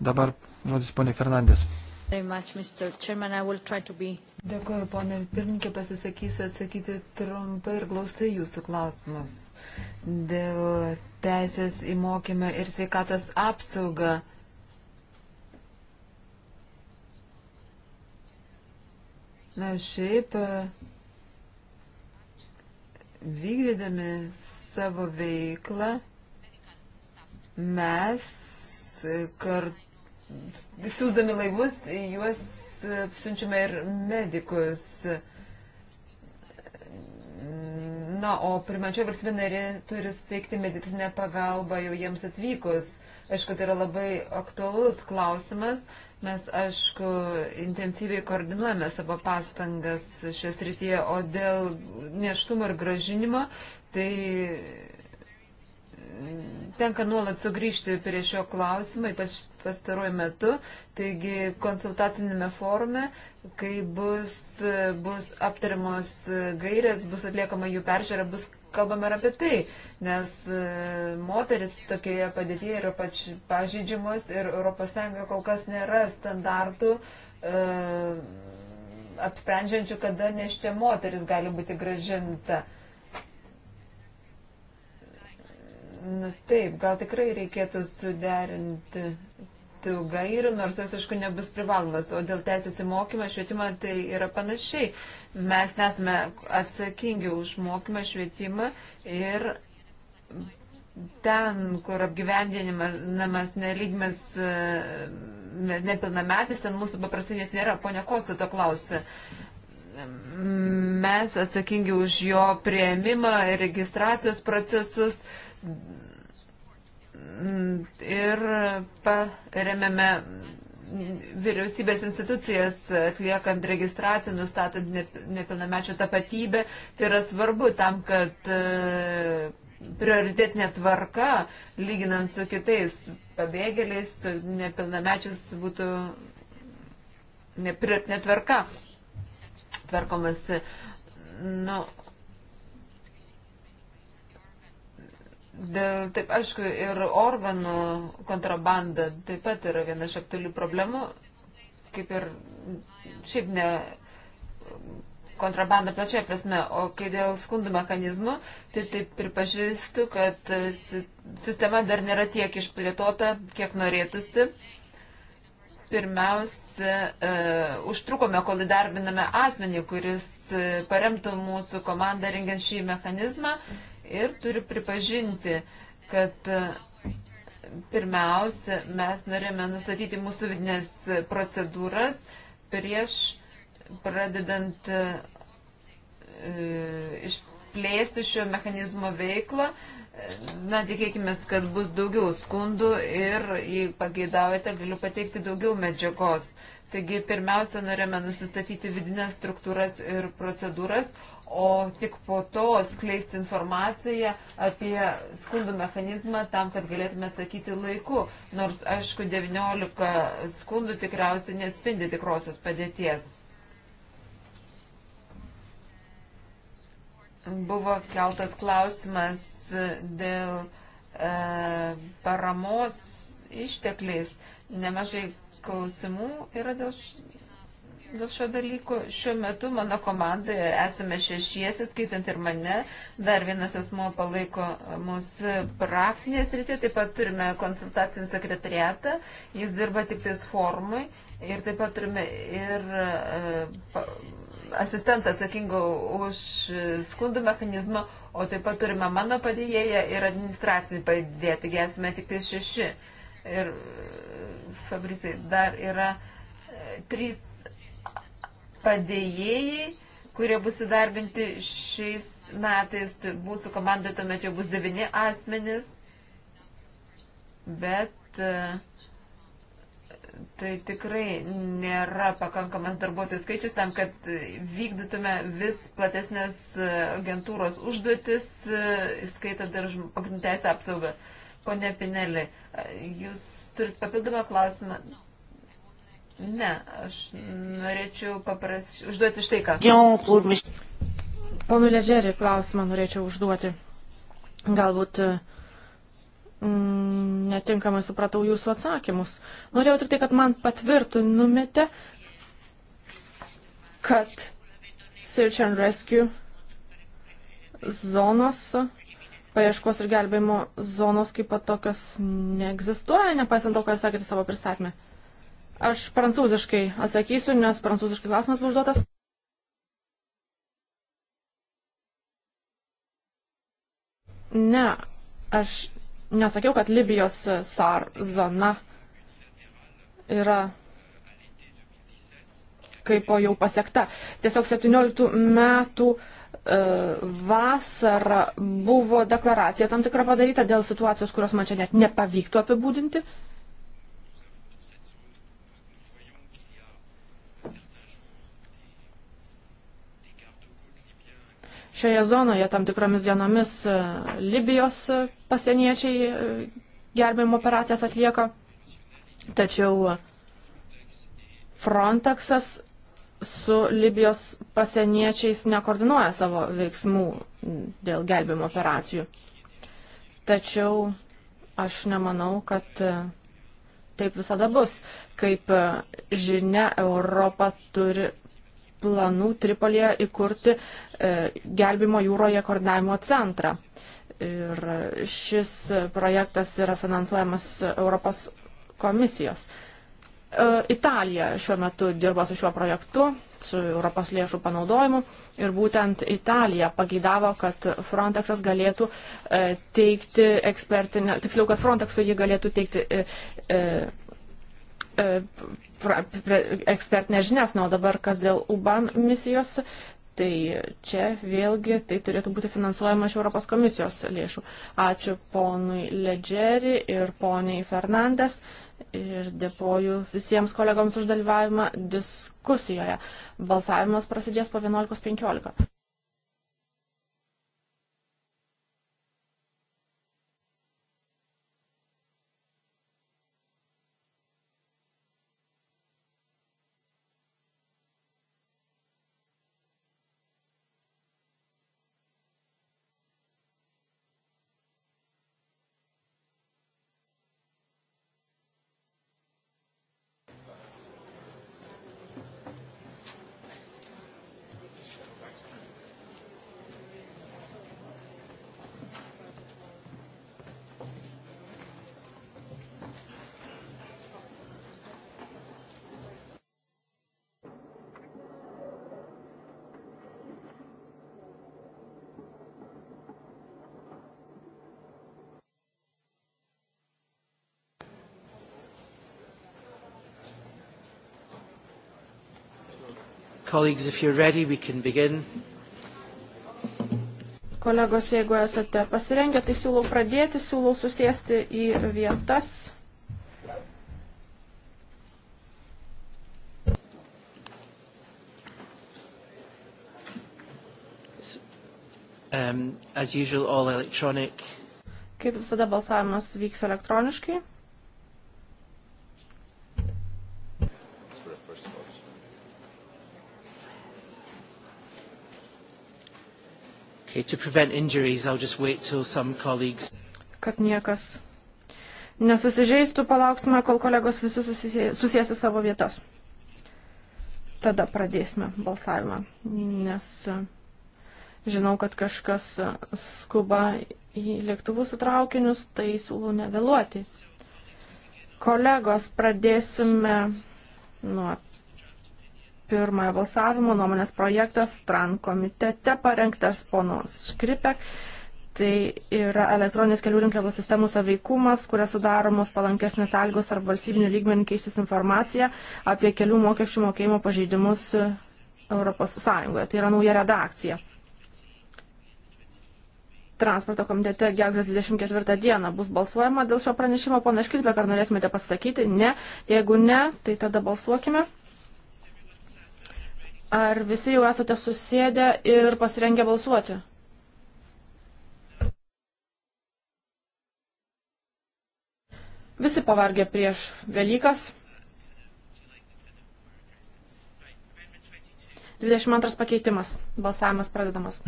Dabar žodis ponė Fernandės. Dėkoju, ponė pirmininkė, pasisakysiu atsakyti trumpai ir glaustai jūsų klausimus. Dėl teisės į mokymą ir sveikatos apsaugą. Na šiaip e, vykdydami savo veiklą mes e, kartu siūsdami laivus juos e, siunčiame ir medikus. Na, o primančio valstybė narė turi suteikti medicinę pagalbą jau jiems atvykus. Aišku, tai yra labai aktualus klausimas, Mes, aišku, intensyviai koordinuojame savo pastangas šią srityje, o dėl neštumo ir gražinimo, tai tenka nuolat sugrįžti prie šio klausimo, ypač pastaruoju metu. Taigi konsultacinėme forume, kai bus, bus aptariamos gairės, bus atliekama jų peržiūra, bus kalbama ir apie tai, nes e, moteris tokioje padėtyje yra pač pažydžiamos ir ES kol kas nėra standartų. Uh, apsprendžiančių, kada neščia moteris gali būti gražinta. Uh, Na, taip, gal tikrai reikėtų suderinti tų gairių, nors jos, aišku, nebus privalomas, o dėl teisės į mokymą, švietimą tai yra panašiai. Mes nesame atsakingi už mokymą, švietimą ir ten, kur apgyvendinimas nelygmes e, nepilnametis, ten mūsų paprastai net nėra. Pone Koskato klausė mes atsakingi už jo prieimimą, registracijos procesus, ir paremėme vyriausybės institucijas atliekant registraciją, nustatant nepilnamečio tapatybę. Tai yra svarbu tam, kad e, prioritetinė tvarka, lyginant su kitais pabėgėliais, su nepilnamečiais būtų neprioritetinė tvarka. Tvarkomas, nu, Dėl, taip, aišku, ir organų kontrabanda taip pat yra viena iš aktualių problemų, kaip ir šiaip ne kontrabanda plačia prasme, o kai dėl skundų mechanizmų, tai taip pripažįstu, kad sistema dar nėra tiek išplėtota, kiek norėtųsi. Pirmiausia, e, užtrukome, kol įdarbiname asmenį, kuris e, paremtų mūsų komandą rengiant šį mechanizmą. E, ir turiu pripažinti, kad e, pirmiausia, mes norėjome nustatyti mūsų vidinės procedūras prieš pradedant e, e, išplėsti šio mechanizmo veiklą. Na, tikėkime, kad bus daugiau skundų ir, jei pageidavote, galiu pateikti daugiau medžiagos. Taigi, pirmiausia, norėjome nusistatyti vidinės struktūras ir procedūras, o tik po to skleisti informaciją apie skundų mechanizmą tam, kad galėtume atsakyti laiku. Nors, aišku, 19 skundų tikriausiai neatspindi tikrosios padėties. Buvo keltas klausimas dėl e, paramos ištekliais. Nemažai klausimų yra dėl dėl šio dalyko. Šiuo metu mano komandoje esame šešiesi, skaitant ir mane. Dar vienas asmo palaiko mūsų praktinės rytį. Taip pat turime konsultacinį sekretariatą. Jis dirba tik tais formui. Ir taip pat turime ir uh, asistentą atsakingą už skundų mechanizmą, o taip pat turime mano padėjėją ir administracinį padėję, taigi esame tik tai šeši. Ir e, Fabricijai dar yra e, trys padėjėjai, kurie bus įdarbinti šiais metais. Tai mūsų komandoje tuomet jau bus devini asmenys, bet e, tai tikrai nėra pakankamas darbuotojų skaičius tam, kad vykdytume vis platesnės e, agentūros užduotis, e, skaitant ir pagrindinę teisę apsaugą. Pone Pinelį, jūs turit papildomą klausimą? Ne, aš norėčiau papras... užduoti štai ką. Ponui Ledžerį klausimą norėčiau užduoti. Galbūt mm, netinkamai supratau jūsų atsakymus. Norėjau tik tai, kad man patvirtinumėte, kad Search and Rescue zonos, paieškos ir gelbėjimo zonos kaip pat tokios neegzistuoja, nepaisant to, ką jūs sakėte savo pristatymę. Aš prancūziškai atsakysiu, nes prancūziškai klausimas buvo užduotas. Ne, aš nesakiau, kad Libijos SAR zona yra kaip po jau pasiekta. Tiesiog 17 metų e, vasara buvo deklaracija tam tikra padaryta dėl situacijos, kurios man čia net nepavyktų apibūdinti. Mhm. šioje zonoje tam tikromis dienomis e, Libijos e, pasieniečiai e, gelbėjimo operacijas atlieka. Tačiau Frontexas su Libijos pasieniečiais nekoordinuoja savo veiksmų dėl gelbėjimo operacijų. Tačiau aš nemanau, kad taip visada bus. Kaip žinia, Europa turi planų Tripolėje įkurti e, gelbimo jūroje koordinavimo centrą. Ir šis projektas yra finansuojamas Europos komisijos. E, Italija šiuo metu dirba su šiuo projektu, su Europos lėšų panaudojimu ir būtent Italija pageidavo, kad Frontexas galėtų e, teikti ekspertinę, tiksliau, kad Frontexui jį galėtų teikti e, e, ekspertinės žinias. Na, o dabar kas dėl UBAN misijos, tai čia vėlgi tai turėtų būti finansuojama iš Europos komisijos lėšų. Ačiū ponui Ledžeri ir poniai Fernandes ir dėkoju visiems kolegoms už dalyvavimą diskusijoje. Balsavimas prasidės po 11.15. Colleagues, if you're ready, we can begin. Kolegos, jeigu esate pasirengę, tai siūlau pradėti, siūlau susėsti į vietas. Um, as usual, all electronic. Kaip visada balsavimas vyks elektroniškai. to prevent injuries, I'll just wait till some colleagues. Kad niekas nesusižeistų, palauksime, kol kolegos visi susijęsi savo vietas. Tada pradėsime balsavimą, nes e, žinau, kad kažkas e, skuba į lėktuvus su traukinius, tai siūlau nevėluoti. Kolegos, pradėsime nuo pirmojo balsavimo nuomonės projektas TRAN komitete parengtas ponos Škripek. Tai yra elektroninės kelių rinkliavos sistemų saveikumas, kuria sudaromos palankesnės sąlygos tarp valstybinių lygmenį keistis informacija apie kelių mokesčių mokėjimo pažeidimus Europos Sąjungoje. Tai yra nauja redakcija. Transporto komitete gegužės 24 dieną bus balsuojama dėl šio pranešimo. Pana Škilbek, ar norėtumėte pasakyti? Ne. Jeigu ne, tai tada balsuokime. Ar visi jau esate susėdę ir pasirengę balsuoti? Visi pavargė prieš Velykas. 22 pakeitimas. Balsavimas pradedamas.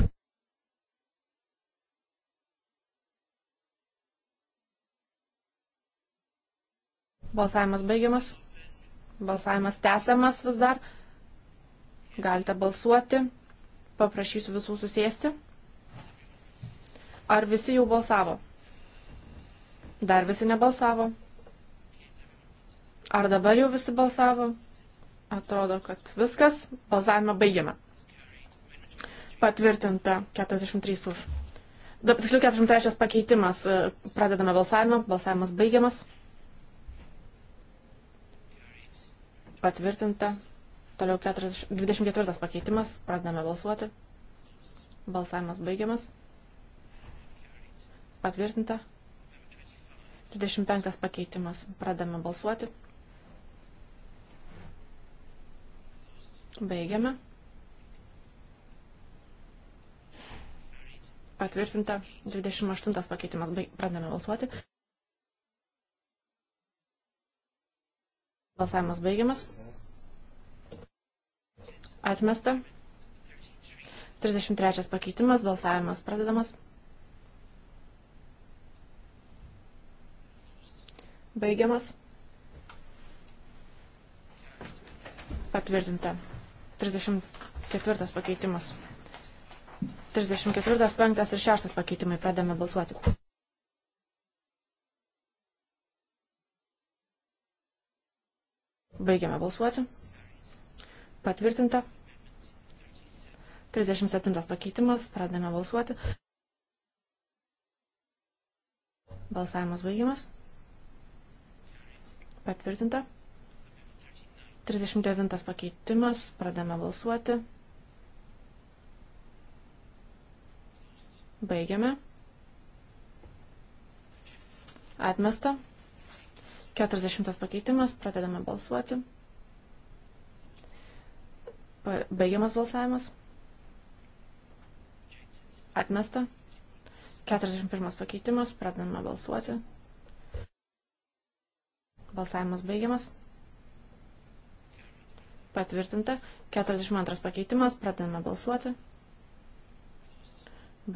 Balsavimas baigiamas. Balsavimas tęsiamas vis dar. Galite balsuoti. Paprašysiu visų susėsti. Ar visi jau balsavo? Dar visi nebalsavo. Ar dabar jau visi balsavo? Atrodo, kad viskas. Balsavimą baigiame. Patvirtinta 43 už. Dabar tiksliau 43 pakeitimas. Pradedame balsavimą. Balsavimas baigiamas. Patvirtinta Toliau 40, 24 pakeitimas, pradedame balsuoti. Balsavimas baigiamas. Patvirtinta. 25 pakeitimas, pradedame balsuoti. Baigiame. Patvirtinta. 28 pakeitimas, pradedame balsuoti. Balsavimas baigiamas. Atmesta. 33 pakeitimas, balsavimas pradedamas. Baigiamas. Patvirtinta. 34 pakeitimas. 34, 5 ir 6 pakeitimai pradame balsuoti. Baigiame balsuoti. Patvirtinta. 37 pakeitimas, pradame balsuoti. Balsavimas baigiamas. Patvirtinta. 39 pakeitimas, pradame balsuoti. Baigiame. Atmesta. 40 pakeitimas, pradedame balsuoti. Baigiamas balsavimas. Atmesta. 41 pakeitimas. Pradedame balsuoti. Balsavimas baigiamas. Patvirtinta. 42 pakeitimas. Pradedame balsuoti.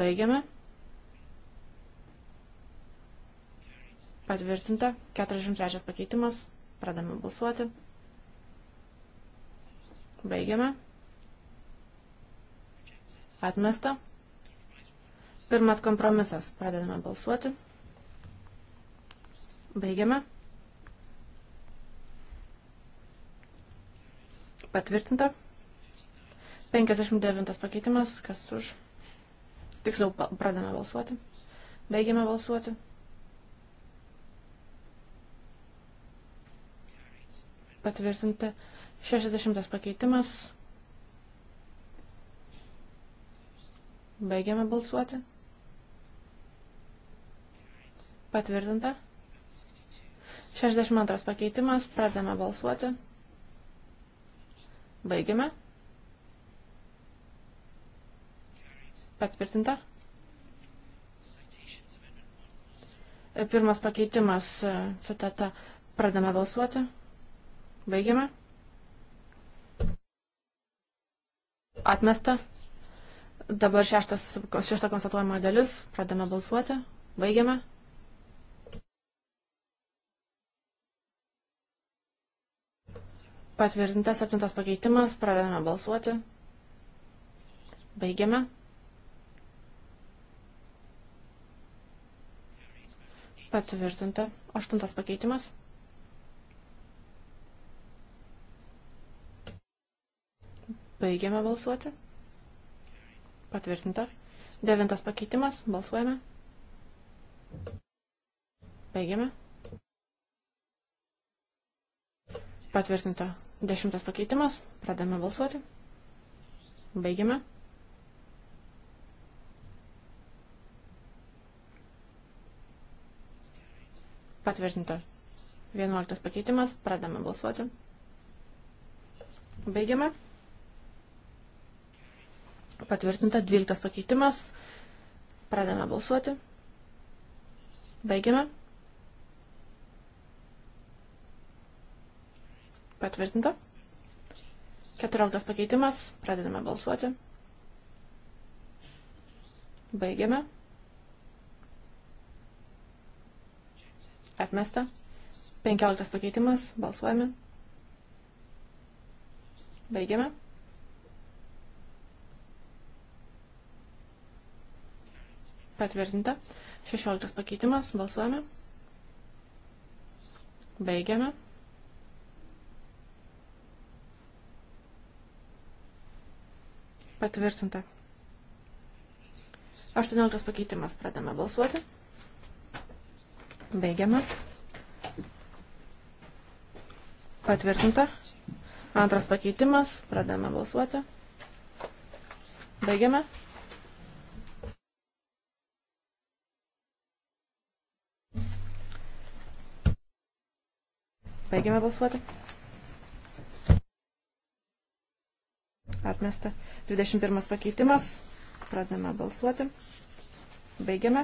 Baigiame. Patvirtinta. 43 pakeitimas. Pradedame balsuoti. Baigiame. Atmesta. Pirmas kompromisas. Pradedame balsuoti. Baigiame. Patvirtinta. 59 pakeitimas. Kas už? Tiksliau, pradame balsuoti. Baigiame balsuoti. Patvirtinta. 60 pakeitimas. Baigiame balsuoti. Patvirtinta. 62 pakeitimas. Pradame balsuoti. Baigiame. Patvirtinta. Pirmas pakeitimas, e, citata, pradame balsuoti. Baigiame. Atmesta. Dabar šeštas, šešta konstatuojama dalis. Pradame balsuoti. Baigiame. Patvirtintas septintas pakeitimas, pradedame balsuoti. Baigiame. Patvirtinta. Aštuntas pakeitimas. Baigiame balsuoti. Patvirtinta. Devintas pakeitimas. Balsuojame. Baigiame. Patvirtinta. Dešimtas pakeitimas. Pradame balsuoti. Baigiame. Patvirtinta. Vienuoliktas pakeitimas. Pradame balsuoti. Baigiame. Patvirtinta. Dvyliktas pakeitimas. Pradame balsuoti. Baigiame. Patvirtinta. 14 pakeitimas. Pradedame balsuoti. Baigiame. Atmesta. 15 pakeitimas. Balsuojame. Baigiame. Patvirtinta. 16 pakeitimas. Balsuojame. Baigiame. Patvirtinta. 18 pakeitimas. Pradame balsuoti. Baigiame. Patvirtinta. Antras pakeitimas. Pradame balsuoti. Baigiame. Baigiame balsuoti. atmesta. 21 pakeitimas. Pradame balsuoti. Baigiame.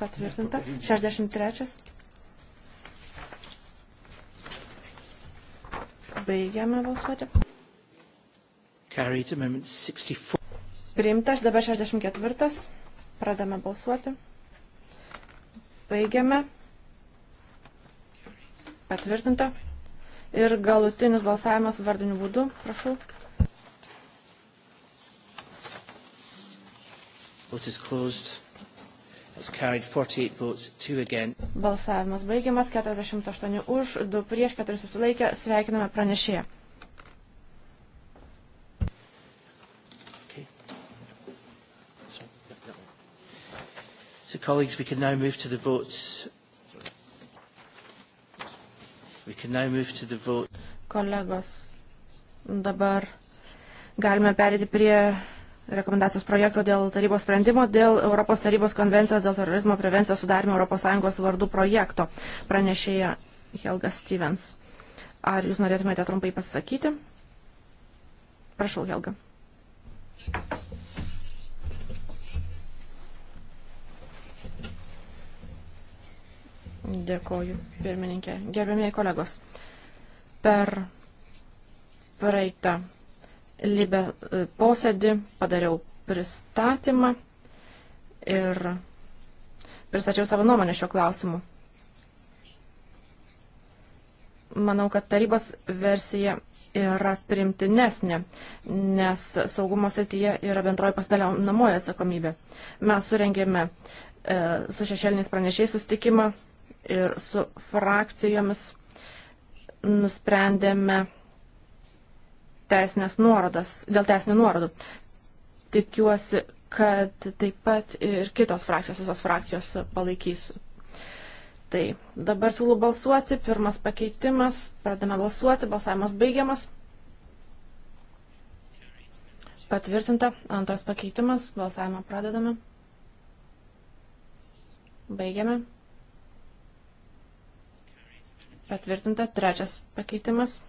Patvirtinta. 63. Baigiame balsuoti. Carried amendment 64. Priimtas dabar 64. Pradame balsuoti. Baigiame. Patvirtinta. Ir galutinis balsavimas vardiniu būdu. Prašau. Vote is closed. That's carried 48 votes, 2 against. Balsavimas baigiamas, 48 už, 2 prieš, 4 susilaikė. Sveikiname pranešėją. So colleagues, we can now move to the votes Kolegos, dabar galime perėti prie rekomendacijos projekto dėl tarybos sprendimo dėl Europos tarybos konvencijos dėl terorizmo prevencijos sudarimo ES vardų projekto, pranešėja Helga Stevens. Ar jūs norėtumėte trumpai pasisakyti? Prašau, Helga. Dėkoju, pirmininkė. Gerbėmiai kolegos, per praeitą Libe e, posėdį padariau pristatymą ir pristačiau savo nuomonę šio klausimu. Manau, kad tarybos versija yra primtinesnė, nes saugumo srityje yra bendroji pasidalinamoji atsakomybė. Mes surengėme e, su šešėliniais pranešiais sustikimą ir su frakcijomis nusprendėme teisinės nuorodas, dėl teisinių nuorodų. Tikiuosi, kad taip pat ir kitos frakcijos, visos frakcijos palaikys. Tai dabar siūlau balsuoti, pirmas pakeitimas, pradame balsuoti, balsavimas baigiamas. Patvirtinta, antras pakeitimas, balsavimą pradedame. Baigiame. Patvirtinta trečias pakeitimas.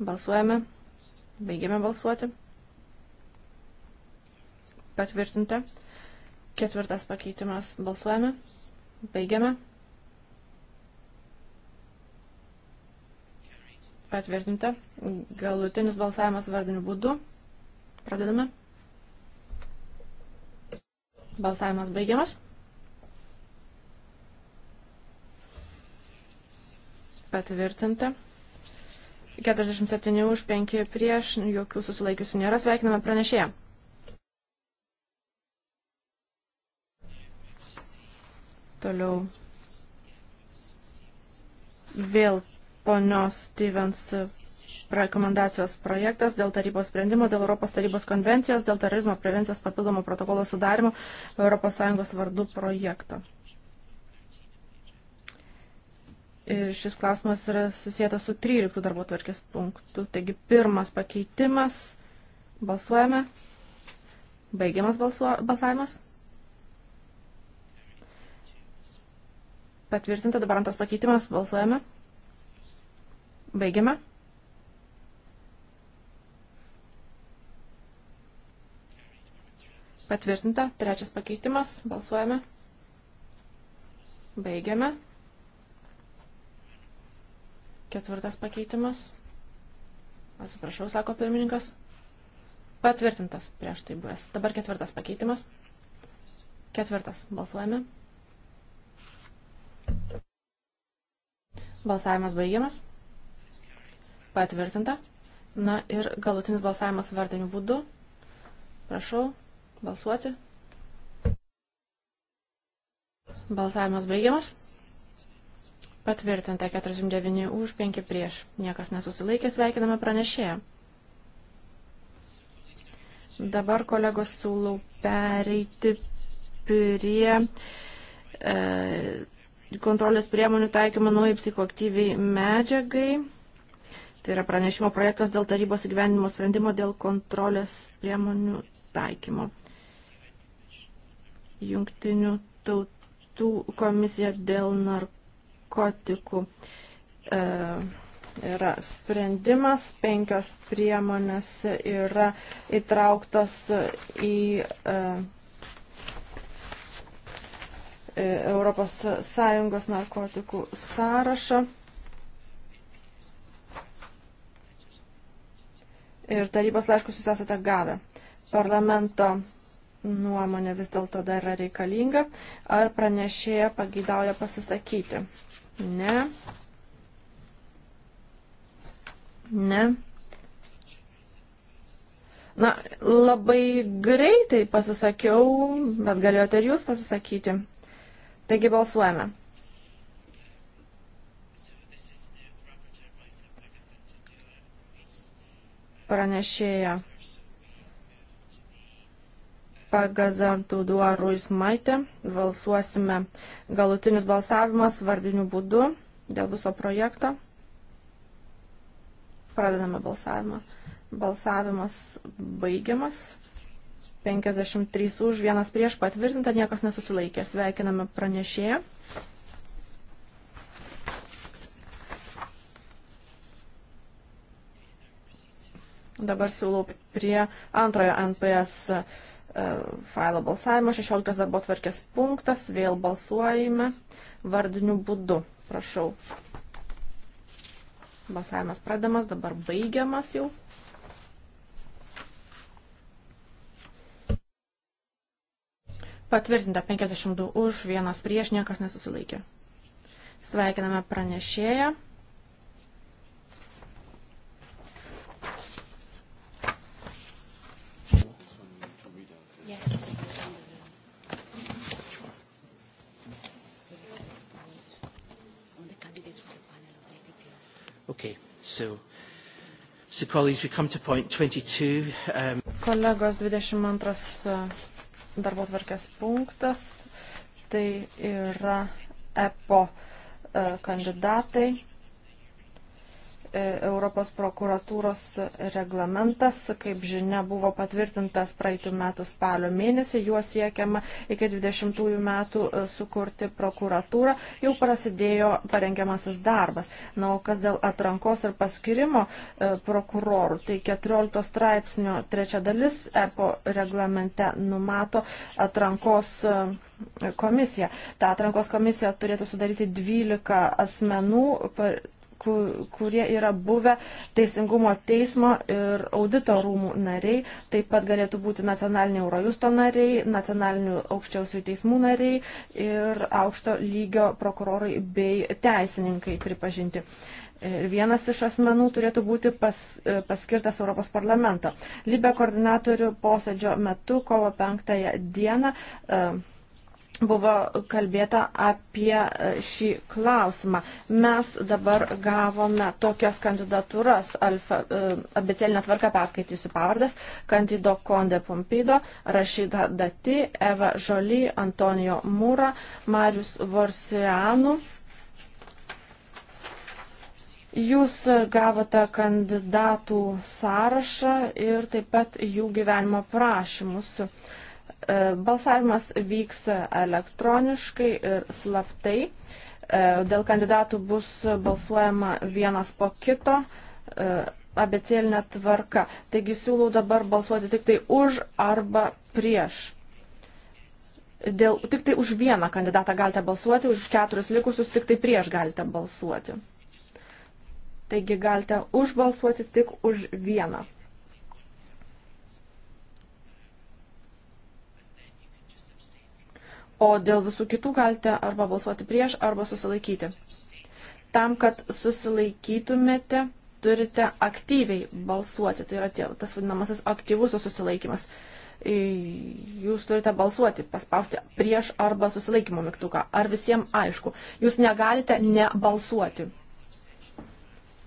Balsuojame. Baigiame balsuoti. Patvirtinta. Ketvirtas pakeitimas. Balsuojame. Baigiame. Patvirtinta. Galutinis balsavimas vardiniu būdu. Pradedame. Balsavimas baigiamas. patvirtinta. 47 už 5 prieš, jokių susilaikiusių nėra, sveikiname pranešėją. Toliau vėl ponios Stevens rekomendacijos projektas dėl tarybos sprendimo, dėl Europos tarybos konvencijos, dėl terorizmo prevencijos papildomo protokolo sudarimo ES vardu projekto. Ir e, šis klausimas yra susijęs su 13 darbo tvarkės punktu. Taigi pirmas pakeitimas. Balsuojame. Baigiamas balsuo, balsavimas. Patvirtinta dabar antras pakeitimas. Balsuojame. Baigiame. Patvirtinta. Trečias pakeitimas. Balsuojame. Baigiame. Ketvirtas pakeitimas. Atsiprašau, sako pirmininkas. Patvirtintas prieš tai buvęs. Dabar ketvirtas pakeitimas. Ketvirtas. Balsuojame. Balsavimas baigiamas. Patvirtinta. Na ir galutinis balsavimas vardiniu būdu. Prašau balsuoti. Balsavimas baigiamas. Patvirtinta 49 už 5 prieš. Niekas nesusilaikė, sveikiname pranešėją. Dabar kolegos siūlau pereiti prie e, kontrolės priemonių taikymą naujai psichoktyviai medžiagai. Tai yra pranešimo projektas dėl tarybos įgyvenimo sprendimo dėl kontrolės priemonių taikymo. Jungtinių tautų komisija dėl narkotikų narkotikų. E, yra sprendimas, penkios priemonės yra įtrauktos į e, e, Europos Sąjungos narkotikų sąrašą. Ir tarybos laiškus jūs esate gavę. Parlamento nuomonė vis dėlto dar yra reikalinga. Ar pranešėja pagydauja pasisakyti? Ne. Ne. Na, labai greitai pasisakiau, bet galėjote ir jūs pasisakyti. Taigi balsuojame. Pranešėja pagazantų duarų įsmaitę. Valsuosime galutinis balsavimas vardiniu būdu dėl viso projekto. Pradedame balsavimą. Balsavimas baigiamas. 53 už, vienas prieš patvirtinta, niekas nesusilaikė. Sveikiname pranešėją. Dabar siūlau prie antrojo NPS E, failo balsavimo. 16 darbo tvarkės punktas. Vėl balsuojame vardiniu būdu. Prašau. Balsavimas pradamas, dabar baigiamas jau. Patvirtinta 52 už, vienas prieš, niekas nesusilaikė. Sveikiname pranešėją. So, so colleagues, we come to point 22. Um... Kolegos 22 uh, darbo tvarkės punktas, tai yra EPO uh, kandidatai E, Europos prokuratūros reglamentas, kaip žinia, buvo patvirtintas praeitų metų spalio mėnesį. Juo siekiama iki 20 metų e, sukurti prokuratūrą. Jau prasidėjo parengiamasis darbas. Na, o kas dėl atrankos ir paskirimo e, prokurorų, tai 14 straipsnio trečia dalis EPO reglamente numato atrankos komisija. Ta atrankos komisija turėtų sudaryti 12 asmenų kur, kurie yra buvę Teisingumo teismo ir audito rūmų nariai, taip pat galėtų būti nacionaliniai Eurojusto nariai, nacionalinių aukščiausių teismų nariai ir aukšto lygio prokurorai bei teisininkai pripažinti. Ir vienas iš asmenų turėtų būti pas, e, paskirtas Europos parlamento. Libe koordinatorių posėdžio metu kovo 5 dieną. Uh, buvo kalbėta apie e, šį klausimą. Mes dabar gavome tokias kandidatūras, alfa, e, abitelinę tvarką perskaitysiu pavardas, Kandido Konde Pompido, Rašyda Dati, Eva Žoly, Antonijo Mūra, Marius Vorsianų. Jūs gavote kandidatų sąrašą ir taip pat jų gyvenimo prašymus. Uh, E, balsavimas vyks elektroniškai ir slaptai. E, dėl kandidatų bus balsuojama vienas po kito e, abecėlinė tvarka. Taigi siūlau dabar balsuoti tik tai už arba prieš. Dėl, tik tai už vieną kandidatą galite balsuoti, už keturis likusius tik tai prieš galite balsuoti. Taigi galite užbalsuoti tik už vieną. o dėl visų kitų galite arba balsuoti prieš, arba susilaikyti. Tam, kad susilaikytumėte, turite aktyviai balsuoti, tai yra tie, tas vadinamasis aktyvusis susilaikimas. E, jūs turite balsuoti, paspausti prieš arba susilaikymo mygtuką, ar visiems aišku. Jūs negalite nebalsuoti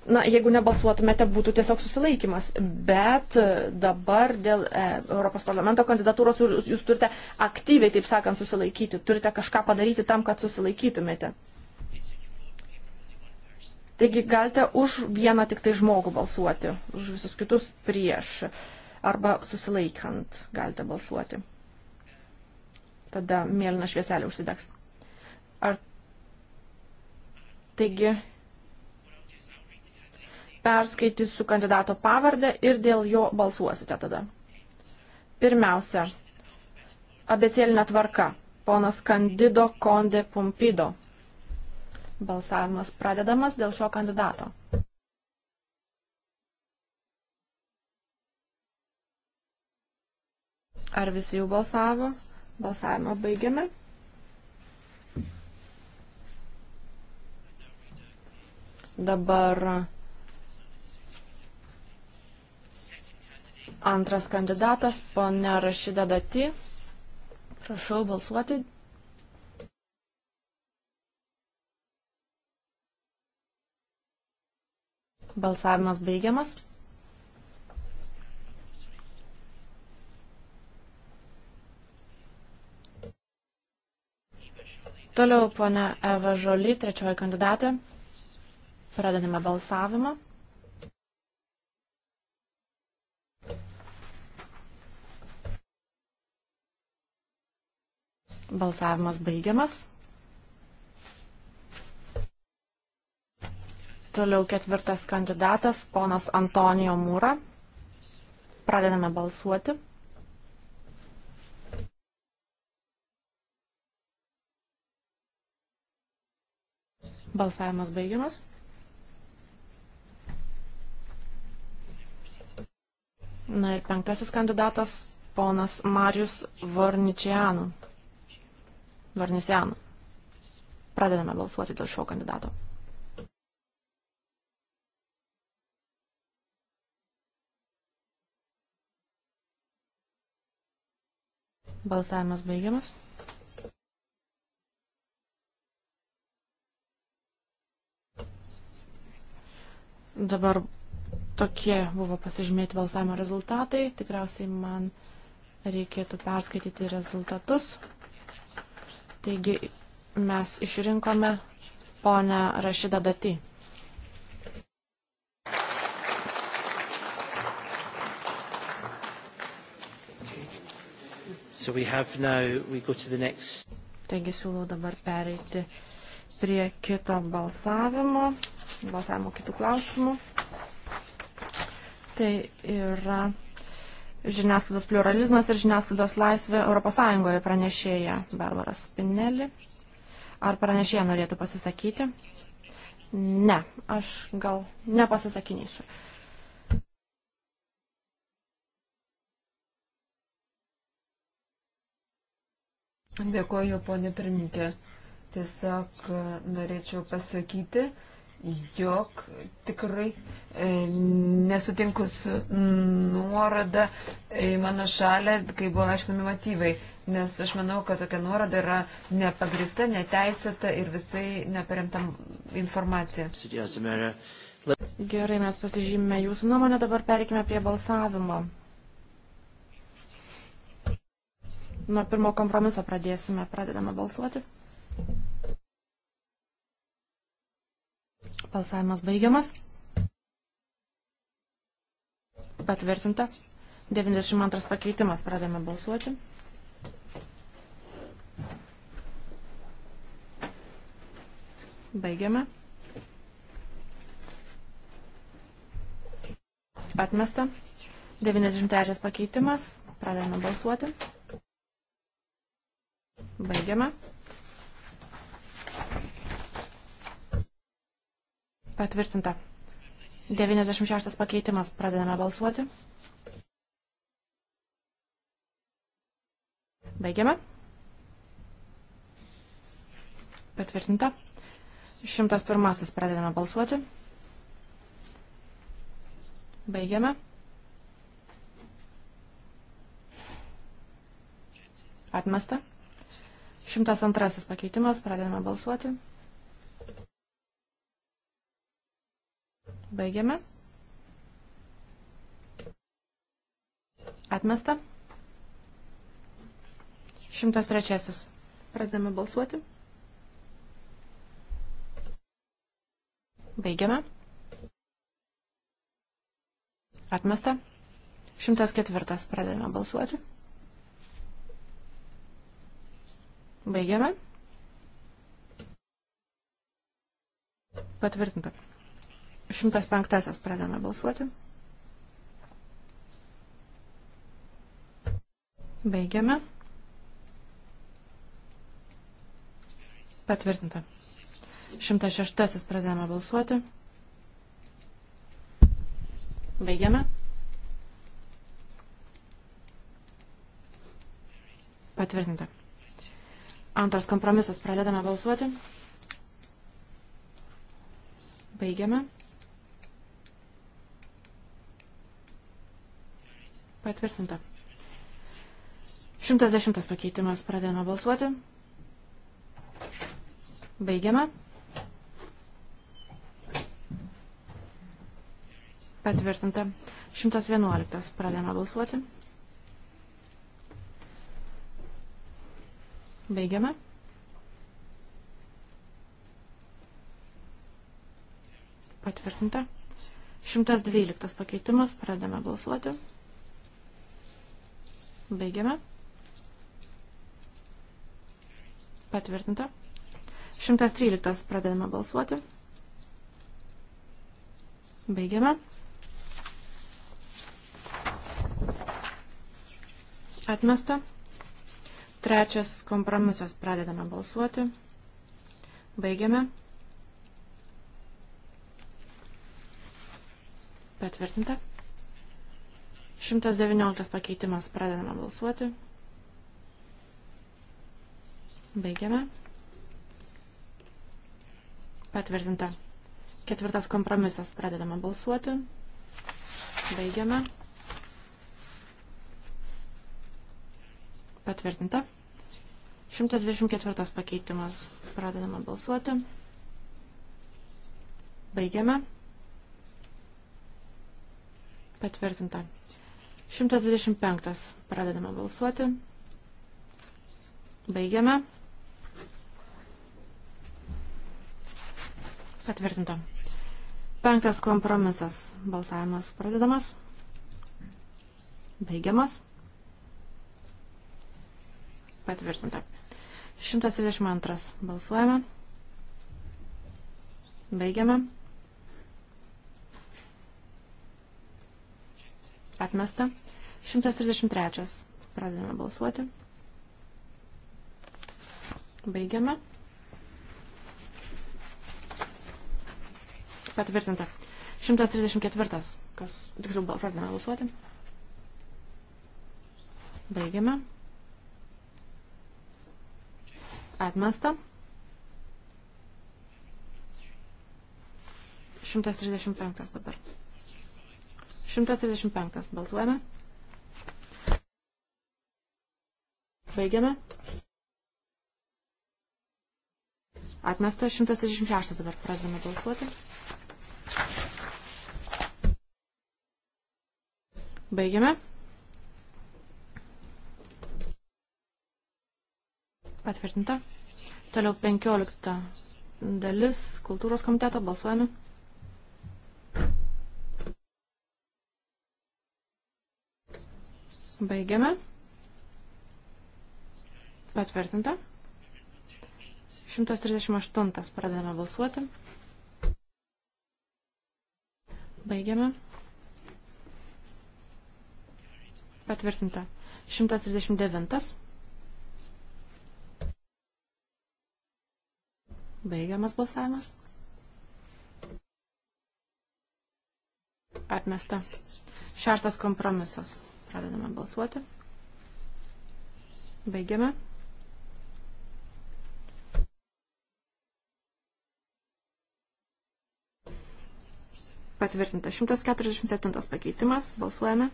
na, jeigu nebalsuotumėte, būtų tiesiog susilaikimas. Bet e, dabar dėl e, Europos parlamento kandidatūros jūs turite aktyviai, taip sakant, susilaikyti. Turite kažką padaryti tam, kad susilaikytumėte. Taigi galite už vieną tik tai žmogų balsuoti, už visus kitus prieš arba susilaikant galite balsuoti. Tada mėlyna švieselė užsidegs. Ar taigi perskaitysiu kandidato pavardę ir dėl jo balsuosite tada. Pirmiausia, abecėlinė tvarka. Ponas Kandido Konde Pumpido. Balsavimas pradedamas dėl šio kandidato. Ar visi jau balsavo? Balsavimą baigiame. Dabar Antras kandidatas, ponia Rašyda Dati. Prašau balsuoti. Balsavimas baigiamas. Toliau ponia Eva Žoly, trečioji kandidatė. Pradedame balsavimą. Balsavimas baigiamas. Toliau ketvirtas kandidatas, ponas Antonijo Mūra. Pradedame balsuoti. Balsavimas baigiamas. Na ir penktasis kandidatas, ponas Marius Vorničianu. Varnisian. Pradedame balsuoti dėl šio kandidato. Balsavimas baigiamas. Dabar tokie buvo pasižymėti balsavimo rezultatai. Tikriausiai man reikėtų perskaityti rezultatus. Taigi mes išrinkome ponę Rašydą Datį. So we have now, we go to the next. Taigi siūlau dabar pereiti prie kito balsavimo, balsavimo kitų klausimų. Tai yra žiniasklaidos pluralizmas ir žiniasklaidos laisvė ES pranešėja Barbara Spinelli. Ar pranešėja norėtų pasisakyti? Ne, aš gal nepasisakinysiu. Dėkoju, ponė pirmininkė. Tiesiog norėčiau pasakyti, jog tikrai e, nesutinku su nuoroda į mano šalį, kai buvo aiškinami motyvai, nes aš manau, kad tokia nuoroda yra nepagrista, neteisėta ir visai neparemta informacija. Gerai, mes pasižymime jūsų nuomonę, dabar perikime prie balsavimo. Nuo pirmo kompromiso pradėsime, pradedame balsuoti. Thank you. Balsavimas baigiamas. Patvirtinta. 92 pakeitimas. Pradame balsuoti. Baigiame. Atmesta. 93 pakeitimas. Pradame balsuoti. Baigiame. Patvirtinta. 96 pakeitimas. Pradedame balsuoti. Baigiame. Patvirtinta. 101 pradedame balsuoti. Baigiame. Atmesta. 102 pakeitimas. Pradedame balsuoti. Baigiame. Atmesta. 103. Pradame balsuoti. Baigiame. Atmesta. 104. Pradame balsuoti. Baigiame. Patvirtinta. 105 pradame balsuoti. Baigiame. Patvirtinta. 106 pradėjome balsuoti. Baigiame. Patvirtinta. Antras kompromisas pradedame balsuoti. Baigiame. Patvirtinta. 110 pakeitimas. Pradėjome balsuoti. Baigiame. Patvirtinta. 111. Pradėjome balsuoti. Baigiame. Patvirtinta. 112 pakeitimas. Pradėjome balsuoti. Baigiame. Patvirtinta. 113 pradedame balsuoti. Baigiame. Atmesta. Trečias kompromisas pradedame balsuoti. Baigiame. Patvirtinta. 119 pakeitimas. Pradedame balsuoti. Baigiame. Patvirtinta. Ketvirtas kompromisas. Pradedame balsuoti. Baigiame. Patvirtinta. 124 pakeitimas. Pradedame balsuoti. Baigiame. Patvirtinta. 125. Pradedame balsuoti. Baigiame. Patvirtinta. Penktas kompromisas. Balsavimas pradedamas. Baigiamas. Patvirtinta. 122. Balsuojame. Baigiame. Atmesta. 133. Pradedame balsuoti. Baigiame. Patvirtinta. 134. Kas tiksliau pradedame balsuoti. Baigiame. Atmesta. 135 dabar. 135 balsuojame. Baigiame. Atmestas 136 dabar pradedame balsuoti. Baigiame. Patvirtinta. Toliau 15 dalis kultūros komiteto balsuojame. Baigiame. Patvirtinta. 138 pradedame balsuoti. Baigiame. Patvirtinta. 139. Baigiamas balsavimas. Atmesta. Šeštas kompromisas. Pradedame balsuoti. Baigiame. Patvirtinta 147 pakeitimas. Balsuojame.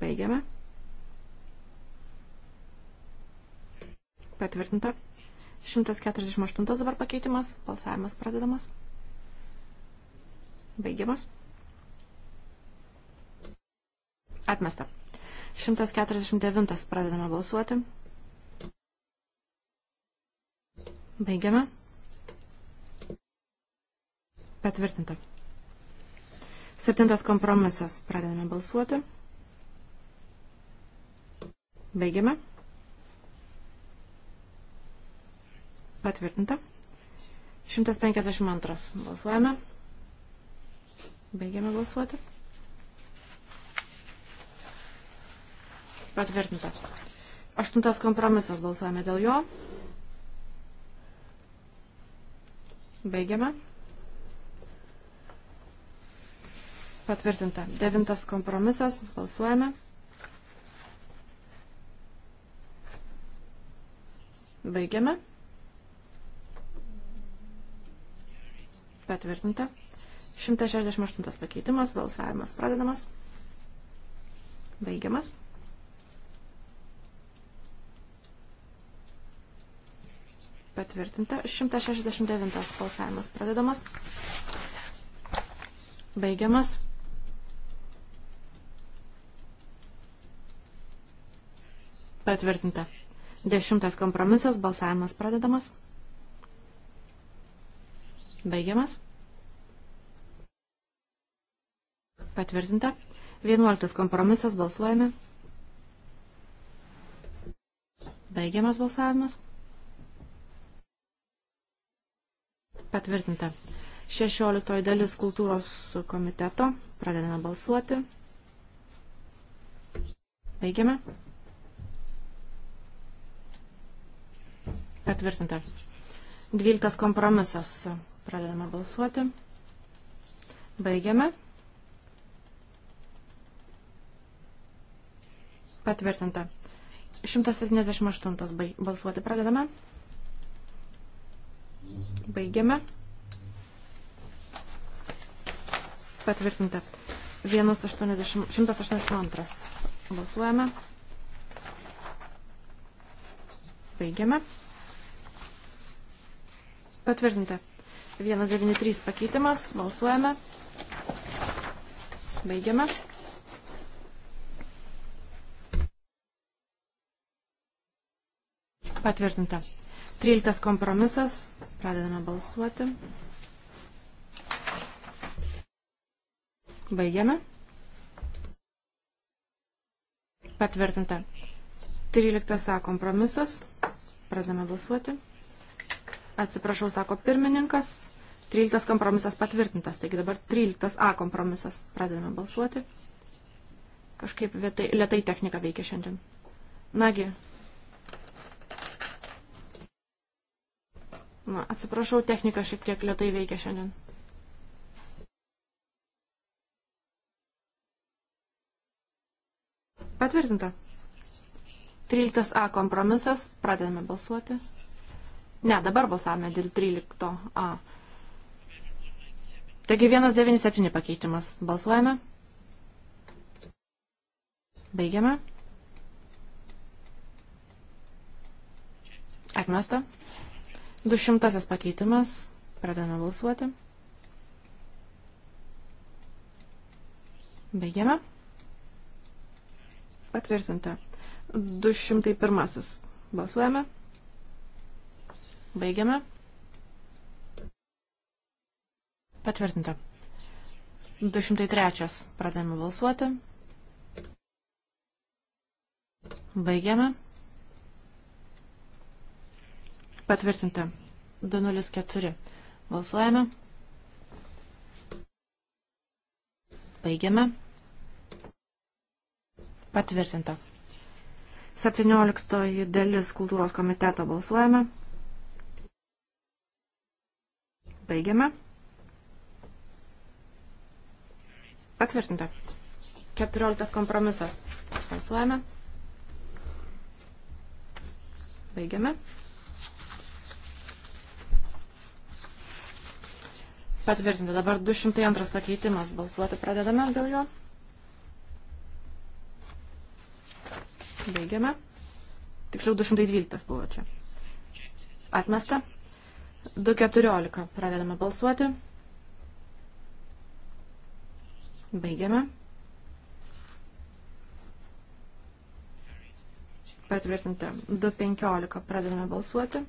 Baigiame. Patvirtinta. 148 dabar pakeitimas. Balsavimas pradedamas. Baigiamas. Atmesta. 149 pradedame balsuoti. Baigiame. Patvirtinta. Septintas kompromisas. Pradedame balsuoti. Baigiame. Patvirtinta. 152. Balsuojame. Baigiame balsuoti. Patvirtinta. Aštuntas kompromisas balsuojame dėl jo. Baigiame. Patvirtinta. Devintas kompromisas. Balsuojame. Baigiame. Patvirtinta. 168 pakeitimas. Balsavimas pradedamas. Baigiamas. Patvirtinta. 169 balsavimas pradedamas. Baigiamas. Patvirtinta. Dešimtas kompromisas, balsavimas pradedamas. Baigiamas. Patvirtinta. Vienuoliktas kompromisas, balsuojame. Baigiamas balsavimas. Patvirtinta. 16 dalis kultūros komiteto. Pradedame balsuoti. Baigiame. Patvirtinta. Dvyliktas kompromisas. Pradedame balsuoti. Baigiame. Patvirtinta. 178 balsuoti pradedame. Baigiame. Patvirtinta. 180, 182 balsuojame. Baigiame. Patvirtinta. 193 pakeitimas. Balsuojame. Baigiame. Patvirtinta. 13 kompromisas. Pradedame balsuoti. Baigiame. Patvirtinta. 13 A kompromisas. Pradedame balsuoti. Atsiprašau, sako pirmininkas. 13 kompromisas patvirtintas. Taigi dabar 13A kompromisas. Pradedame balsuoti. Kažkaip vietai, lietai technika veikia šiandien. Nagi. Na, atsiprašau, technika šiek tiek lietai veikia šiandien. Patvirtinta. 13A kompromisas. Pradedame balsuoti. Ne, dabar balsavome dėl 13a. Taigi 197 pakeitimas. Balsuojame. Baigiame. Atmesta. 200 pakeitimas. Pradame balsuoti. Baigiame. Patvirtinta. 201. Balsuojame. Baigiame. Patvirtinta. 203. Pradėjome balsuoti. Baigiame. Patvirtinta. 204. Balsuojame. Baigiame. Patvirtinta. 17 dalis kultūros komiteto balsuojame. Baigiame. Patvirtinta. 14 kompromisas. Balsuojame. Baigiame. Patvirtinta. Dabar 202 pakeitimas. Balsuoti pradedame dėl jo. Baigiame. Tiksliau 212 buvo čia. Atmesta. 2.14. Pradedame balsuoti. Baigiame. Patvirtinti. 2.15. Pradedame balsuoti.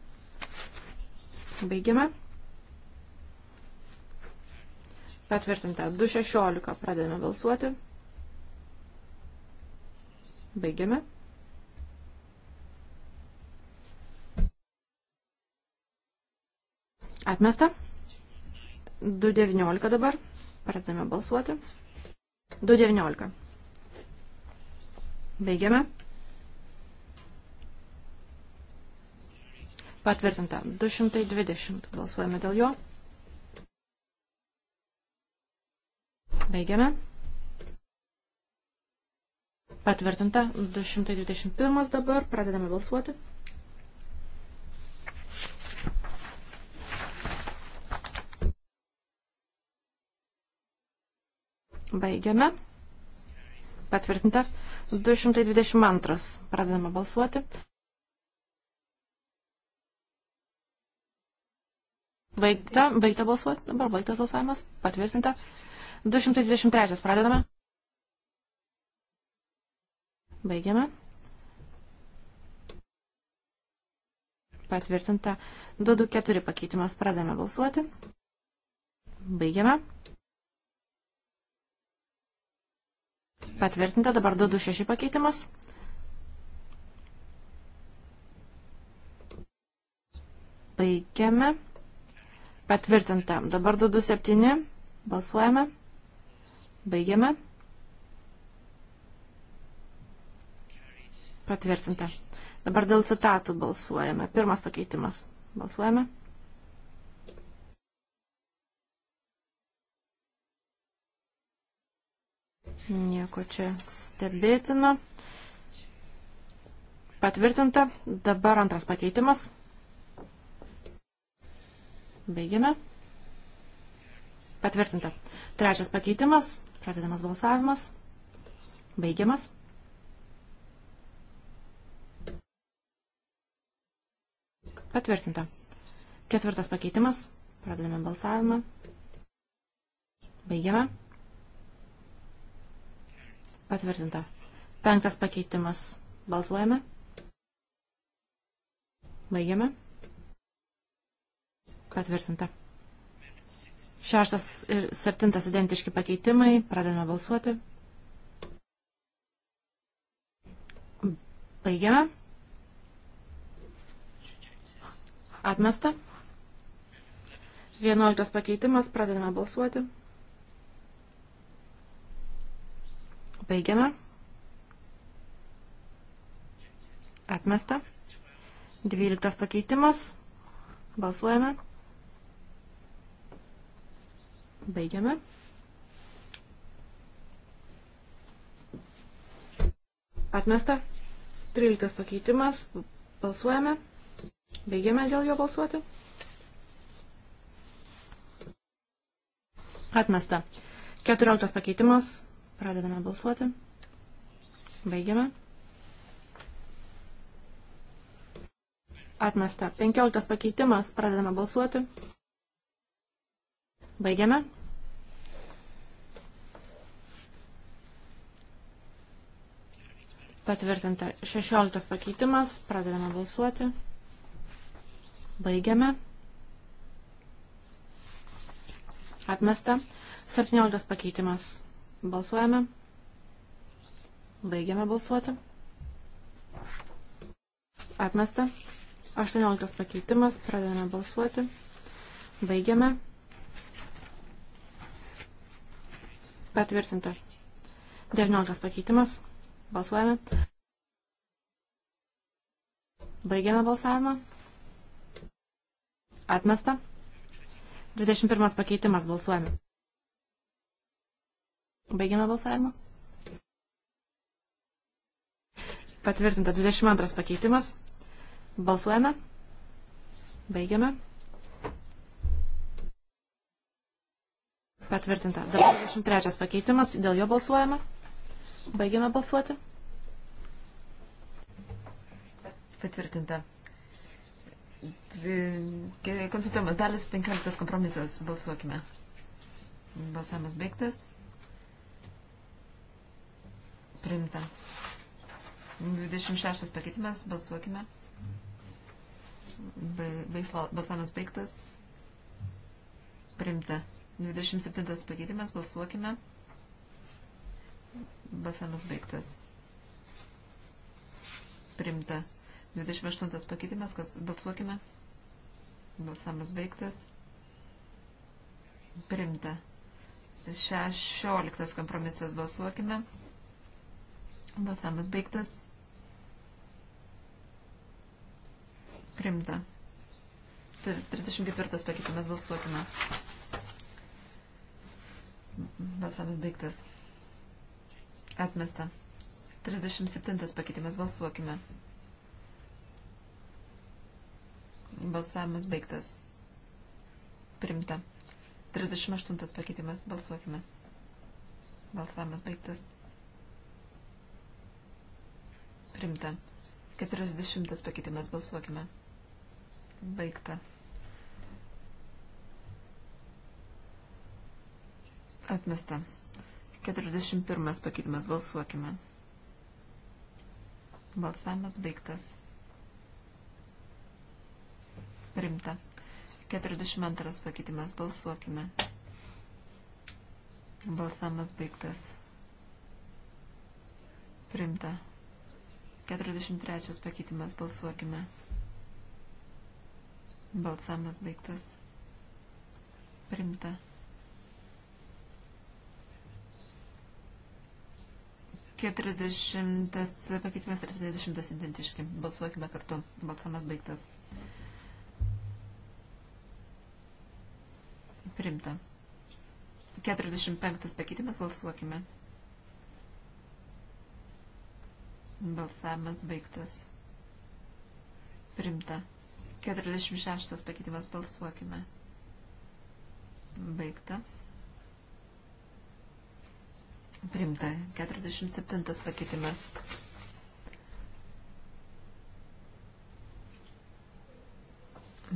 Baigiame. Patvirtinta. 2.16. Pradedame balsuoti. Baigiame. Atmesta. 2.19 dabar. Pradame balsuoti. 2.19. Baigiame. Patvirtinta. 220. Balsuojame dėl jo. Baigiame. Patvirtinta. 221 dabar. Pradedame balsuoti. 222. Baigiame. Patvirtinta. 222. Pradedame balsuoti. Baigta, baigta balsuoti, dabar baigtas balsavimas, patvirtinta. 223 pradedame. Baigiame. Patvirtinta. 224 pakeitimas pradedame balsuoti. Baigiame. Patvirtinta dabar 226 pakeitimas. Baigiame. Patvirtinta. Dabar 227. Balsuojame. Baigiame. Patvirtinta. Dabar dėl citatų balsuojame. Pirmas pakeitimas. Balsuojame. Balsuojame. Nieko čia stebėtino. Patvirtinta. Dabar antras pakeitimas. Baigiame. Patvirtinta. Trečias pakeitimas. Pradedamas balsavimas. Baigiamas. Patvirtinta. Ketvirtas pakeitimas. Pradedame balsavimą. Baigiame. Patvirtinta. Penktas pakeitimas. Balsuojame. Baigiame. Patvirtinta. Šeštas ir septintas identiški pakeitimai. Pradedame balsuoti. Baigiame. Atmesta. Vienuoliktas pakeitimas. Pradedame balsuoti. Baigiame. Atmesta. Dvyliktas pakeitimas. Balsuojame. Baigiame. Atmesta. Tryliktas pakeitimas. Balsuojame. Baigiame dėl jo balsuoti. Atmesta. Keturioliktas pakeitimas. Pradedame balsuoti. Baigiame. Atmesta. 15 pakeitimas. Pradedame balsuoti. Baigiame. Patvirtinta 16 pakeitimas, pradedame balsuoti. Baigiame. Atmesta 17 pakeitimas, Balsuojame. Baigiame balsuoti. Atmesta. 18 pakeitimas. Pradedame balsuoti. Baigiame. Patvirtinta. 19 pakeitimas. Balsuojame. Baigiame balsavimą. Atmesta. 21 pakeitimas. Balsuojame. Baigiame balsavimą. Patvirtinta 22 pakeitimas. Balsuojame. Baigiame. Patvirtinta. Dabar 23 pakeitimas. Dėl jo balsuojame. Baigiame balsuoti. Patvirtinta. Konsultuojamas dalis 15 kompromisas. Balsuokime. Balsavimas baigtas. Primta. 26 pakeitimas, balsuokime. Balsavimas baigtas. Primta. 27 pakeitimas, balsuokime. Balsavimas baigtas. Primta. 28 pakeitimas, kas balsuokime. Balsavimas baigtas. Primta. 16 kompromisas balsuokime. Balsavimas baigtas. Primta. 34 pakeitimas balsuokime. Balsavimas baigtas. Atmesta. 37 pakeitimas balsuokime. Balsavimas baigtas. Primta. 38 pakeitimas balsuokime. Balsavimas baigtas. primta. 40 pakeitimas balsuokime. Baigta. Atmesta. 41 pakeitimas balsuokime. Balsavimas baigtas. Rimta. 42 pakeitimas balsuokime. Balsavimas baigtas. Primta. 43 pakeitimas balsuokime. Balsamas baigtas. Primta. Keturiasdešimtas pakeitimas ir septyniasdešimtas identiški. Balsuokime kartu. Balsamas baigtas. Primta. Keturiasdešimt penktas pakeitimas. Balsuokime. Balsuokime. Balsavimas baigtas. Primta. 46 pakeitimas balsuokime. Baigta. Primta. 47 pakeitimas.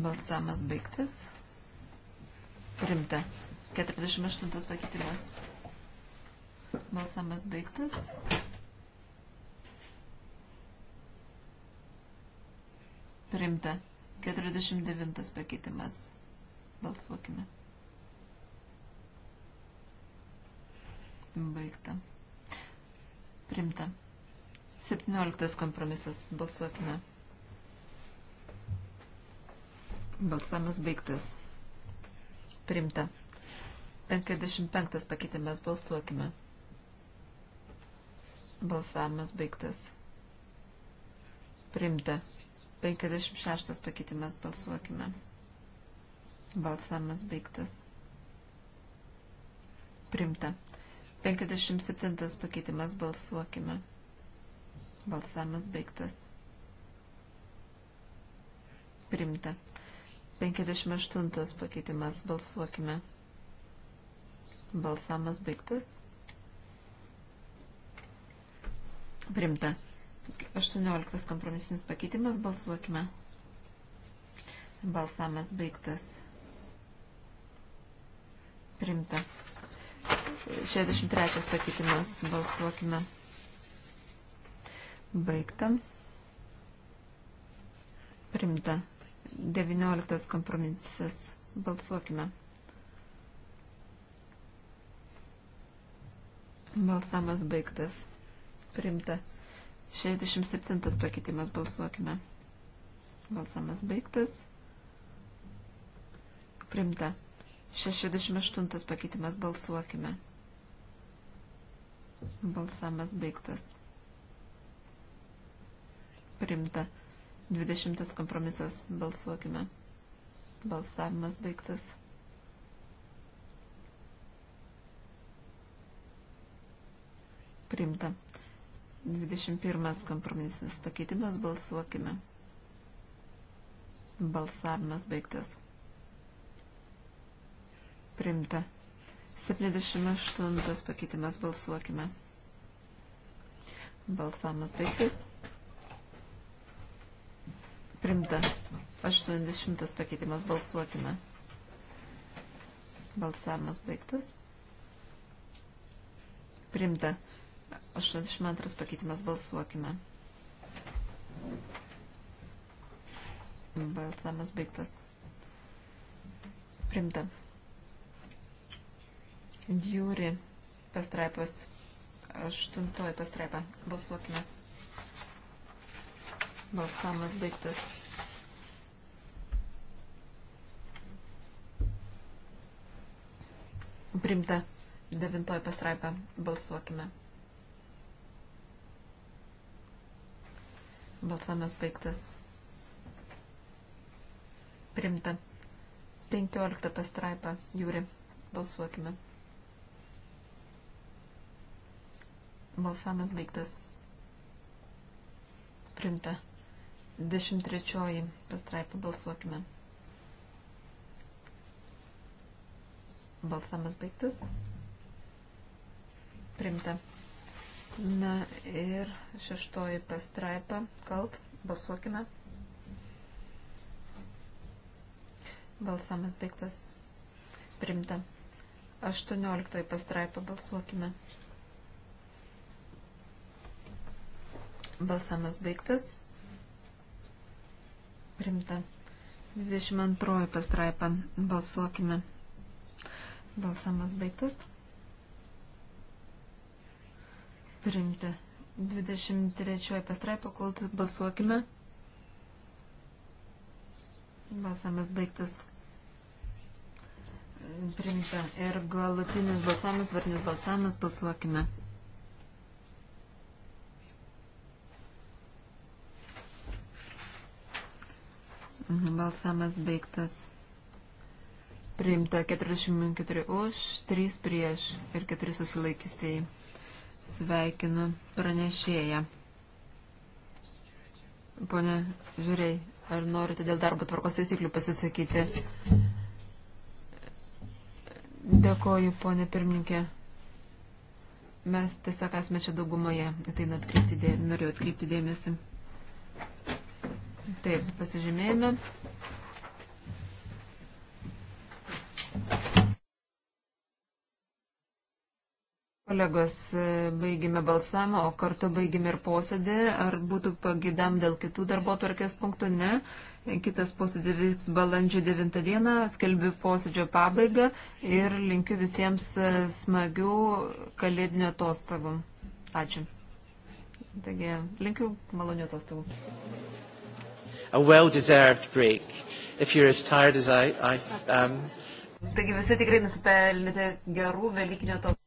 Balsamas baigtas. Primta. 48 pakeitimas. Balsamas baigtas. Primta. 49 pakeitimas. Balsuokime. Baigta. Primta. 17 kompromisas. Balsuokime. Balsamas baigtas. Primta. 55 pakeitimas. Balsuokime. Balsamas baigtas. Primta. 56 pakeitimas balsuokime. Balsamas baigtas. Primta. 57 pakeitimas balsuokime. Balsamas baigtas. Primta. 58 pakeitimas balsuokime. Balsamas baigtas. Primta. 18 kompromisinis pakeitimas, balsuokime. Balsamas baigtas. Primta. 63 pakeitimas, balsuokime. Baigta. Primta. 19 kompromisas, balsuokime. Balsamas baigtas. Primta. 67 pakeitimas balsuokime. Balsamas baigtas. Primta. 68 pakeitimas balsuokime. Balsamas baigtas. Primta. 20 kompromisas balsuokime. Balsavimas baigtas. Primta. 21 kompromisinis pakeitimas, balsuokime. Balsavimas baigtas. Primta. 78 pakeitimas, balsuokime. Balsavimas baigtas. Primta. 80 pakeitimas, balsuokime. Balsavimas baigtas. Primta. 82 pakeitimas balsuokime. Balsamas baigtas. Primta. Jūri pastraipos. Aštuntoji pastraipa. Balsuokime. Balsamas baigtas. Primta. Devintoji pastraipa. Balsuokime. Balsavimas baigtas. Primta. 15 pastraipa. Jūri. Balsuokime. Balsavimas baigtas. Primta. 23 pastraipa. Balsuokime. Balsavimas baigtas. Primta. Na ir šeštoji pastraipa, kalb, balsuokime. Balsamas baigtas. Primta. 18 pastraipa, balsuokime. Balsamas baigtas. Primta. 22 pastraipa, balsuokime. Balsamas baigtas. Priimta. 23 pastraipa, kol balsuokime. Balsamas baigtas. Priimta. Ir galutinis balsamas, varnis balsamas, balsuokime. Mhm, balsamas baigtas. Priimta 44 už, 3 prieš ir 4 susilaikysiai. Sveikinu pranešėją. Pone Žiūrėj, ar norite dėl darbo tvarkos taisyklių pasisakyti? Dėkoju, ponė pirmininkė. Mes tiesiog esame čia daugumoje, į tai atkreipti dė... norėjau atkreipti dėmesį. Taip, pasižymėjome. Kolegos, e, baigime balsavimą, o kartu baigime ir posėdį. Ar būtų pagidam dėl kitų darbo tvarkės punktų? Ne. Kitas posėdis vyks balandžio 9 dieną. Skelbiu posėdžio pabaigą ir linkiu visiems e, smagių kalėdinių atostogų. Ačiū. Taigi, linkiu malonių atostogų. A well-deserved break. If you're as tired as I, I um... Taigi visi tikrai nusipelnėte gerų velykinių atostogų.